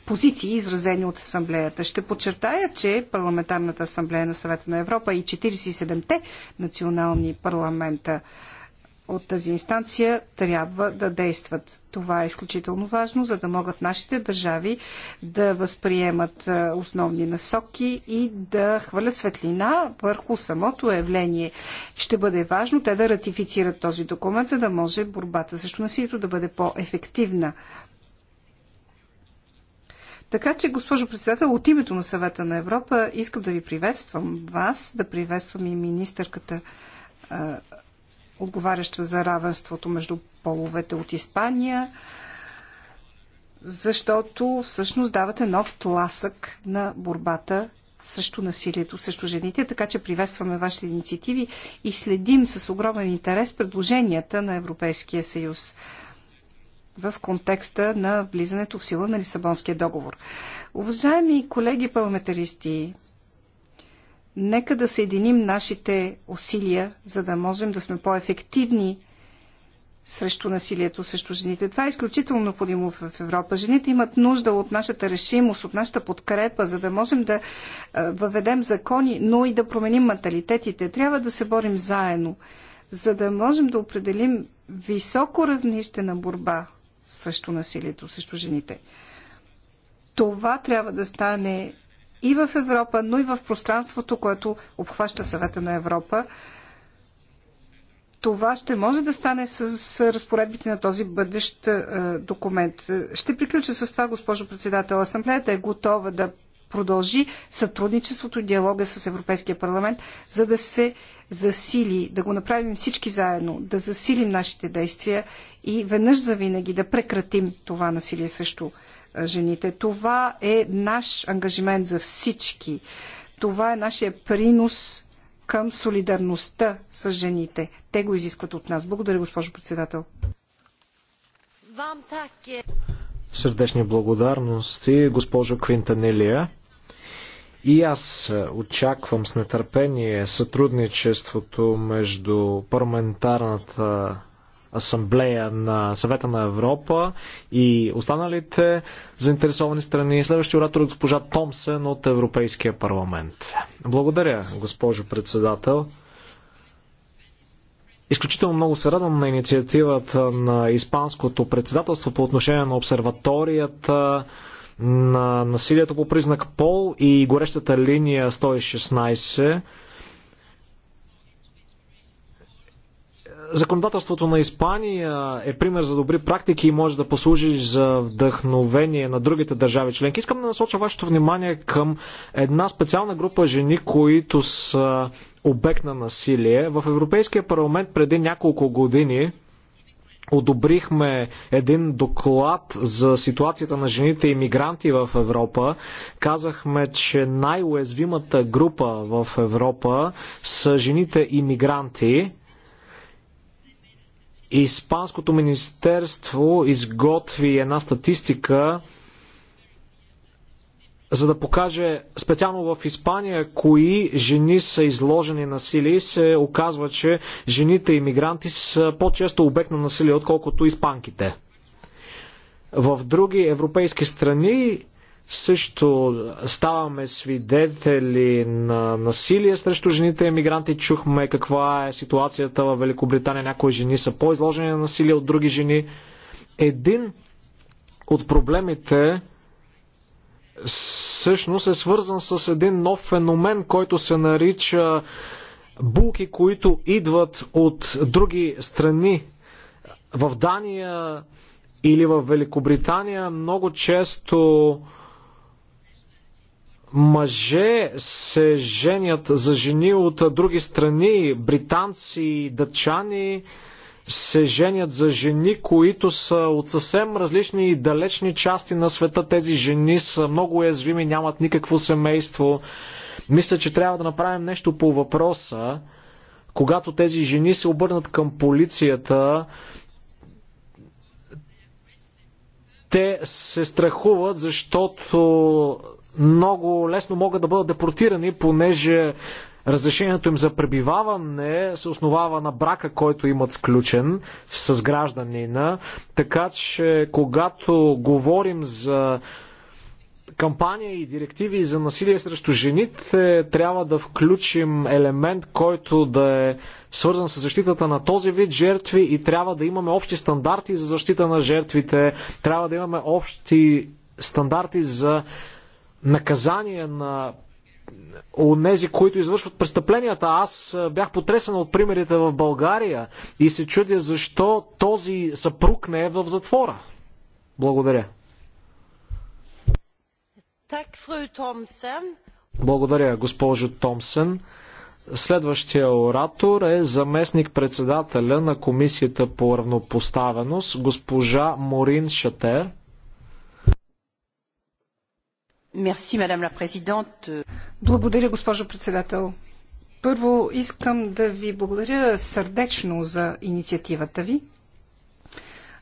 позиции, изразени от асамблеята. Ще подчертая, че Парламентарната асамблея на съвета на Европа и 47-те национални парламента от тази инстанция трябва да действат. Това е изключително важно, за да могат нашите държави да възприемат е, основни насоки и да хвърлят светлина върху самото явление. Ще бъде важно те да ратифицират този документ, за да може борбата срещу насилието да бъде по-ефективна. Така че, госпожо председател, от името на съвета на Европа искам да ви приветствам вас, да приветствам и министърката отговаряща за равенството между половете от Испания, защото всъщност давате нов тласък на борбата срещу насилието, срещу жените, така че приветстваме вашите инициативи и следим с огромен интерес предложенията на Европейския съюз в контекста на влизането в сила на Лисабонския договор. Уважаеми колеги парламентаристи, нека да съединим нашите усилия, за да можем да сме по-ефективни срещу насилието срещу жените. Това е изключително необходимо в Европа. Жените имат нужда от нашата решимост, от нашата подкрепа, за да можем да въведем закони, но и да променим менталитетите. Трябва да се борим заедно, за да можем да определим високо равнище на борба срещу насилието срещу жените. Това трябва да стане и в Европа, но и в пространството, което обхваща съвета на Европа. Това ще може да стане с разпоредбите на този бъдещ е, документ. Ще приключа с това, госпожо председател. Асамблеята е готова да продължи сътрудничеството и диалога с Европейския парламент, за да се засили, да го направим всички заедно, да засилим нашите действия и веднъж за винаги да прекратим това насилие срещу жените. Това е наш ангажимент за всички. Това е нашия принос към солидарността с жените. Те го изискват от нас. Благодаря, госпожо председател. Е. Сърдечни благодарности, госпожо Квинтанелия. И аз очаквам с нетърпение сътрудничеството между парламентарната асамблея на съвета на Европа и останалите заинтересовани страни. Следващия оратор е госпожа Томсен от Европейския парламент. Благодаря, госпожо председател. Изключително много се радвам на инициативата на Испанското председателство по отношение на обсерваторията на насилието по признак пол и горещата линия 116 Законодателството на Испания е пример за добри практики и може да послужи за вдъхновение на другите държави членки. Искам да насоча вашето внимание към една специална група жени, които са обект на насилие. В Европейския парламент преди няколко години одобрихме един доклад за ситуацията на жените и мигранти в Европа. Казахме, че най-уязвимата група в Европа са жените и мигранти. Испанското министерство изготви една статистика, за да покаже специално в Испания кои жени са изложени насилие сили, се оказва, че жените иммигранти са по-често обект на насилие, отколкото испанките. В други европейски страни също ставаме свидетели на насилие срещу жените емигранти. Чухме каква е ситуацията в Великобритания. Някои жени са по-изложени на насилие от други жени. Един от проблемите всъщност е свързан с един нов феномен, който се нарича булки, които идват от други страни. В Дания или в Великобритания много често мъже се женят за жени от други страни, британци, дъчани се женят за жени, които са от съвсем различни и далечни части на света. Тези жени са много уязвими, нямат никакво семейство. Мисля, че трябва да направим нещо по въпроса. Когато тези жени се обърнат към полицията, те се страхуват, защото много лесно могат да бъдат депортирани, понеже разрешението им за пребиваване се основава на брака, който имат сключен с гражданина. Така че, когато говорим за кампания и директиви за насилие срещу жените, трябва да включим елемент, който да е свързан с защитата на този вид жертви и трябва да имаме общи стандарти за защита на жертвите, трябва да имаме общи стандарти за наказание на онези, които извършват престъпленията. Аз бях потресен от примерите в България и се чудя защо този съпруг не е в затвора. Благодаря. Благодаря, госпожо Томсен. Следващия оратор е заместник председателя на Комисията по равнопоставеност, госпожа Морин Шатер. Благодаря, госпожо председател. Първо искам да ви благодаря сърдечно за инициативата ви,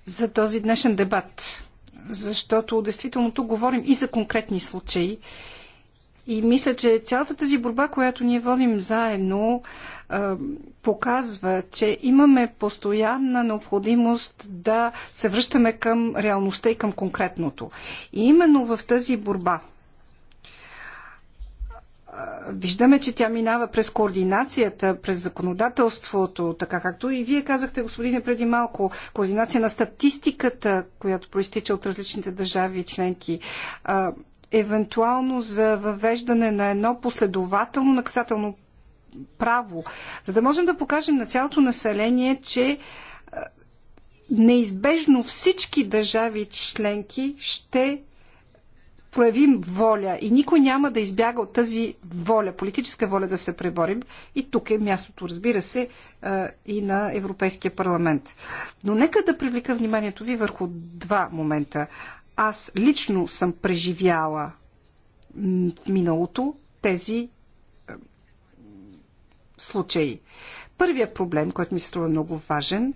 за този днешен дебат, защото действително тук говорим и за конкретни случаи. И мисля, че цялата тази борба, която ние водим заедно, показва, че имаме постоянна необходимост да се връщаме към реалността и към конкретното. И именно в тази борба – виждаме, че тя минава през координацията, през законодателството, така както и вие казахте, господине, преди малко, координация на статистиката, която проистича от различните държави и членки евентуално за въвеждане на едно последователно наказателно право, за да можем да покажем на цялото население, че неизбежно всички държави членки ще проявим воля и никой няма да избяга от тази воля, политическа воля да се преборим. И тук е мястото, разбира се, и на Европейския парламент. Но нека да привлека вниманието ви върху два момента. Аз лично съм преживяла миналото тези случаи. Първият проблем, който ми се струва много важен,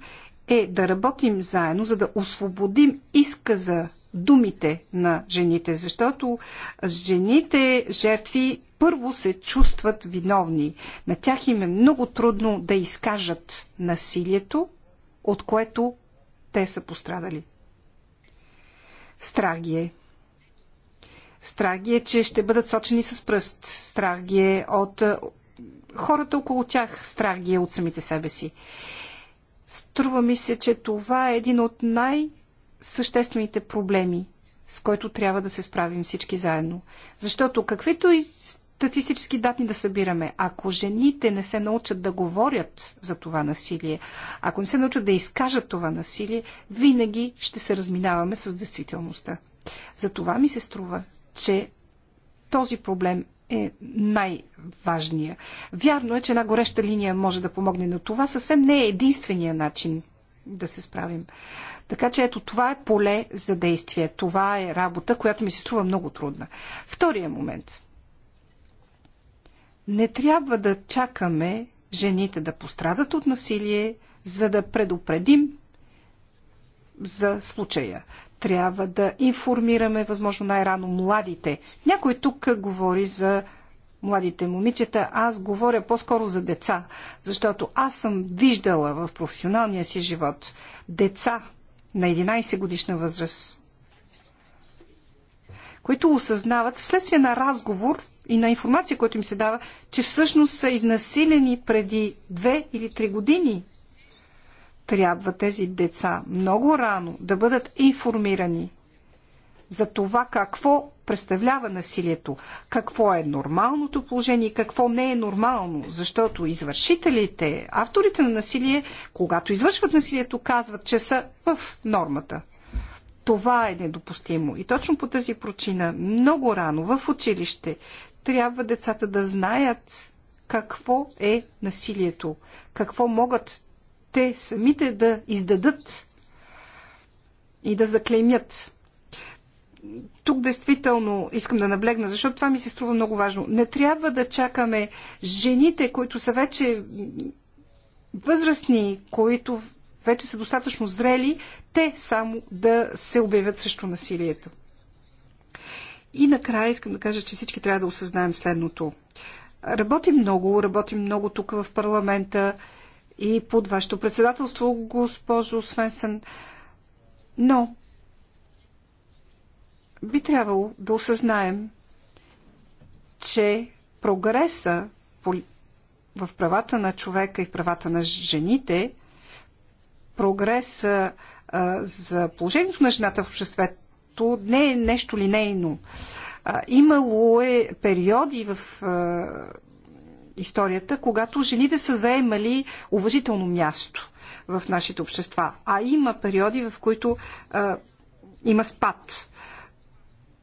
е да работим заедно, за да освободим изказа думите на жените, защото жените жертви първо се чувстват виновни. На тях им е много трудно да изкажат насилието, от което те са пострадали. Страх ги е. Страх ги е, че ще бъдат сочени с пръст. Страх ги е от е, хората около тях. Страх ги е от самите себе си. Струва ми се, че това е един от най- съществените проблеми, с който трябва да се справим всички заедно. Защото каквито и статистически датни да събираме, ако жените не се научат да говорят за това насилие, ако не се научат да изкажат това насилие, винаги ще се разминаваме с действителността. За това ми се струва, че този проблем е най-важния. Вярно е, че една гореща линия може да помогне, но това съвсем не е единствения начин да се справим. Така че ето това е поле за действие. Това е работа, която ми се струва много трудна. Втория момент. Не трябва да чакаме жените да пострадат от насилие, за да предупредим за случая. Трябва да информираме възможно най-рано младите. Някой тук говори за младите момичета, аз говоря по-скоро за деца, защото аз съм виждала в професионалния си живот деца на 11 годишна възраст, които осъзнават вследствие на разговор и на информация, която им се дава, че всъщност са изнасилени преди 2 или 3 години. Трябва тези деца много рано да бъдат информирани за това какво представлява насилието, какво е нормалното положение и какво не е нормално, защото извършителите, авторите на насилие, когато извършват насилието, казват, че са в нормата. Това е недопустимо. И точно по тази причина, много рано в училище, трябва децата да знаят какво е насилието, какво могат те самите да издадат и да заклеймят тук действително искам да наблегна, защото това ми се струва много важно. Не трябва да чакаме жените, които са вече възрастни, които вече са достатъчно зрели, те само да се обявят срещу насилието. И накрая искам да кажа, че всички трябва да осъзнаем следното. Работим много, работим много тук в парламента и под вашето председателство, госпожо Свенсен. Но би трябвало да осъзнаем, че прогреса в правата на човека и правата на жените, прогреса за положението на жената в обществото не е нещо линейно. Имало е периоди в историята, когато жените са заемали уважително място в нашите общества. А има периоди, в които а, има спад.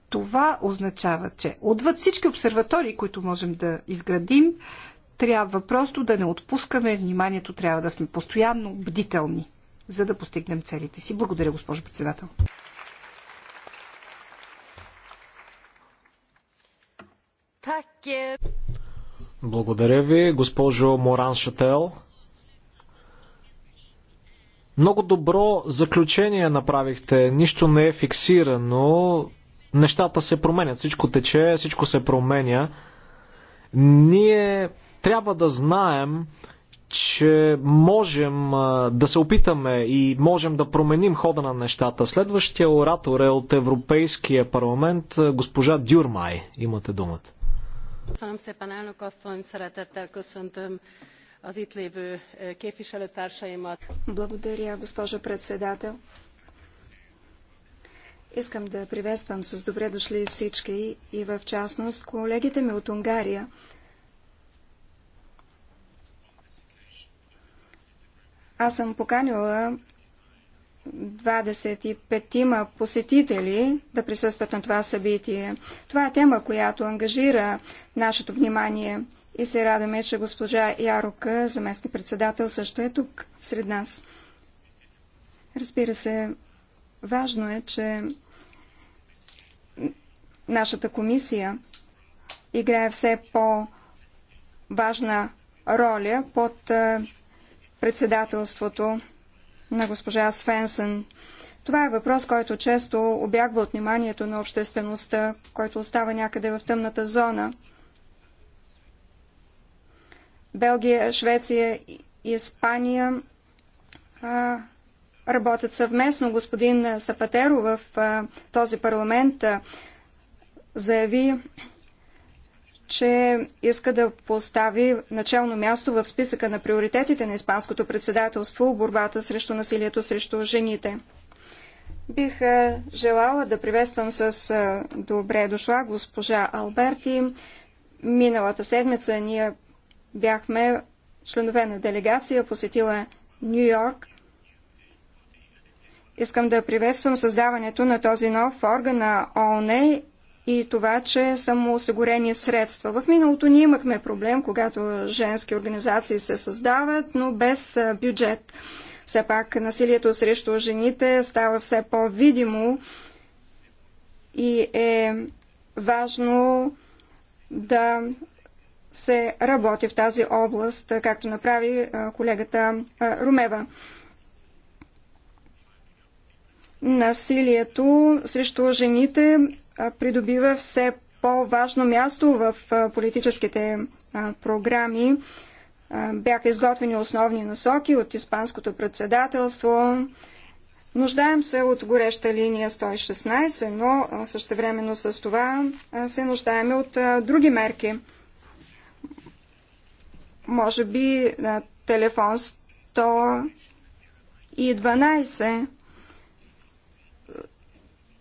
Това означава, че отвъд всички обсерватории, които можем да изградим, трябва просто да не отпускаме вниманието, трябва да сме постоянно бдителни, за да постигнем целите си. Благодаря, госпожо председател. Е. Благодаря ви, госпожо Моран Шател. Много добро заключение направихте. Нищо не е фиксирано нещата се променят, всичко тече, всичко се променя. Ние трябва да знаем, че можем да се опитаме и можем да променим хода на нещата. Следващия оратор е от Европейския парламент, госпожа Дюрмай. Имате думата. Köszönöm szépen, elnök asszony, szeretettel köszöntöm az itt lévő е, képviselőtársaimat. Благодаря, госпожо председател. Искам да приветствам с добре дошли всички и в частност колегите ми от Унгария. Аз съм поканила 25-ма посетители да присъстват на това събитие. Това е тема, която ангажира нашето внимание и се радваме, че госпожа Ярока, заместник председател, също е тук сред нас. Разбира се, Важно е, че нашата комисия играе все по-важна роля под е, председателството на госпожа Свенсън. Това е въпрос, който често обягва от вниманието на обществеността, който остава някъде в тъмната зона. Белгия, Швеция, и Испания работят съвместно. Господин Сапатеро в този парламент заяви, че иска да постави начално място в списъка на приоритетите на Испанското председателство борбата срещу насилието срещу жените. Бих желала да приветствам с добре дошла госпожа Алберти. Миналата седмица ние бяхме членове на делегация, посетила Нью Йорк Искам да приветствам създаването на този нов орган на ООН и това, че са му осигурени средства. В миналото ние имахме проблем, когато женски организации се създават, но без бюджет. Все пак насилието срещу жените става все по-видимо и е важно да се работи в тази област, както направи колегата Румева насилието срещу жените придобива все по-важно място в политическите програми. Бяха изготвени основни насоки от Испанското председателство. Нуждаем се от гореща линия 116, но същевременно с това се нуждаем от други мерки. Може би телефон 112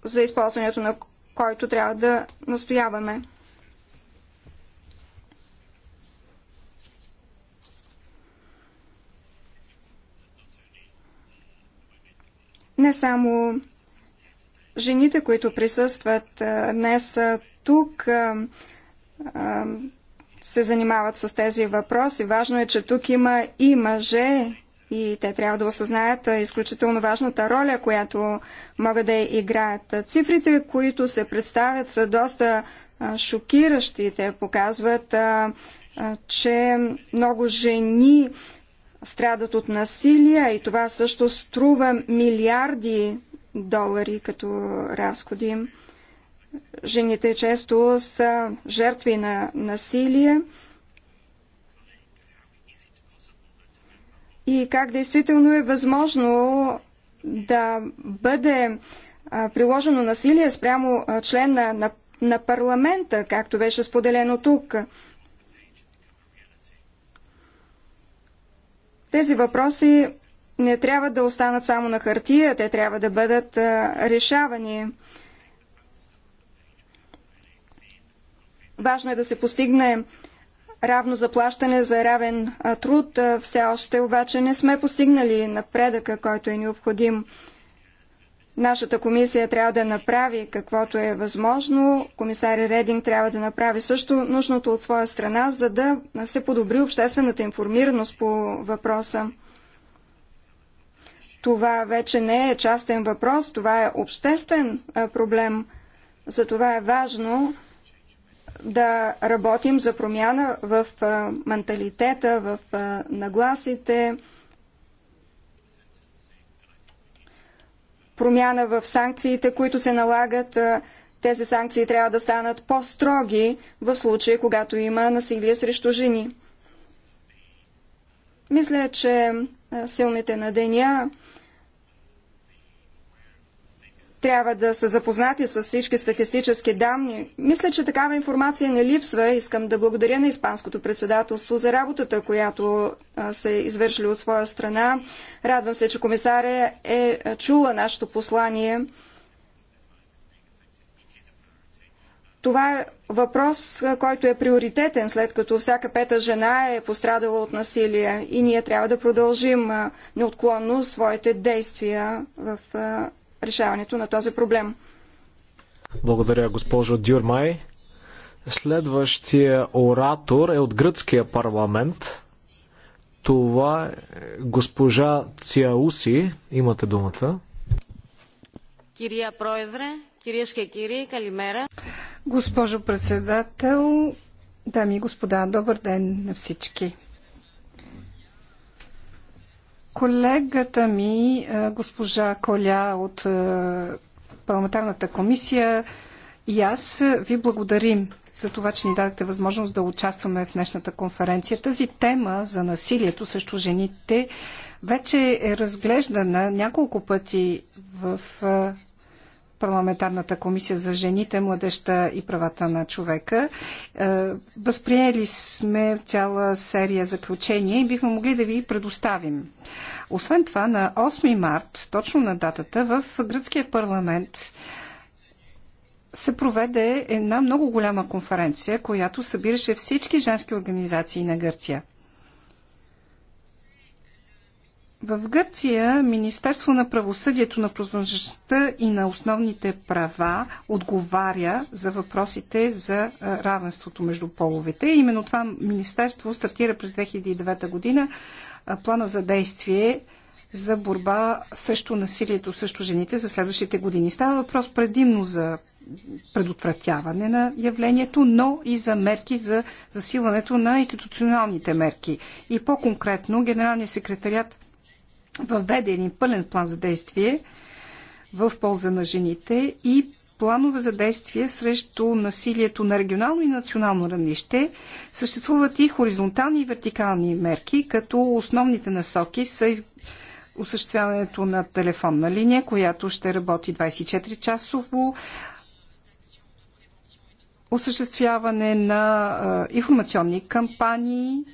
за използването на който трябва да настояваме. Не само жените, които присъстват днес тук, се занимават с тези въпроси. Важно е, че тук има и мъже, и те трябва да осъзнаят изключително важната роля, която могат да играят. Цифрите, които се представят, са доста шокиращи. Те показват, че много жени страдат от насилие и това също струва милиарди долари като разходи. Жените често са жертви на насилие. и как действително е възможно да бъде приложено насилие спрямо член на, на, на парламента, както беше споделено тук. Тези въпроси не трябва да останат само на хартия, те трябва да бъдат а, решавани. Важно е да се постигне равно заплащане за равен труд. Все още обаче не сме постигнали напредъка, който е необходим. Нашата комисия трябва да направи каквото е възможно. Комисаря Рединг трябва да направи също нужното от своя страна, за да се подобри обществената информираност по въпроса. Това вече не е частен въпрос, това е обществен проблем. Затова е важно да работим за промяна в менталитета, в нагласите, промяна в санкциите, които се налагат. Тези санкции трябва да станат по-строги в случай, когато има насилие срещу жени. Мисля, че силните на деня трябва да са запознати с всички статистически данни. Мисля, че такава информация не липсва. Искам да благодаря на Испанското председателство за работата, която се е извършили от своя страна. Радвам се, че комисаря е чула нашето послание. Това е въпрос, който е приоритетен, след като всяка пета жена е пострадала от насилие и ние трябва да продължим неотклонно своите действия в решаването на този проблем. Благодаря, госпожо Дюрмай. Следващия оратор е от гръцкия парламент. Това е госпожа Цяуси. Имате думата. Кирия Проедре, кириешке кири, калимера. Госпожо председател, дами и господа, добър ден на всички. Колегата ми, е, госпожа Коля от е, парламентарната комисия и аз ви благодарим за това, че ни дадете възможност да участваме в днешната конференция. Тази тема за насилието срещу жените вече е разглеждана няколко пъти в е, парламентарната комисия за жените, младеща и правата на човека. Е, възприели сме цяла серия заключения и бихме могли да ви предоставим. Освен това, на 8 март, точно на датата, в гръцкия парламент се проведе една много голяма конференция, която събираше всички женски организации на Гърция – в Гърция Министерство на правосъдието на прозрачността и на основните права отговаря за въпросите за равенството между половете. Именно това Министерство стартира през 2009 година плана за действие за борба срещу насилието срещу жените за следващите години. Става въпрос предимно за предотвратяване на явлението, но и за мерки за засилването на институционалните мерки. И по-конкретно Генералният секретарят въведе един пълен план за действие в полза на жените и планове за действие срещу насилието на регионално и национално равнище. Съществуват и хоризонтални и вертикални мерки, като основните насоки са осъществяването на телефонна линия, която ще работи 24 часово, осъществяване на информационни кампании,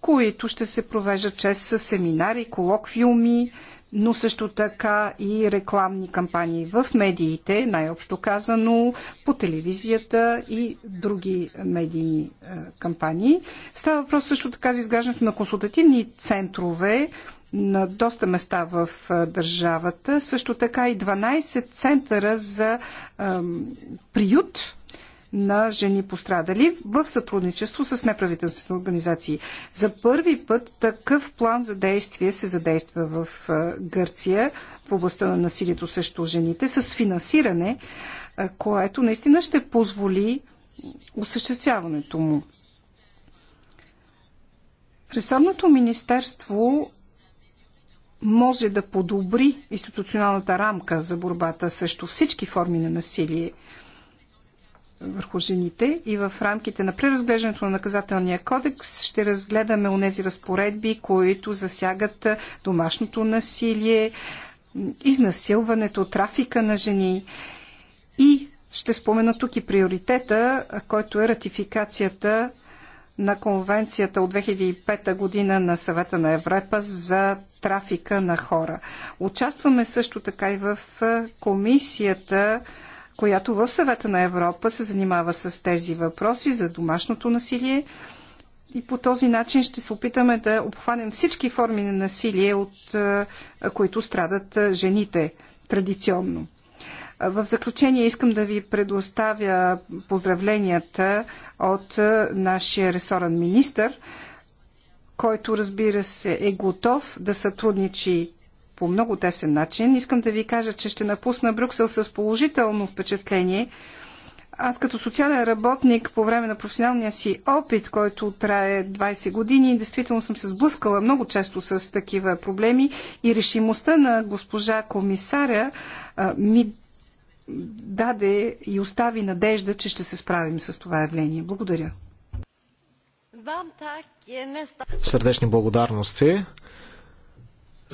които ще се провеждат чрез семинари, колоквиуми, но също така и рекламни кампании в медиите, най-общо казано, по телевизията и други медийни е, кампании. Става въпрос също така за изграждането на консултативни центрове на доста места в е, държавата, също така и 12 центъра за приют на жени пострадали в сътрудничество с неправителствени организации. За първи път такъв план за действие се задейства в Гърция в областта на насилието срещу жените с финансиране, което наистина ще позволи осъществяването му. Ресорното министерство може да подобри институционалната рамка за борбата срещу всички форми на насилие – върху жените и в рамките на преразглеждането на наказателния кодекс ще разгледаме онези разпоредби, които засягат домашното насилие, изнасилването, трафика на жени и ще спомена тук и приоритета, който е ратификацията на конвенцията от 2005 година на съвета на Европа за трафика на хора. Участваме също така и в комисията която в съвета на Европа се занимава с тези въпроси за домашното насилие. И по този начин ще се опитаме да обхванем всички форми на насилие, от е, които страдат е, жените традиционно. В заключение искам да ви предоставя поздравленията от е, нашия ресорен министр, който разбира се е готов да сътрудничи по много тесен начин. Искам да ви кажа, че ще напусна Брюксел с положително впечатление. Аз като социален работник по време на професионалния си опит, който трае 20 години, действително съм се сблъскала много често с такива проблеми и решимостта на госпожа комисаря а, ми даде и остави надежда, че ще се справим с това явление. Благодаря. Е Сърдечни благодарности.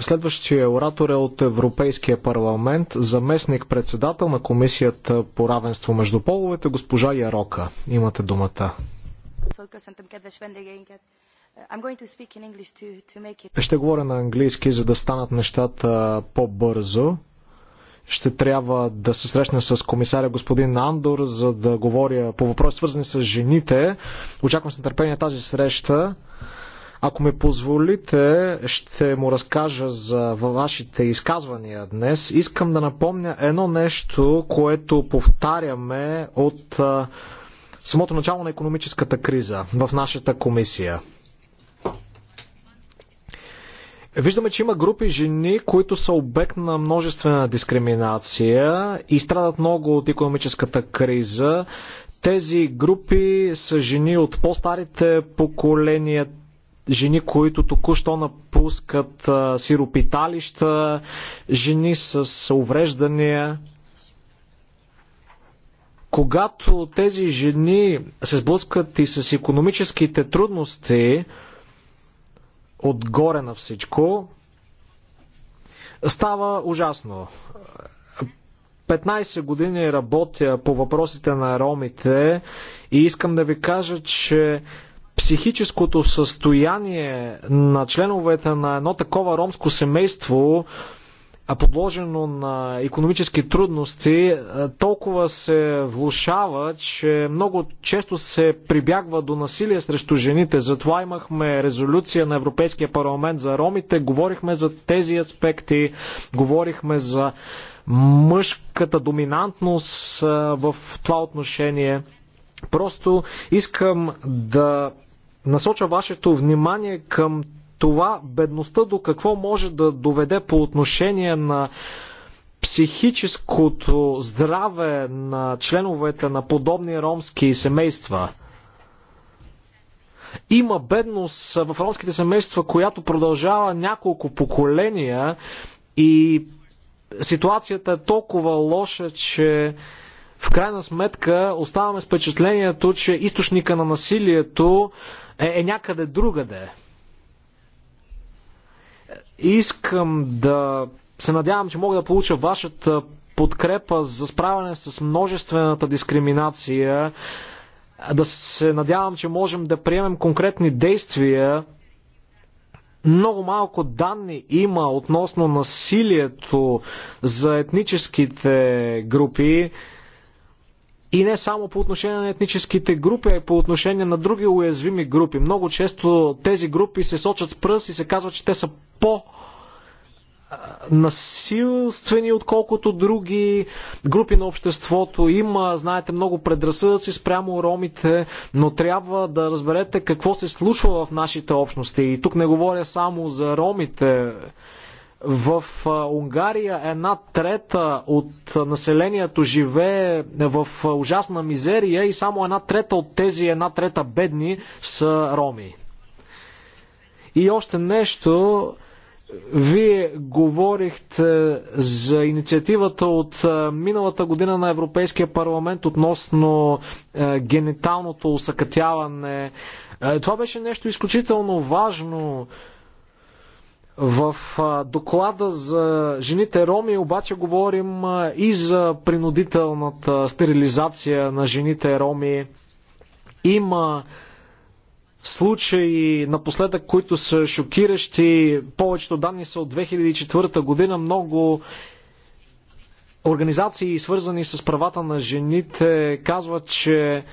Следващия оратор е от Европейския парламент, заместник председател на Комисията по равенство между половете, госпожа Ярока. Имате думата. Ще говоря на английски, за да станат нещата по-бързо. Ще трябва да се срещна с комисаря господин Андор, за да говоря по въпроси свързани с жените. Очаквам с нетърпение тази среща. Ако ми позволите, ще му разкажа за вашите изказвания днес. Искам да напомня едно нещо, което повтаряме от а, самото начало на економическата криза в нашата комисия. Виждаме, че има групи жени, които са обект на множествена дискриминация и страдат много от економическата криза. Тези групи са жени от по-старите поколения, жени, които току-що напускат сиропиталища, жени с увреждания. Когато тези жени се сблъскат и с економическите трудности, отгоре на всичко, става ужасно. 15 години работя по въпросите на ромите и искам да ви кажа, че психическото състояние на членовете на едно такова ромско семейство, подложено на економически трудности, е, толкова се влушава, че много често се прибягва до насилие срещу жените. Затова имахме резолюция на Европейския парламент за ромите, говорихме за тези аспекти, говорихме за мъжката доминантност е, в това отношение. Просто искам да насоча вашето внимание към това бедността до какво може да доведе по отношение на психическото здраве на членовете на подобни ромски семейства. Има бедност в ромските семейства, която продължава няколко поколения и ситуацията е толкова лоша, че в крайна сметка оставаме с впечатлението, че източника на насилието е, е някъде другаде. Искам да се надявам, че мога да получа вашата подкрепа за справяне с множествената дискриминация. Да се надявам, че можем да приемем конкретни действия. Много малко данни има относно насилието за етническите групи. И не само по отношение на етническите групи, а и по отношение на други уязвими групи. Много често тези групи се сочат с пръст и се казва, че те са по- насилствени, отколкото други групи на обществото. Има, знаете, много предразсъдъци спрямо ромите, но трябва да разберете какво се случва в нашите общности. И тук не говоря само за ромите в Унгария една трета от населението живее в ужасна мизерия и само една трета от тези една трета бедни са роми. И още нещо, вие говорихте за инициативата от миналата година на Европейския парламент относно гениталното усъкътяване. Това беше нещо изключително важно. В доклада за жените роми обаче говорим и за принудителната стерилизация на жените роми. Има случаи напоследък, които са шокиращи. Повечето данни са от 2004 година. Много организации, свързани с правата на жените, казват, че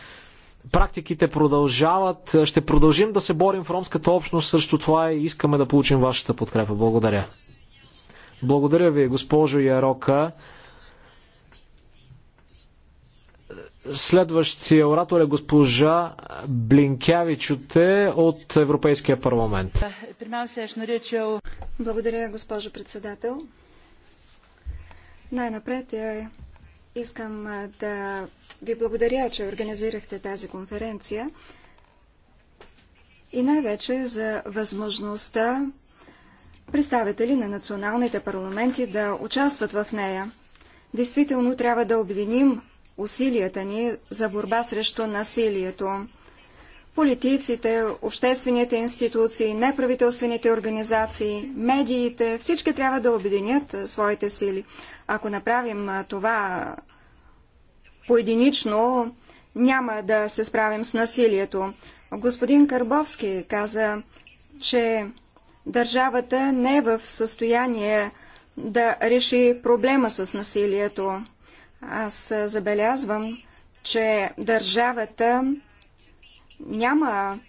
практиките продължават. Ще продължим да се борим в ромската общност срещу това и е, искаме да получим вашата подкрепа. Благодаря. Благодаря ви, госпожо Ярока. Следващия оратор е госпожа Блинкявичоте от Европейския парламент. Благодаря, госпожо председател. Най-напред е, искам е, да ви благодаря, че организирахте тази конференция и най-вече за възможността представители на националните парламенти да участват в нея. Действително трябва да обединим усилията ни за борба срещу насилието. Политиците, обществените институции, неправителствените организации, медиите, всички трябва да обединят своите сили. Ако направим това поединично няма да се справим с насилието. Господин Карбовски каза, че държавата не е в състояние да реши проблема с насилието. Аз забелязвам, че държавата няма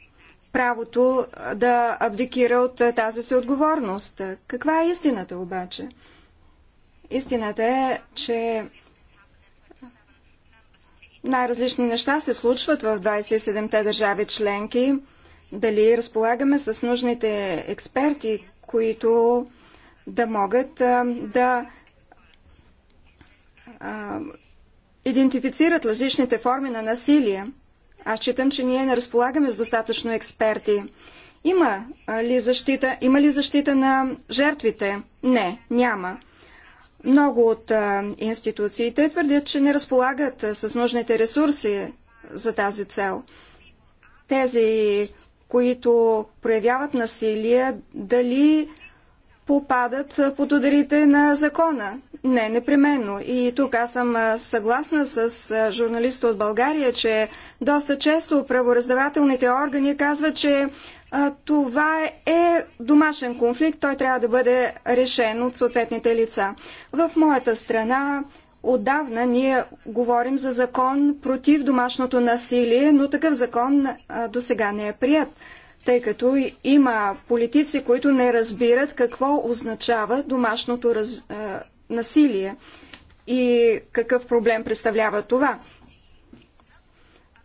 правото да абдикира от тази си отговорност. Каква е истината обаче? Истината е, че най-различни неща се случват в 27-те държави членки. Дали разполагаме с нужните експерти, които да могат а, да а, идентифицират различните форми на насилие. Аз считам, че ние не разполагаме с достатъчно експерти. Има ли защита, има ли защита на жертвите? Не, няма. Много от институциите твърдят, че не разполагат с нужните ресурси за тази цел. Тези, които проявяват насилие, дали попадат под ударите на закона? Не, непременно. И тук аз съм съгласна с журналиста от България, че доста често правораздавателните органи казват, че това е домашен конфликт, той трябва да бъде решен от съответните лица. В моята страна отдавна ние говорим за закон против домашното насилие, но такъв закон до сега не е прият, тъй като има политици, които не разбират какво означава домашното раз... насилие и какъв проблем представлява това.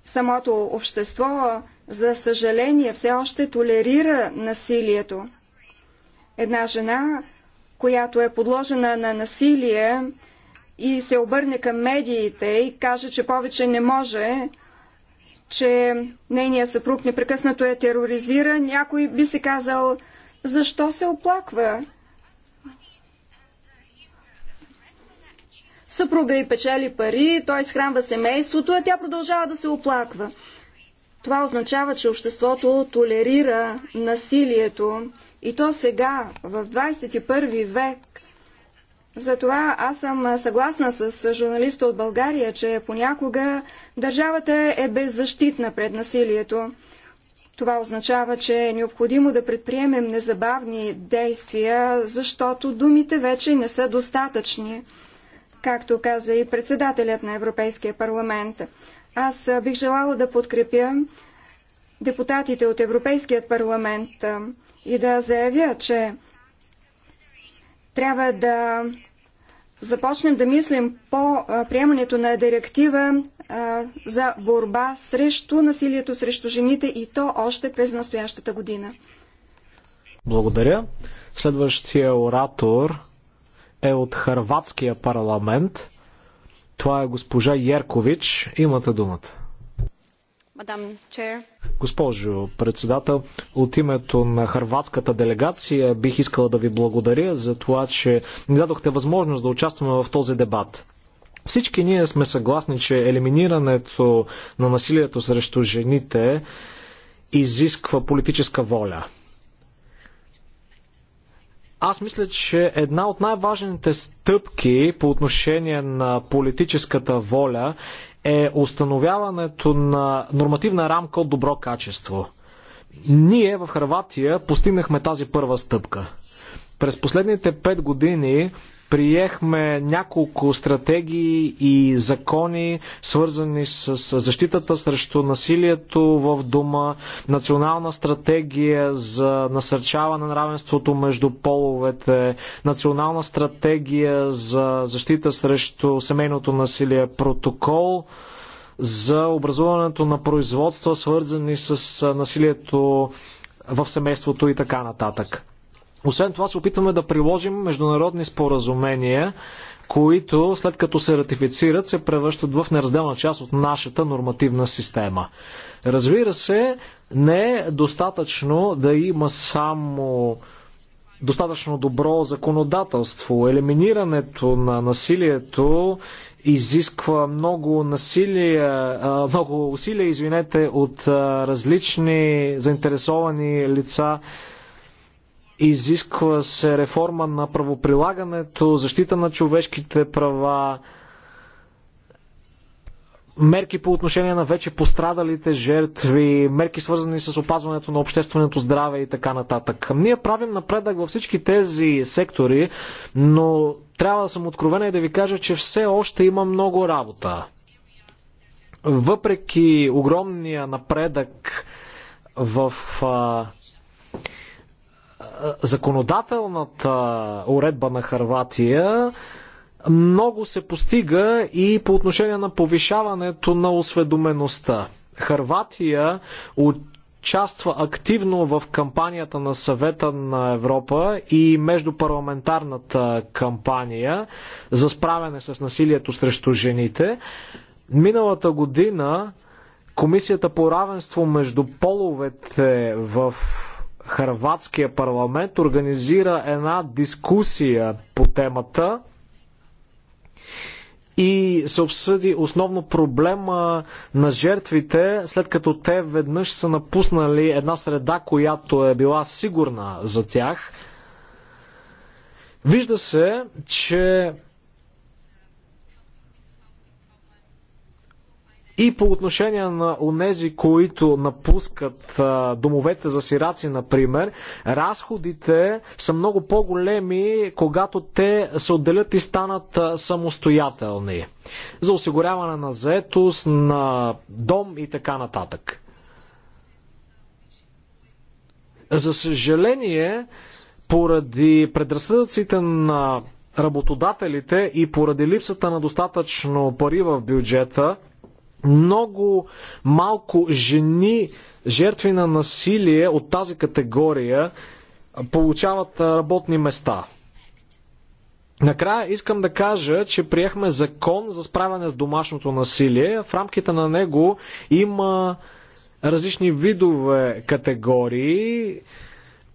Самото общество за съжаление, все още толерира насилието. Една жена, която е подложена на насилие и се обърне към медиите и каже, че повече не може, че нейният съпруг непрекъснато е тероризира, някой би се казал, защо се оплаква? Съпруга и печели пари, той схранва семейството, а тя продължава да се оплаква. Това означава, че обществото толерира насилието и то сега, в 21 век. Затова аз съм съгласна с журналиста от България, че понякога държавата е беззащитна пред насилието. Това означава, че е необходимо да предприемем незабавни действия, защото думите вече не са достатъчни, както каза и председателят на Европейския парламент. Аз бих желала да подкрепя депутатите от Европейският парламент и да заявя, че трябва да започнем да мислим по приемането на директива за борба срещу насилието срещу жените и то още през настоящата година. Благодаря. Следващия оратор е от Харватския парламент. Това е госпожа Яркович. Имате думата. Госпожо председател, от името на хърватската делегация бих искала да ви благодаря за това, че ни дадохте възможност да участваме в този дебат. Всички ние сме съгласни, че елиминирането на насилието срещу жените изисква политическа воля – аз мисля, че една от най-важните стъпки по отношение на политическата воля е установяването на нормативна рамка от добро качество. Ние в Харватия постигнахме тази първа стъпка. През последните пет години приехме няколко стратегии и закони, свързани с защитата срещу насилието в дома, национална стратегия за насърчаване на равенството между половете, национална стратегия за защита срещу семейното насилие, протокол за образуването на производства, свързани с насилието в семейството и така нататък. Освен това се опитваме да приложим международни споразумения, които след като се ратифицират се превръщат в неразделна част от нашата нормативна система. Разбира се, не е достатъчно да има само достатъчно добро законодателство. Елиминирането на насилието изисква много насилие, много усилия, извинете, от различни заинтересовани лица. Изисква се реформа на правоприлагането, защита на човешките права, мерки по отношение на вече пострадалите жертви, мерки свързани с опазването на общественото здраве и така нататък. Ние правим напредък във всички тези сектори, но трябва да съм откровена и да ви кажа, че все още има много работа. Въпреки огромния напредък в а, законодателната уредба на Харватия много се постига и по отношение на повишаването на осведомеността. Харватия участва активно в кампанията на съвета на Европа и междупарламентарната кампания за справяне с насилието срещу жените. Миналата година Комисията по равенство между половете в Харватския парламент организира една дискусия по темата и се обсъди основно проблема на жертвите, след като те веднъж са напуснали една среда, която е била сигурна за тях. Вижда се, че И по отношение на онези, които напускат домовете за сираци, например, разходите са много по-големи, когато те се отделят и станат самостоятелни. За осигуряване на заетост, на дом и така нататък. За съжаление, поради предразсъдъците на работодателите и поради липсата на достатъчно пари в бюджета, много малко жени, жертви на насилие от тази категория, получават работни места. Накрая искам да кажа, че приехме закон за справяне с домашното насилие. В рамките на него има различни видове категории.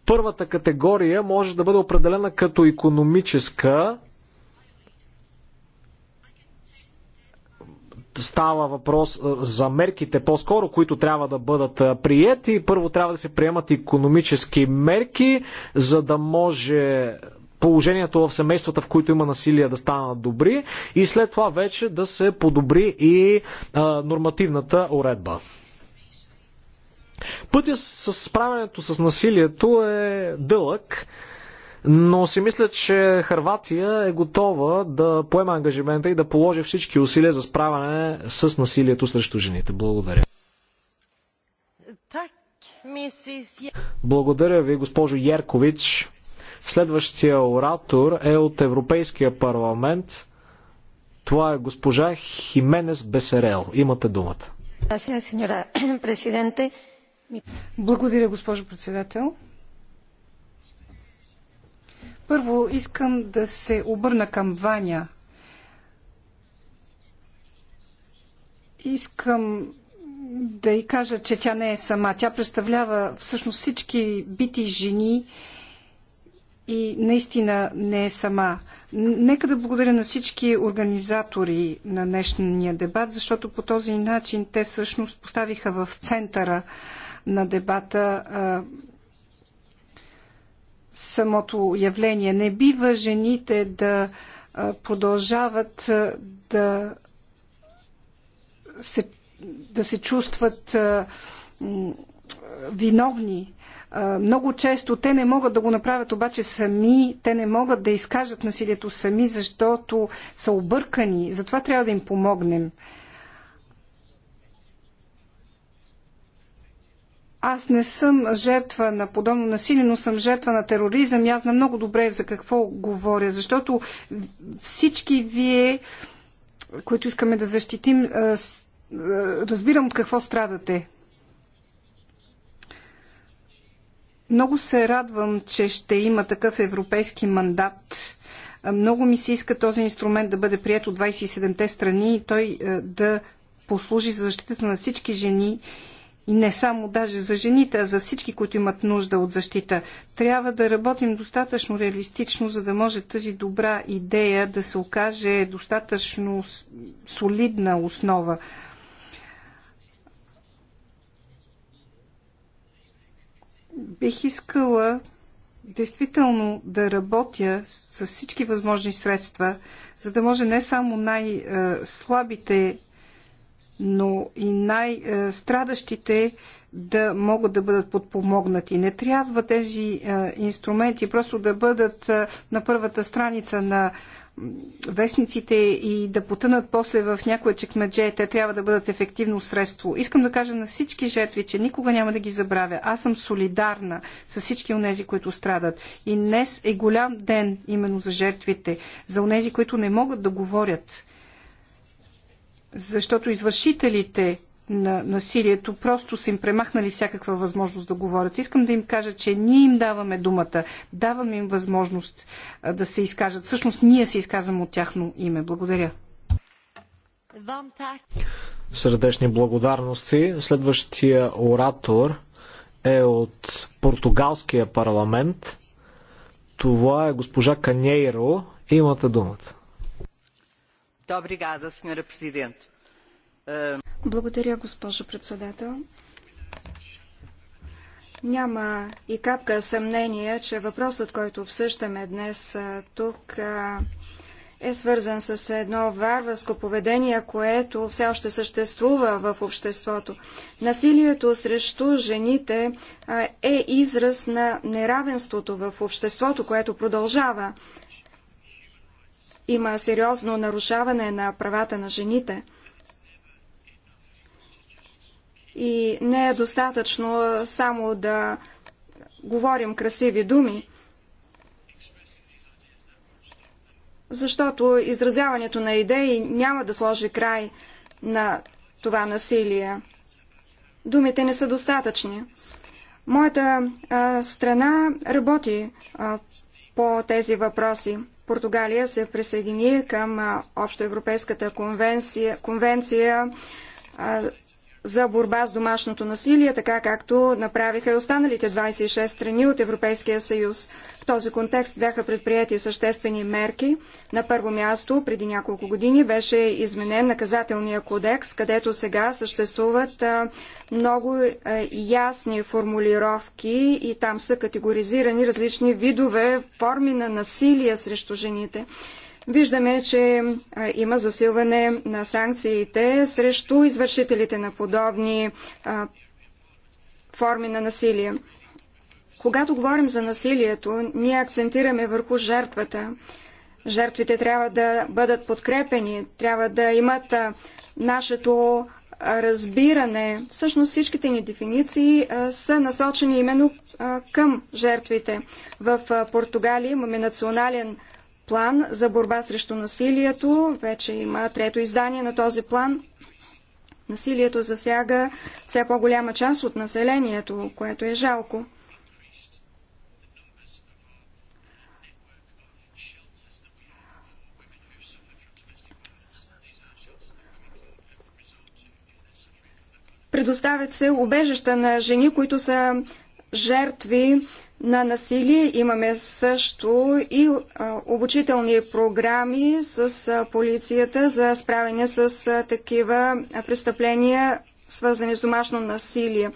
Първата категория може да бъде определена като економическа, става въпрос за мерките по-скоро, които трябва да бъдат приети. Първо трябва да се приемат економически мерки, за да може положението в семействата, в които има насилие, да станат добри и след това вече да се подобри и а, нормативната уредба. Пътя с справянето с насилието е дълъг. Но си мисля, че Харватия е готова да поема ангажимента и да положи всички усилия за справяне с насилието срещу жените. Благодаря. Е- Благодаря ви, госпожо Яркович. Следващия оратор е от Европейския парламент. Това е госпожа Хименес Бесерел. Имате думата. Благодаря, госпожо председател. Първо искам да се обърна към Ваня. Искам да й кажа, че тя не е сама. Тя представлява всъщност всички бити жени и наистина не е сама. Нека да благодаря на всички организатори на днешния дебат, защото по този начин те всъщност поставиха в центъра на дебата самото явление. Не бива жените да продължават да се, да се чувстват виновни. Много често те не могат да го направят обаче сами, те не могат да изкажат насилието сами, защото са объркани. Затова трябва да им помогнем. Аз не съм жертва на подобно насилие, но съм жертва на тероризъм и аз знам много добре за какво говоря, защото всички вие, които искаме да защитим, разбирам от какво страдате. Много се радвам, че ще има такъв европейски мандат. Много ми се иска този инструмент да бъде прият от 27-те страни и той да послужи за защитата на всички жени и не само даже за жените, а за всички, които имат нужда от защита. Трябва да работим достатъчно реалистично, за да може тази добра идея да се окаже достатъчно солидна основа. Бих искала действително да работя с всички възможни средства, за да може не само най-слабите е, но и най-страдащите да могат да бъдат подпомогнати. Не трябва тези е, инструменти просто да бъдат е, на първата страница на вестниците и да потънат после в някое чекмедже, те трябва да бъдат ефективно средство. Искам да кажа на всички жертви, че никога няма да ги забравя. Аз съм солидарна с всички онези, които страдат. И днес е голям ден именно за жертвите, за онези, които не могат да говорят защото извършителите на насилието просто са им премахнали всякаква възможност да говорят. Искам да им кажа, че ние им даваме думата, даваме им възможност да се изкажат. Всъщност ние се изказваме от тяхно име. Благодаря. Сърдечни благодарности. Следващия оратор е от португалския парламент. Това е госпожа Канейро. Имате думата. Благодаря, госпожо председател. Няма и капка съмнение, че въпросът, който обсъждаме днес тук, е свързан с едно варварско поведение, което все още съществува в обществото. Насилието срещу жените е израз на неравенството в обществото, което продължава има сериозно нарушаване на правата на жените. И не е достатъчно само да говорим красиви думи, защото изразяването на идеи няма да сложи край на това насилие. Думите не са достатъчни. Моята а, страна работи а, по тези въпроси. Португалия се присъедини към Общоевропейската конвенция, конвенция за борба с домашното насилие, така както направиха и останалите 26 страни от Европейския съюз. В този контекст бяха предприяти съществени мерки. На първо място, преди няколко години, беше изменен наказателния кодекс, където сега съществуват много е, ясни формулировки и там са категоризирани различни видове форми на насилие срещу жените. Виждаме, че има засилване на санкциите срещу извършителите на подобни форми на насилие. Когато говорим за насилието, ние акцентираме върху жертвата. Жертвите трябва да бъдат подкрепени, трябва да имат нашето разбиране. Всъщност всичките ни дефиниции са насочени именно към жертвите. В Португалия имаме национален план за борба срещу насилието. Вече има трето издание на този план. Насилието засяга все по-голяма част от населението, което е жалко. Предоставят се убежища на жени, които са жертви на насилие. Имаме също и обучителни програми с полицията за справяне с такива престъпления, свързани с домашно насилие.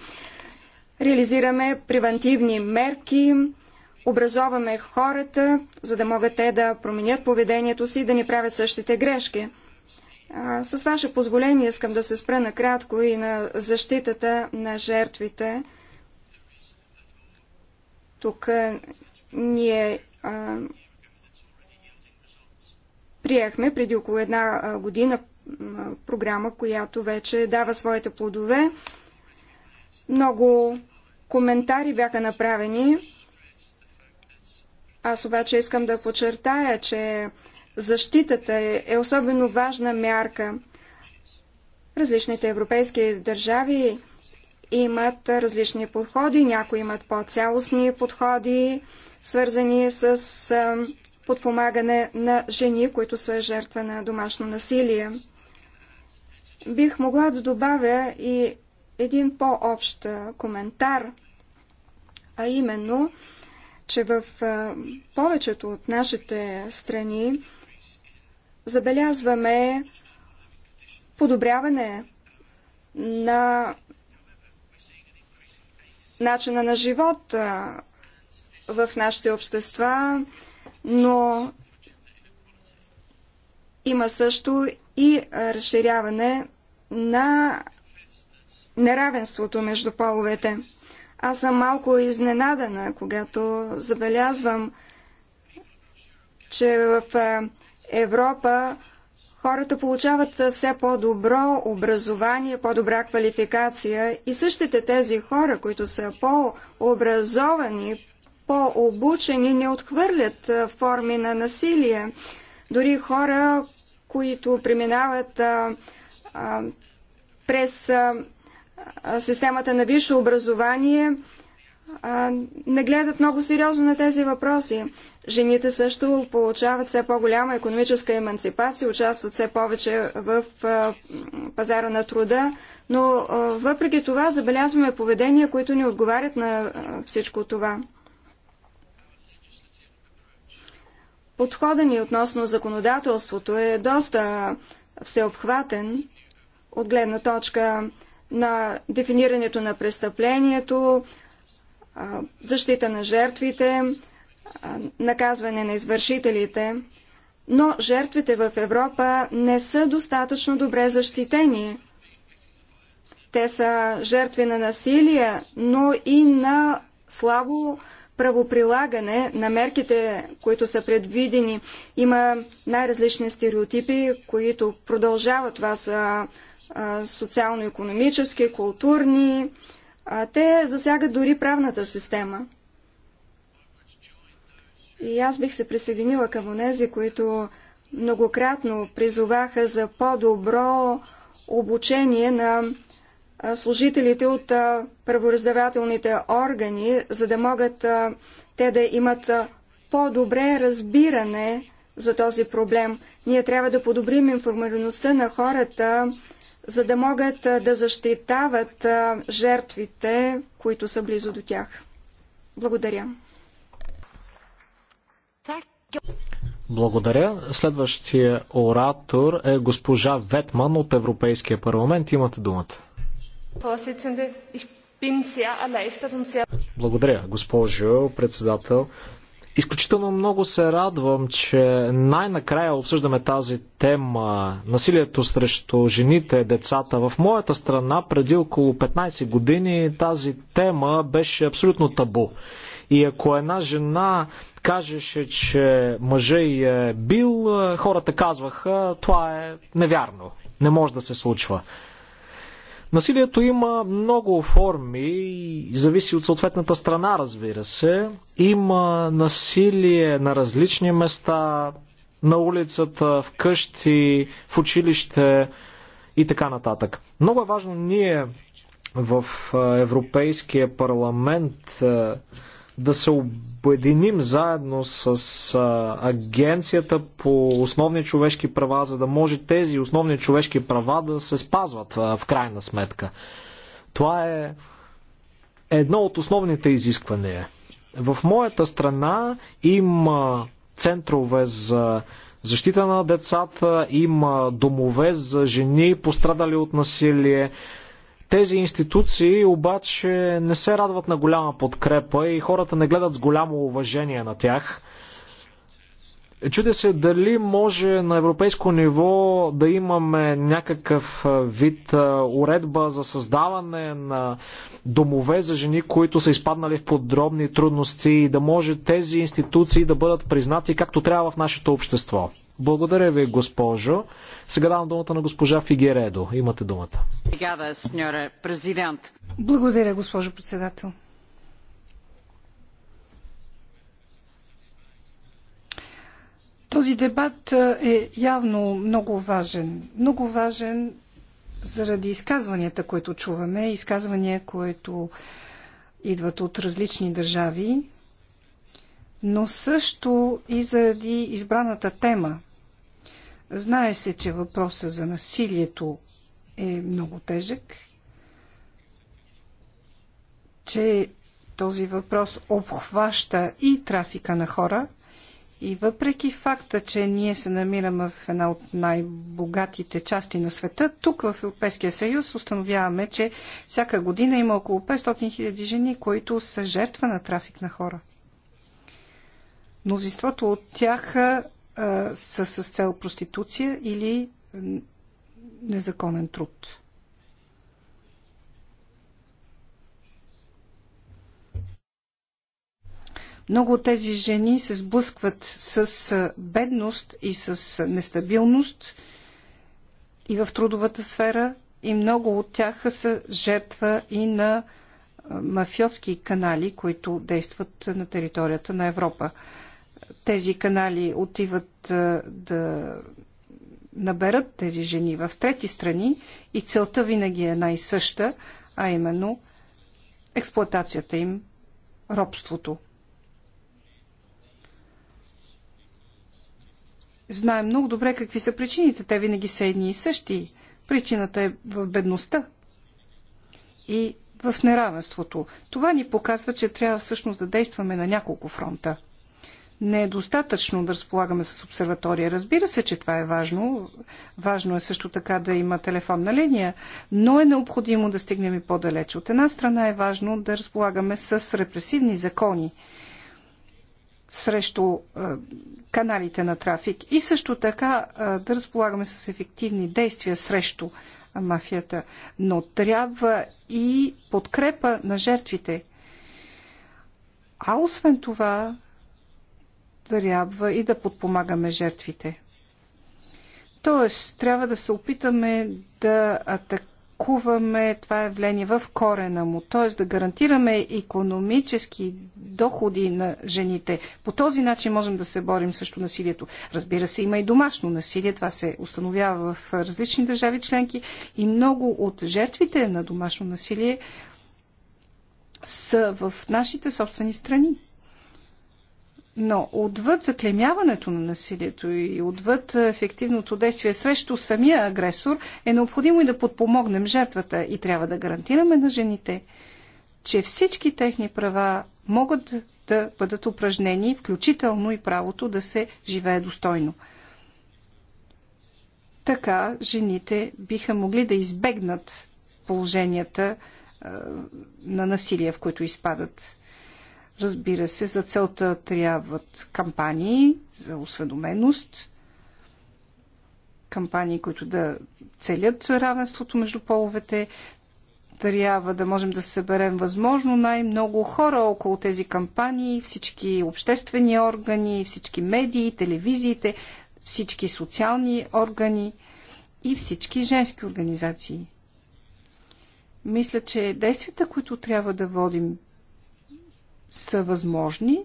Реализираме превентивни мерки, образоваме хората, за да могат те да променят поведението си и да не правят същите грешки. С ваше позволение искам да се спра накратко и на защитата на жертвите – тук ние а, приехме преди около една година програма, която вече дава своите плодове. Много коментари бяха направени. Аз обаче искам да подчертая, че защитата е особено важна мярка. Различните европейски държави имат различни подходи, някои имат по-цялостни подходи, свързани с подпомагане на жени, които са жертва на домашно насилие. Бих могла да добавя и един по-общ коментар, а именно, че в повечето от нашите страни забелязваме подобряване на начина на живот в нашите общества, но има също и разширяване на неравенството между половете. Аз съм малко изненадана, когато забелязвам, че в Европа Хората получават все по-добро образование, по-добра квалификация и същите тези хора, които са по-образовани, по-обучени, не отхвърлят форми на насилие. Дори хора, които преминават а, а, през а, системата на висше образование, а, не гледат много сериозно на тези въпроси. Жените също получават все по-голяма економическа еманципация, участват все повече в пазара на труда, но въпреки това забелязваме поведения, които ни отговарят на всичко това. Подхода ни относно законодателството е доста всеобхватен от гледна точка на дефинирането на престъплението, защита на жертвите, наказване на извършителите, но жертвите в Европа не са достатъчно добре защитени. Те са жертви на насилие, но и на слабо правоприлагане на мерките, които са предвидени. Има най-различни стереотипи, които продължават. Това са социално-економически, културни. те засягат дори правната система. И аз бих се присъединила към онези, които многократно призоваха за по-добро обучение на служителите от правораздавателните органи, за да могат те да имат по-добре разбиране за този проблем. Ние трябва да подобрим информираността на хората, за да могат да защитават жертвите, които са близо до тях. Благодаря. Благодаря. Следващия оратор е госпожа Ветман от Европейския парламент. Имате думата. Благодаря, госпожо председател. Изключително много се радвам, че най-накрая обсъждаме тази тема насилието срещу жените, децата. В моята страна преди около 15 години тази тема беше абсолютно табу. И ако една жена кажеше, че мъжа й е бил, е, хората казваха, това е невярно, не може да се случва. Насилието има много форми, зависи от съответната страна, разбира се. Има насилие на различни места, на улицата, в къщи, в училище и така нататък. Много е важно ние в е, Европейския парламент е, да се обединим заедно с агенцията по основни човешки права, за да може тези основни човешки права да се спазват в крайна сметка. Това е едно от основните изисквания. В моята страна има центрове за защита на децата, има домове за жени, пострадали от насилие. Тези институции обаче не се радват на голяма подкрепа и хората не гледат с голямо уважение на тях. Чуде се дали може на европейско ниво да имаме някакъв вид уредба за създаване на домове за жени, които са изпаднали в подробни трудности и да може тези институции да бъдат признати както трябва в нашето общество. Благодаря ви, госпожо. Сега давам думата на госпожа Фигередо. Имате думата. Благодаря, госпожо председател. Този дебат е, е явно много важен. Много важен заради изказванията, които чуваме, изказвания, които идват от различни държави, но също и заради избраната тема. Знае се, че въпроса за насилието е много тежък, че този въпрос обхваща и трафика на хора – и въпреки факта, че ние се намираме в една от най-богатите части на света, тук в Европейския съюз установяваме, че всяка година има около 500 000 жени, които са жертва на трафик на хора. Мнозинството от тях а, са с цел проституция или незаконен труд. Много от тези жени се сблъскват с бедност и с нестабилност и в трудовата сфера и много от тях са жертва и на мафиотски канали, които действат на територията на Европа. Тези канали отиват да наберат тези жени в трети страни и целта винаги е най-съща, а именно експлоатацията им, робството. знаем много добре какви са причините. Те винаги са едни и същи. Причината е в бедността и в неравенството. Това ни показва, че трябва всъщност да действаме на няколко фронта. Не е достатъчно да разполагаме с обсерватория. Разбира се, че това е важно. Важно е също така да има телефонна линия, но е необходимо да стигнем и по-далеч. От една страна е важно да разполагаме с репресивни закони, срещу е, каналите на трафик и също така е, да разполагаме с ефективни действия срещу мафията. Но трябва и подкрепа на жертвите. А освен това, трябва и да подпомагаме жертвите. Тоест, трябва да се опитаме да атакуваме атакуваме това явление в корена му, т.е. да гарантираме економически доходи на жените. По този начин можем да се борим срещу насилието. Разбира се, има и домашно насилие, това се установява в различни държави членки и много от жертвите на домашно насилие са в нашите собствени страни. Но отвъд заклемяването на насилието и отвъд е, ефективното действие срещу самия агресор е необходимо и да подпомогнем жертвата и трябва да гарантираме на жените, че всички техни права могат да бъдат упражнени, включително и правото да се живее достойно. Така жените биха могли да избегнат положенията е, на насилие, в които изпадат. Разбира се, за целта трябват кампании за осведоменост, кампании, които да целят равенството между половете. Трябва да можем да съберем възможно най-много хора около тези кампании, всички обществени органи, всички медии, телевизиите, всички социални органи и всички женски организации. Мисля, че действията, които трябва да водим са възможни.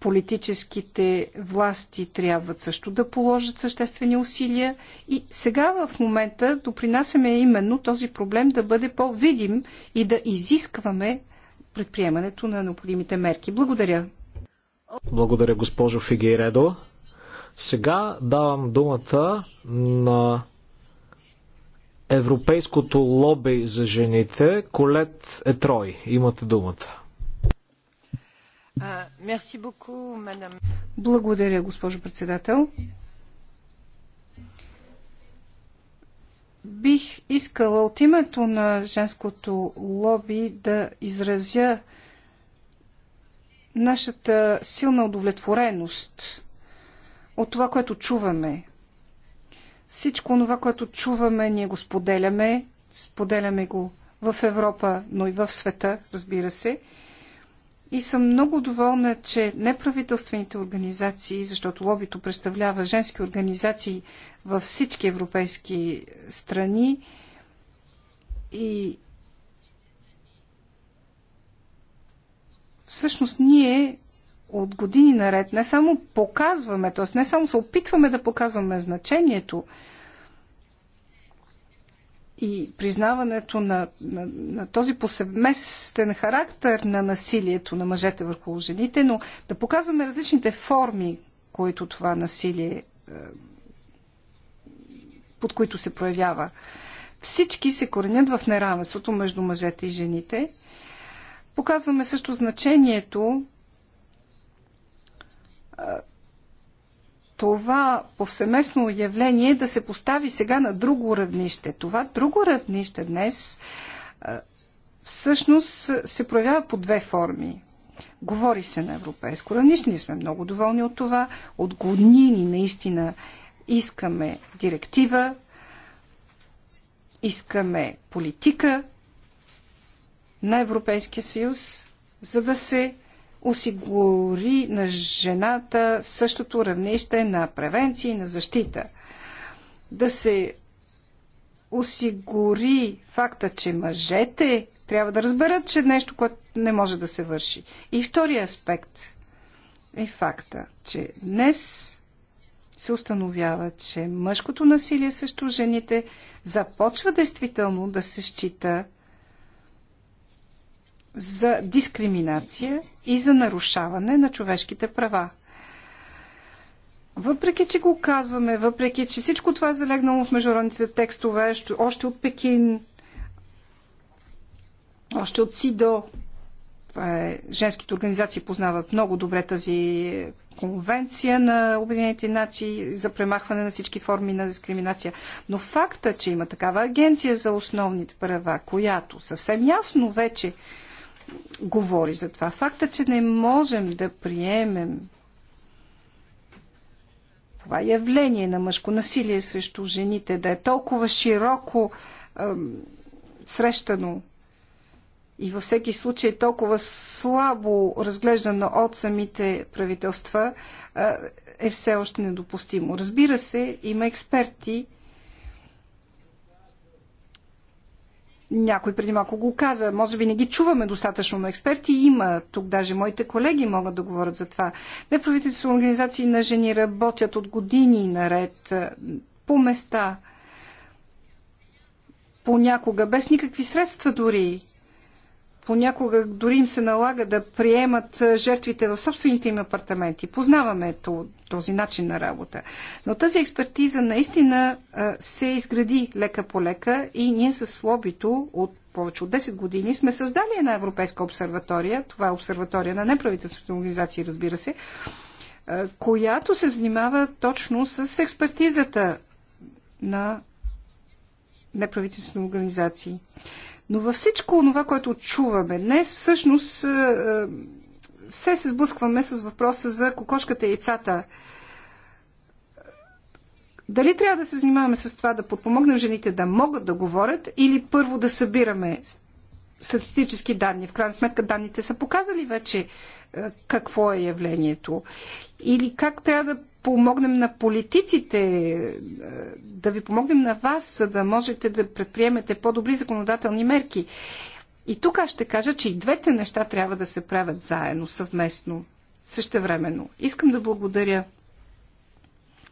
Политическите власти трябва също да положат съществени усилия. И сега в момента допринасяме именно този проблем да бъде по-видим и да изискваме предприемането на необходимите мерки. Благодаря. Благодаря, госпожо Фигейредо. Сега давам думата на европейското лоби за жените. Колет е трой. Имате думата. Благодаря, госпожо председател. Бих искала от името на женското лоби да изразя нашата силна удовлетвореност от това, което чуваме всичко това, което чуваме, ние го споделяме. Споделяме го в Европа, но и в света, разбира се. И съм много доволна, че неправителствените организации, защото лобито представлява женски организации във всички европейски страни и всъщност ние от години наред не само показваме, т.е. не само се опитваме да показваме значението и признаването на, на, на този посеместен характер на насилието на мъжете върху жените, но да показваме различните форми, които това насилие е, под които се проявява. Всички се коренят в неравенството между мъжете и жените. Показваме също значението това повсеместно явление да се постави сега на друго равнище. Това друго равнище днес всъщност се проявява по две форми. Говори се на европейско равнище, ние сме много доволни от това. От години наистина искаме директива, искаме политика на Европейския съюз, за да се осигури на жената същото равнище на превенция и на защита. Да се осигури факта, че мъжете трябва да разберат, че нещо, което не може да се върши. И втория аспект е факта, че днес се установява, че мъжкото насилие срещу жените започва действително да се счита за дискриминация и за нарушаване на човешките права. Въпреки, че го казваме, въпреки, че всичко това е залегнало в международните текстове, още от Пекин, още от СИДО, е, женските организации познават много добре тази конвенция на Обединените нации за премахване на всички форми на дискриминация. Но факта, че има такава агенция за основните права, която съвсем ясно вече говори за това. Факта, че не можем да приемем това явление на мъжко насилие срещу жените да е толкова широко е, срещано и във всеки случай толкова слабо разглеждано от самите правителства, е все още недопустимо. Разбира се, има експерти, Някой преди малко го каза. Може би не ги чуваме достатъчно, но експерти има. Тук даже моите колеги могат да говорят за това. Неправителствени организации на жени работят от години наред е, по места, понякога без никакви средства дори понякога дори им се налага да приемат е, жертвите в собствените им апартаменти. Познаваме този начин на работа. Но тази експертиза наистина е, се изгради лека по лека и ние с лобито от повече от 10 години сме създали една европейска обсерватория. Това е обсерватория на неправителствените организации, разбира се, е, която се занимава точно с експертизата на неправителствени организации. Но във всичко това, което чуваме днес, всъщност е, е, все се сблъскваме с въпроса за кокошката и яйцата. Дали трябва да се занимаваме с това да подпомогнем жените да могат да говорят или първо да събираме статистически данни? В крайна сметка данните са показали вече е, какво е явлението. Или как трябва да помогнем на политиците, е, да ви помогнем на вас, за да можете да предприемете по-добри законодателни мерки. И тук аз ще кажа, че и двете неща трябва да се правят заедно, съвместно, същевременно. Искам да благодаря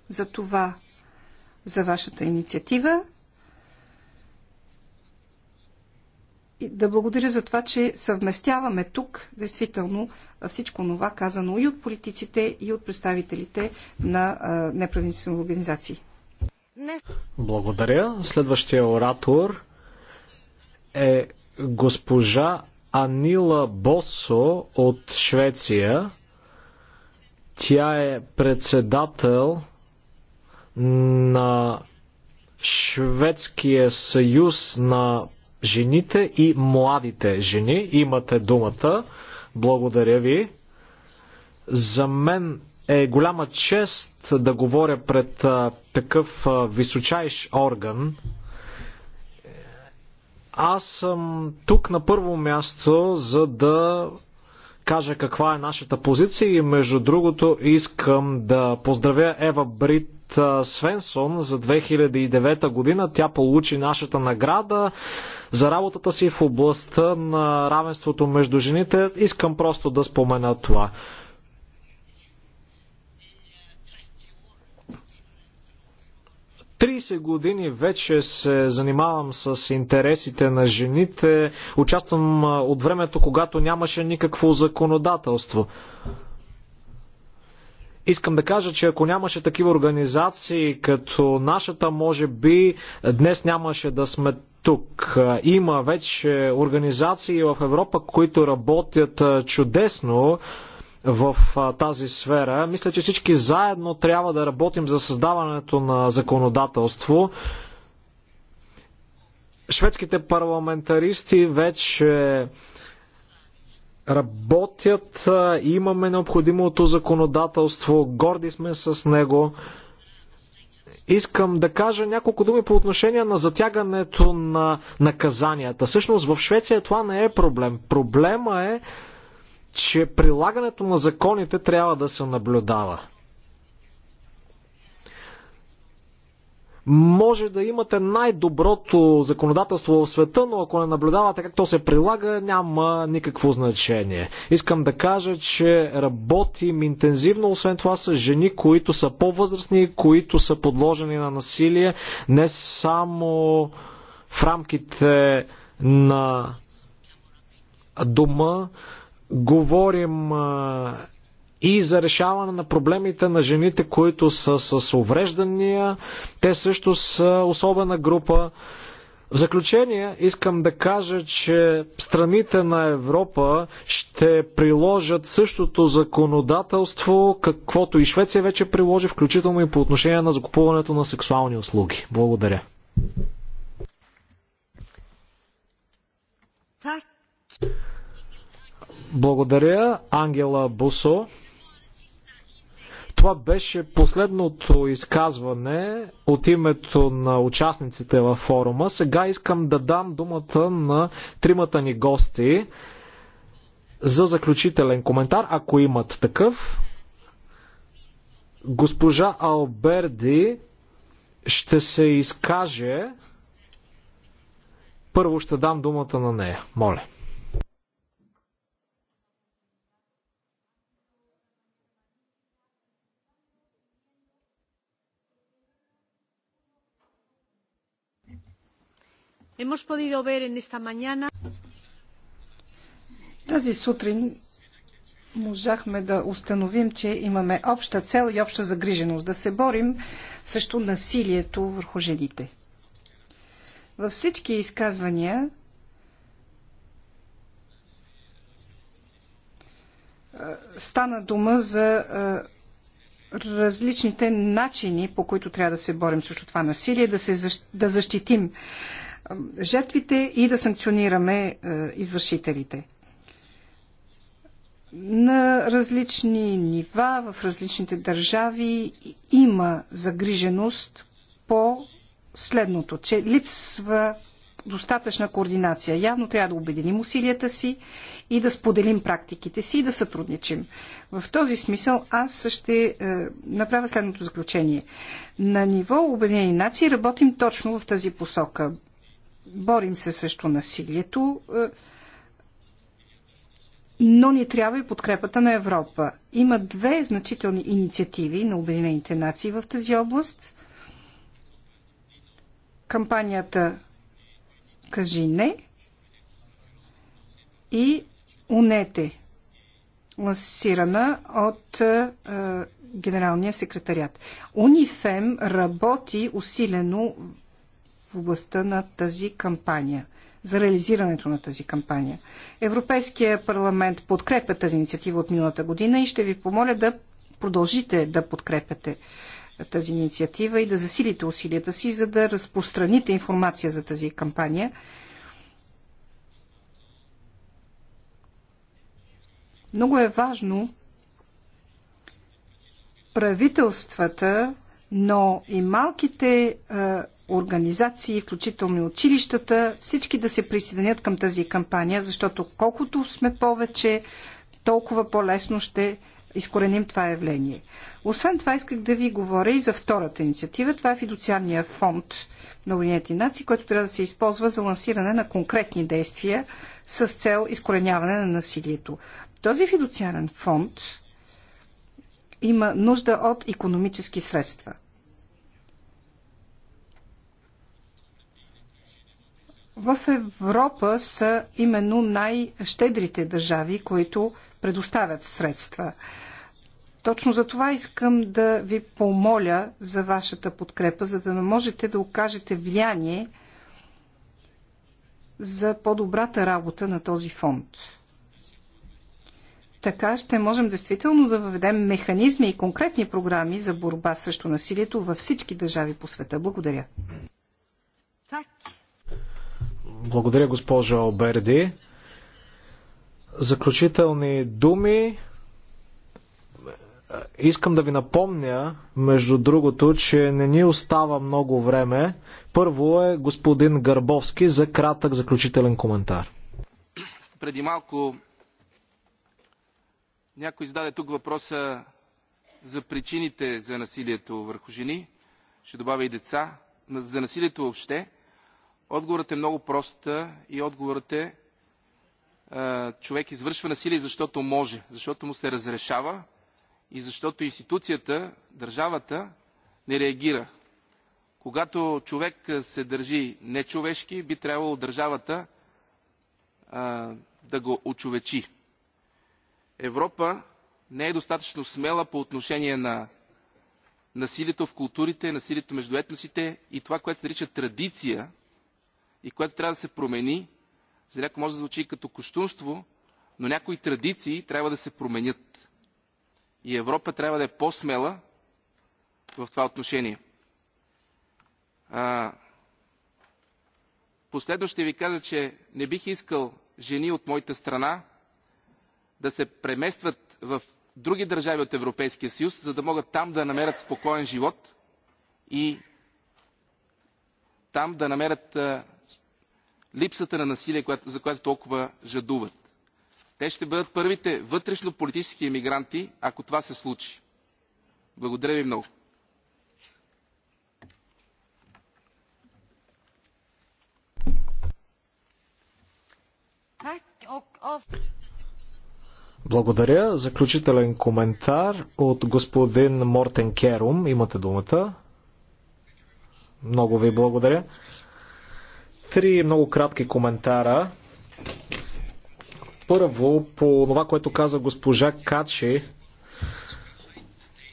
за това, за вашата инициатива и да благодаря за това, че съвместяваме тук действително всичко това казано и от политиците, и от представителите на неправителствени организации. Благодаря. Следващия оратор е госпожа Анила Босо от Швеция. Тя е председател на Шведския съюз на жените и младите жени. Имате думата. Благодаря ви. За мен е голяма чест да говоря пред а, такъв а, височайш орган. Аз съм тук на първо място, за да кажа каква е нашата позиция и между другото искам да поздравя Ева Брит Свенсон за 2009 година. Тя получи нашата награда за работата си в областта на равенството между жените. Искам просто да спомена това. 30 години вече се занимавам с интересите на жените. Участвам от времето, когато нямаше никакво законодателство. Искам да кажа, че ако нямаше такива организации като нашата, може би днес нямаше да сме тук. Има вече организации в Европа, които работят чудесно в тази сфера. Мисля, че всички заедно трябва да работим за създаването на законодателство. Шведските парламентаристи вече работят, имаме необходимото законодателство, горди сме с него. Искам да кажа няколко думи по отношение на затягането на наказанията. Същност в Швеция това не е проблем. Проблема е, че прилагането на законите трябва да се наблюдава. Може да имате най-доброто законодателство в света, но ако не наблюдавате как то се прилага, няма никакво значение. Искам да кажа, че работим интензивно, освен това с жени, които са по-възрастни, които са подложени на насилие, не само в рамките на дома, говорим и за решаване на проблемите на жените, които са с увреждания. Те също са особена група. В заключение искам да кажа, че страните на Европа ще приложат същото законодателство, каквото и Швеция вече приложи, включително и по отношение на закупуването на сексуални услуги. Благодаря. Благодаря, Ангела Бусо. Това беше последното изказване от името на участниците във форума. Сега искам да дам думата на тримата ни гости за заключителен коментар, ако имат такъв. Госпожа Алберди ще се изкаже. Първо ще дам думата на нея. Моля. Hemos podido ver en esta mañana... Тази сутрин можахме да установим, че имаме обща цел и обща загриженост да се борим срещу насилието върху жените. Във всички изказвания стана дума за различните начини, по които трябва да се борим срещу това насилие, да, се, да защитим жертвите и да санкционираме е, извършителите. На различни нива в различните държави има загриженост по следното, че липсва достатъчна координация. Явно трябва да обединим усилията си и да споделим практиките си и да сътрудничим. В този смисъл аз ще е, направя следното заключение. На ниво Обединени нации работим точно в тази посока борим се срещу насилието, е, но ни трябва и подкрепата на Европа. Има две значителни инициативи на Обединените нации в тази област. Кампанията Кажи не и Унете, лансирана от е, генералния секретарят. Унифем работи усилено в областта на тази кампания, за реализирането на тази кампания. Европейския парламент подкрепя тази инициатива от миналата година и ще ви помоля да продължите да подкрепяте тази инициатива и да засилите усилията си, за да разпространите информация за тази кампания. Много е важно правителствата, но и малките а, организации, включително и училищата, всички да се присъединят към тази кампания, защото колкото сме повече, толкова по-лесно ще изкореним това явление. Освен това, исках да ви говоря и за втората инициатива. Това е фидуциарния фонд на Обединените нации, който трябва да се използва за лансиране на конкретни действия с цел изкореняване на насилието. Този фидуциарен фонд има нужда от економически средства. в Европа са именно най-щедрите държави, които предоставят средства. Точно за това искам да ви помоля за вашата подкрепа, за да можете да окажете влияние за по-добрата работа на този фонд. Така ще можем действително да въведем механизми и конкретни програми за борба срещу насилието във всички държави по света. Благодаря. Так. Благодаря, госпожа Оберди. Заключителни думи. Искам да ви напомня, между другото, че не ни остава много време. Първо е господин Гърбовски за кратък заключителен коментар. Преди малко някой зададе тук въпроса за причините за насилието върху жени, ще добавя и деца, за насилието въобще. Отговорът е много прост и отговорът е човек извършва насилие, защото може, защото му се разрешава и защото институцията, държавата не реагира. Когато човек се държи нечовешки, би трябвало държавата а, да го очовечи. Европа не е достатъчно смела по отношение на насилието в културите, насилието между етносите и това, което се нарича традиция – и което трябва да се промени, за някой може да звучи като куштунство, но някои традиции трябва да се променят. И Европа трябва да е по-смела в това отношение. А, последно ще ви кажа, че не бих искал жени от моята страна да се преместват в други държави от Европейския съюз, за да могат там да намерят спокоен живот и там да намерят липсата на насилие, за което толкова жадуват. Те ще бъдат първите вътрешно политически емигранти, ако това се случи. Благодаря ви много. Благодаря. Заключителен коментар от господин Мортен Керум. Имате думата. Много ви благодаря. Три много кратки коментара. Първо, по това, което каза госпожа Качи,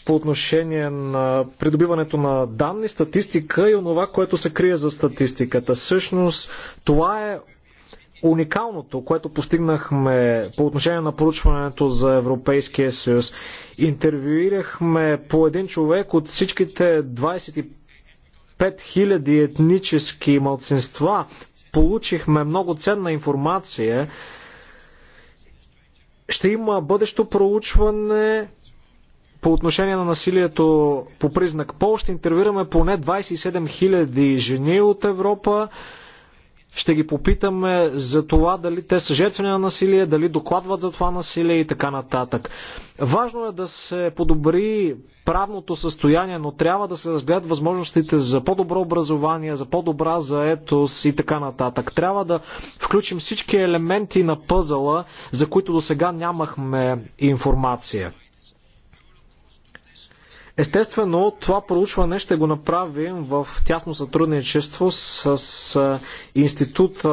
по отношение на придобиването на данни, статистика и онова, което се крие за статистиката. Същност, това е уникалното, което постигнахме по отношение на поручването за Европейския съюз. Интервюирахме по един човек от всичките 25 5000 етнически малцинства. Получихме много ценна информация. Ще има бъдещо проучване по отношение на насилието по признак пол. Ще интервюираме поне 27 000 жени от Европа. Ще ги попитаме за това дали те са жертви на насилие, дали докладват за това насилие и така нататък. Важно е да се подобри правното състояние, но трябва да се разгледат възможностите за по-добро образование, за по-добра заетост и така нататък. Трябва да включим всички елементи на пъзала, за които до сега нямахме информация. Естествено, това проучване ще го направим в тясно сътрудничество с Института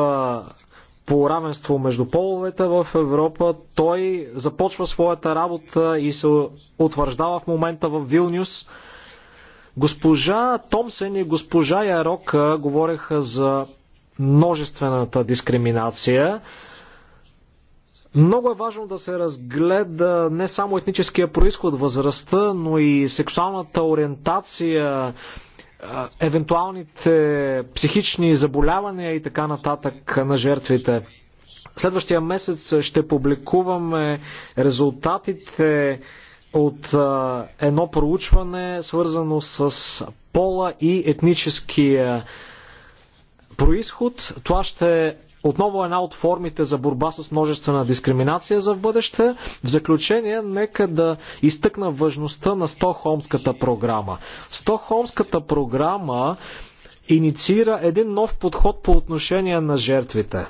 по равенство между половете в Европа. Той започва своята работа и се утвърждава в момента в Вилнюс. Госпожа Томсен и госпожа Ярок говореха за множествената дискриминация. Много е важно да се разгледа не само етническия происход, възрастта, но и сексуалната ориентация, евентуалните психични заболявания и така нататък на жертвите. Следващия месец ще публикуваме резултатите от едно проучване, свързано с пола и етническия происход. Това ще отново една от формите за борба с множествена дискриминация за в бъдеще. В заключение, нека да изтъкна важността на Стохолмската програма. Стохолмската програма инициира един нов подход по отношение на жертвите.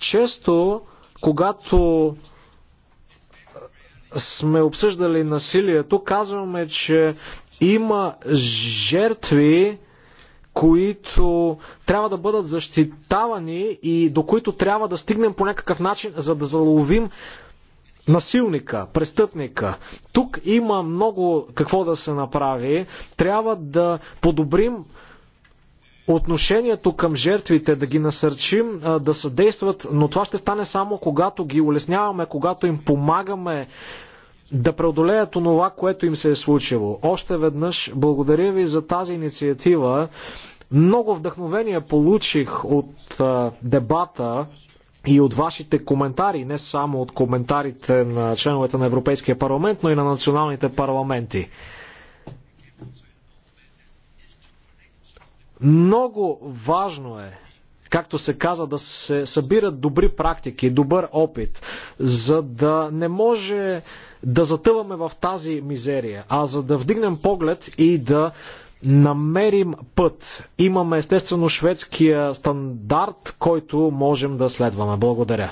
Често, когато сме обсъждали насилието, казваме, че има жертви, които трябва да бъдат защитавани и до които трябва да стигнем по някакъв начин, за да заловим насилника, престъпника. Тук има много какво да се направи. Трябва да подобрим отношението към жертвите, да ги насърчим да съдействат, но това ще стане само когато ги улесняваме, когато им помагаме да преодолеят онова, което им се е случило. Още веднъж благодаря ви за тази инициатива. Много вдъхновение получих от а, дебата и от вашите коментари, не само от коментарите на членовете на Европейския парламент, но и на националните парламенти. Много важно е както се каза, да се събират добри практики, добър опит, за да не може да затъваме в тази мизерия, а за да вдигнем поглед и да намерим път. Имаме естествено шведския стандарт, който можем да следваме. Благодаря.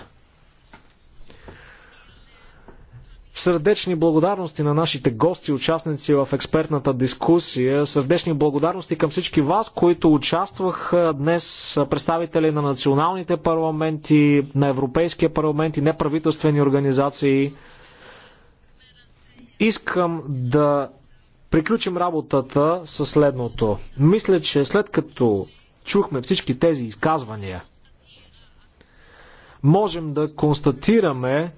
сърдечни благодарности на нашите гости, участници в експертната дискусия. Сърдечни благодарности към всички вас, които участваха днес, представители на националните парламенти, на Европейския парламент и неправителствени организации. Искам да приключим работата със следното. Мисля, че след като чухме всички тези изказвания, можем да констатираме,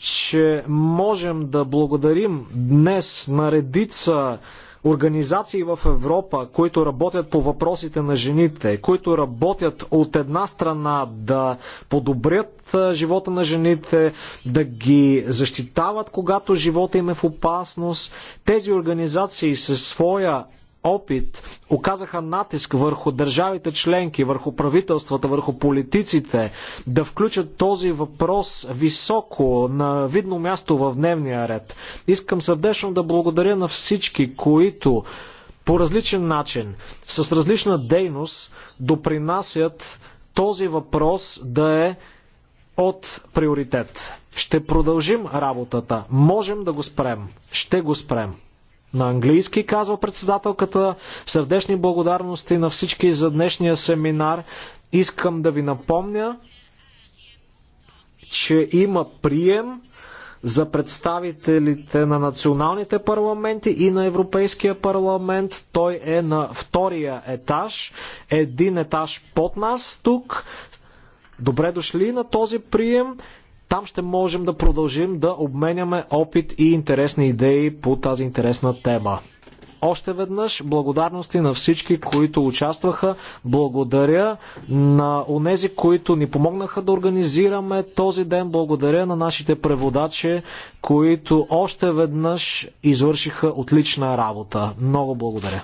че можем да благодарим днес на редица организации в Европа, които работят по въпросите на жените, които работят от една страна да подобрят живота на жените, да ги защитават, когато живота им е в опасност. Тези организации със своя опит оказаха натиск върху държавите членки, върху правителствата, върху политиците да включат този въпрос високо, на видно място в дневния ред. Искам сърдечно да благодаря на всички, които по различен начин, с различна дейност, допринасят този въпрос да е от приоритет. Ще продължим работата. Можем да го спрем. Ще го спрем на английски, казва председателката. Сърдечни благодарности на всички за днешния семинар. Искам да ви напомня, че има прием за представителите на националните парламенти и на Европейския парламент. Той е на втория етаж, един етаж под нас тук. Добре дошли на този прием. Там ще можем да продължим да обменяме опит и интересни идеи по тази интересна тема. Още веднъж благодарности на всички, които участваха. Благодаря на онези, които ни помогнаха да организираме този ден. Благодаря на нашите преводачи, които още веднъж извършиха отлична работа. Много благодаря.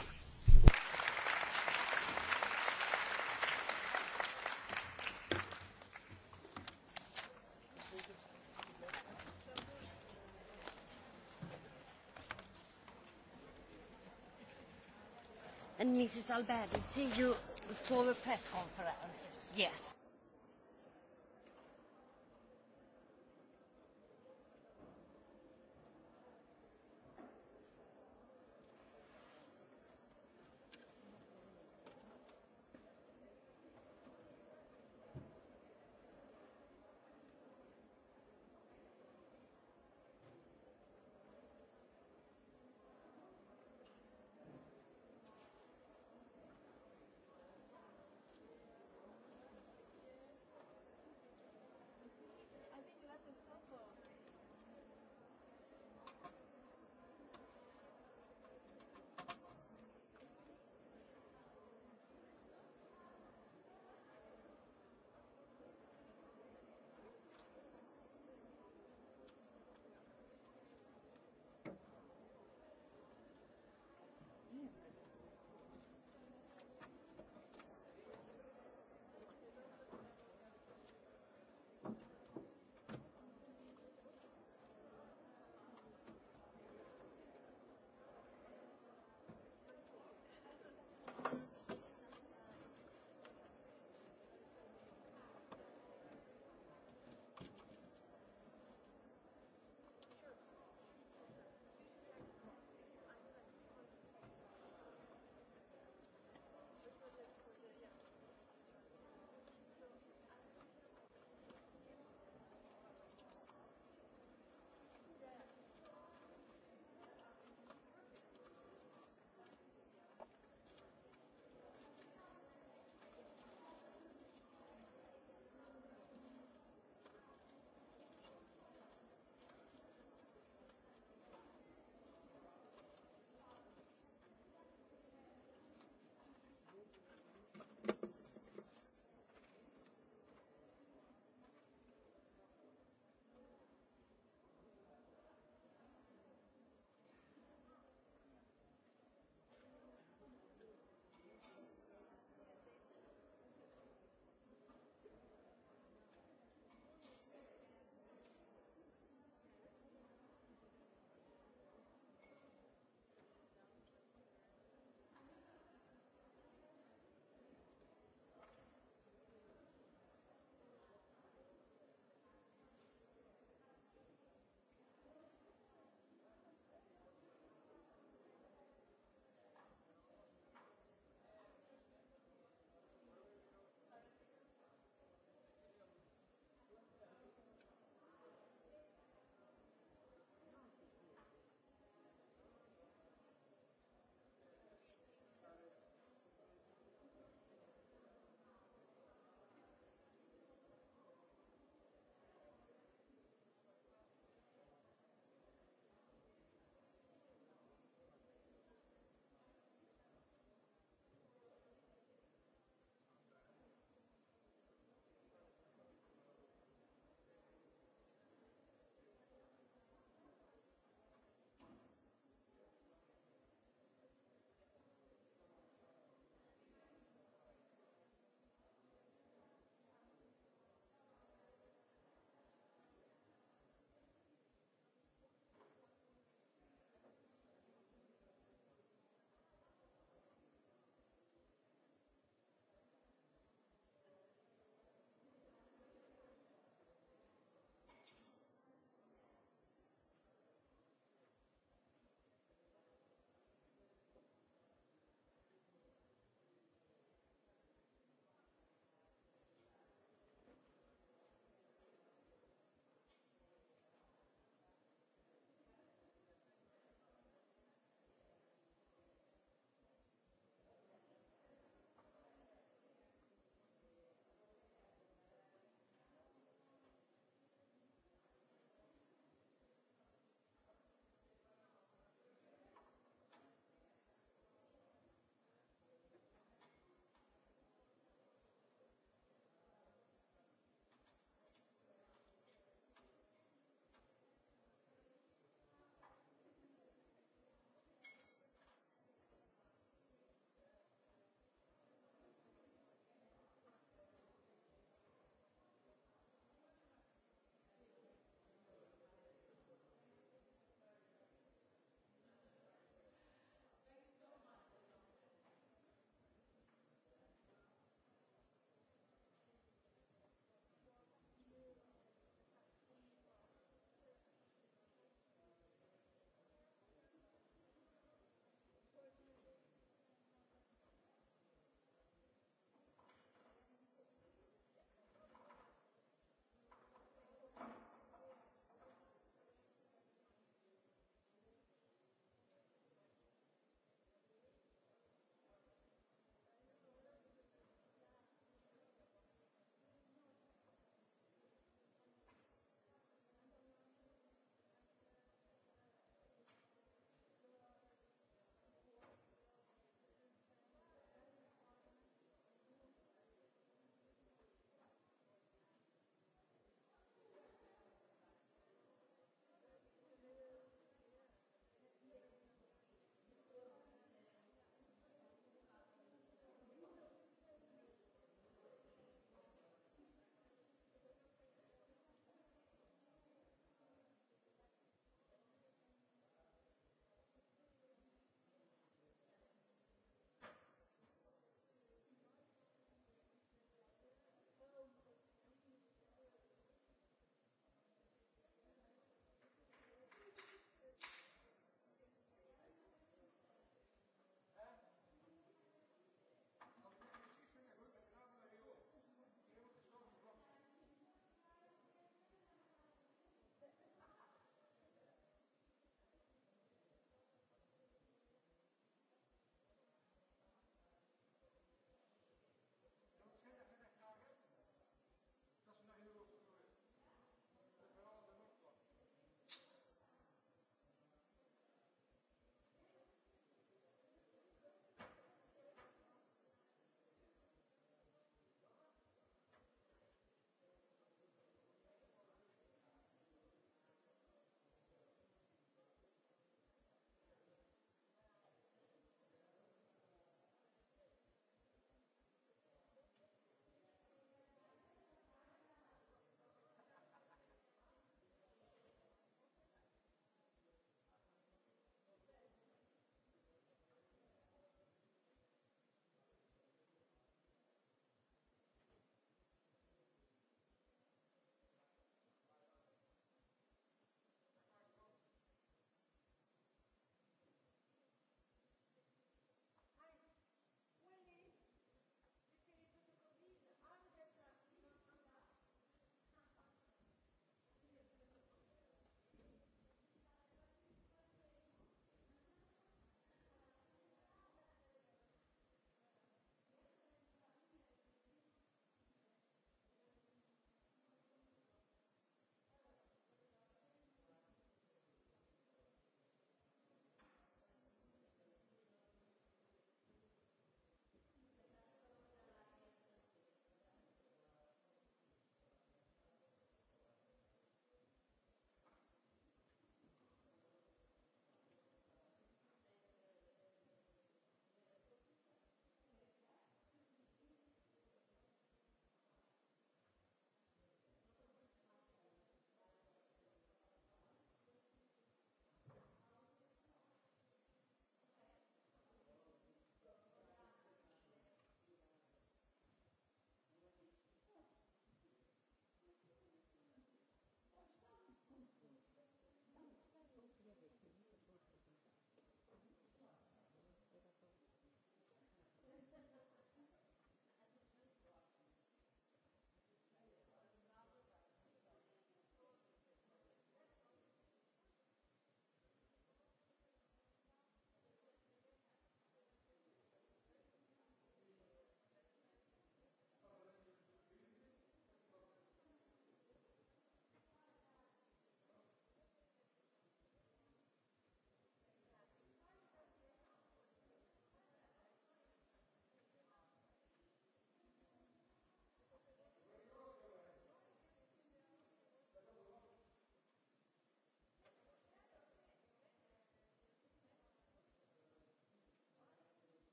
Alberti, see you for the press conference. Yes.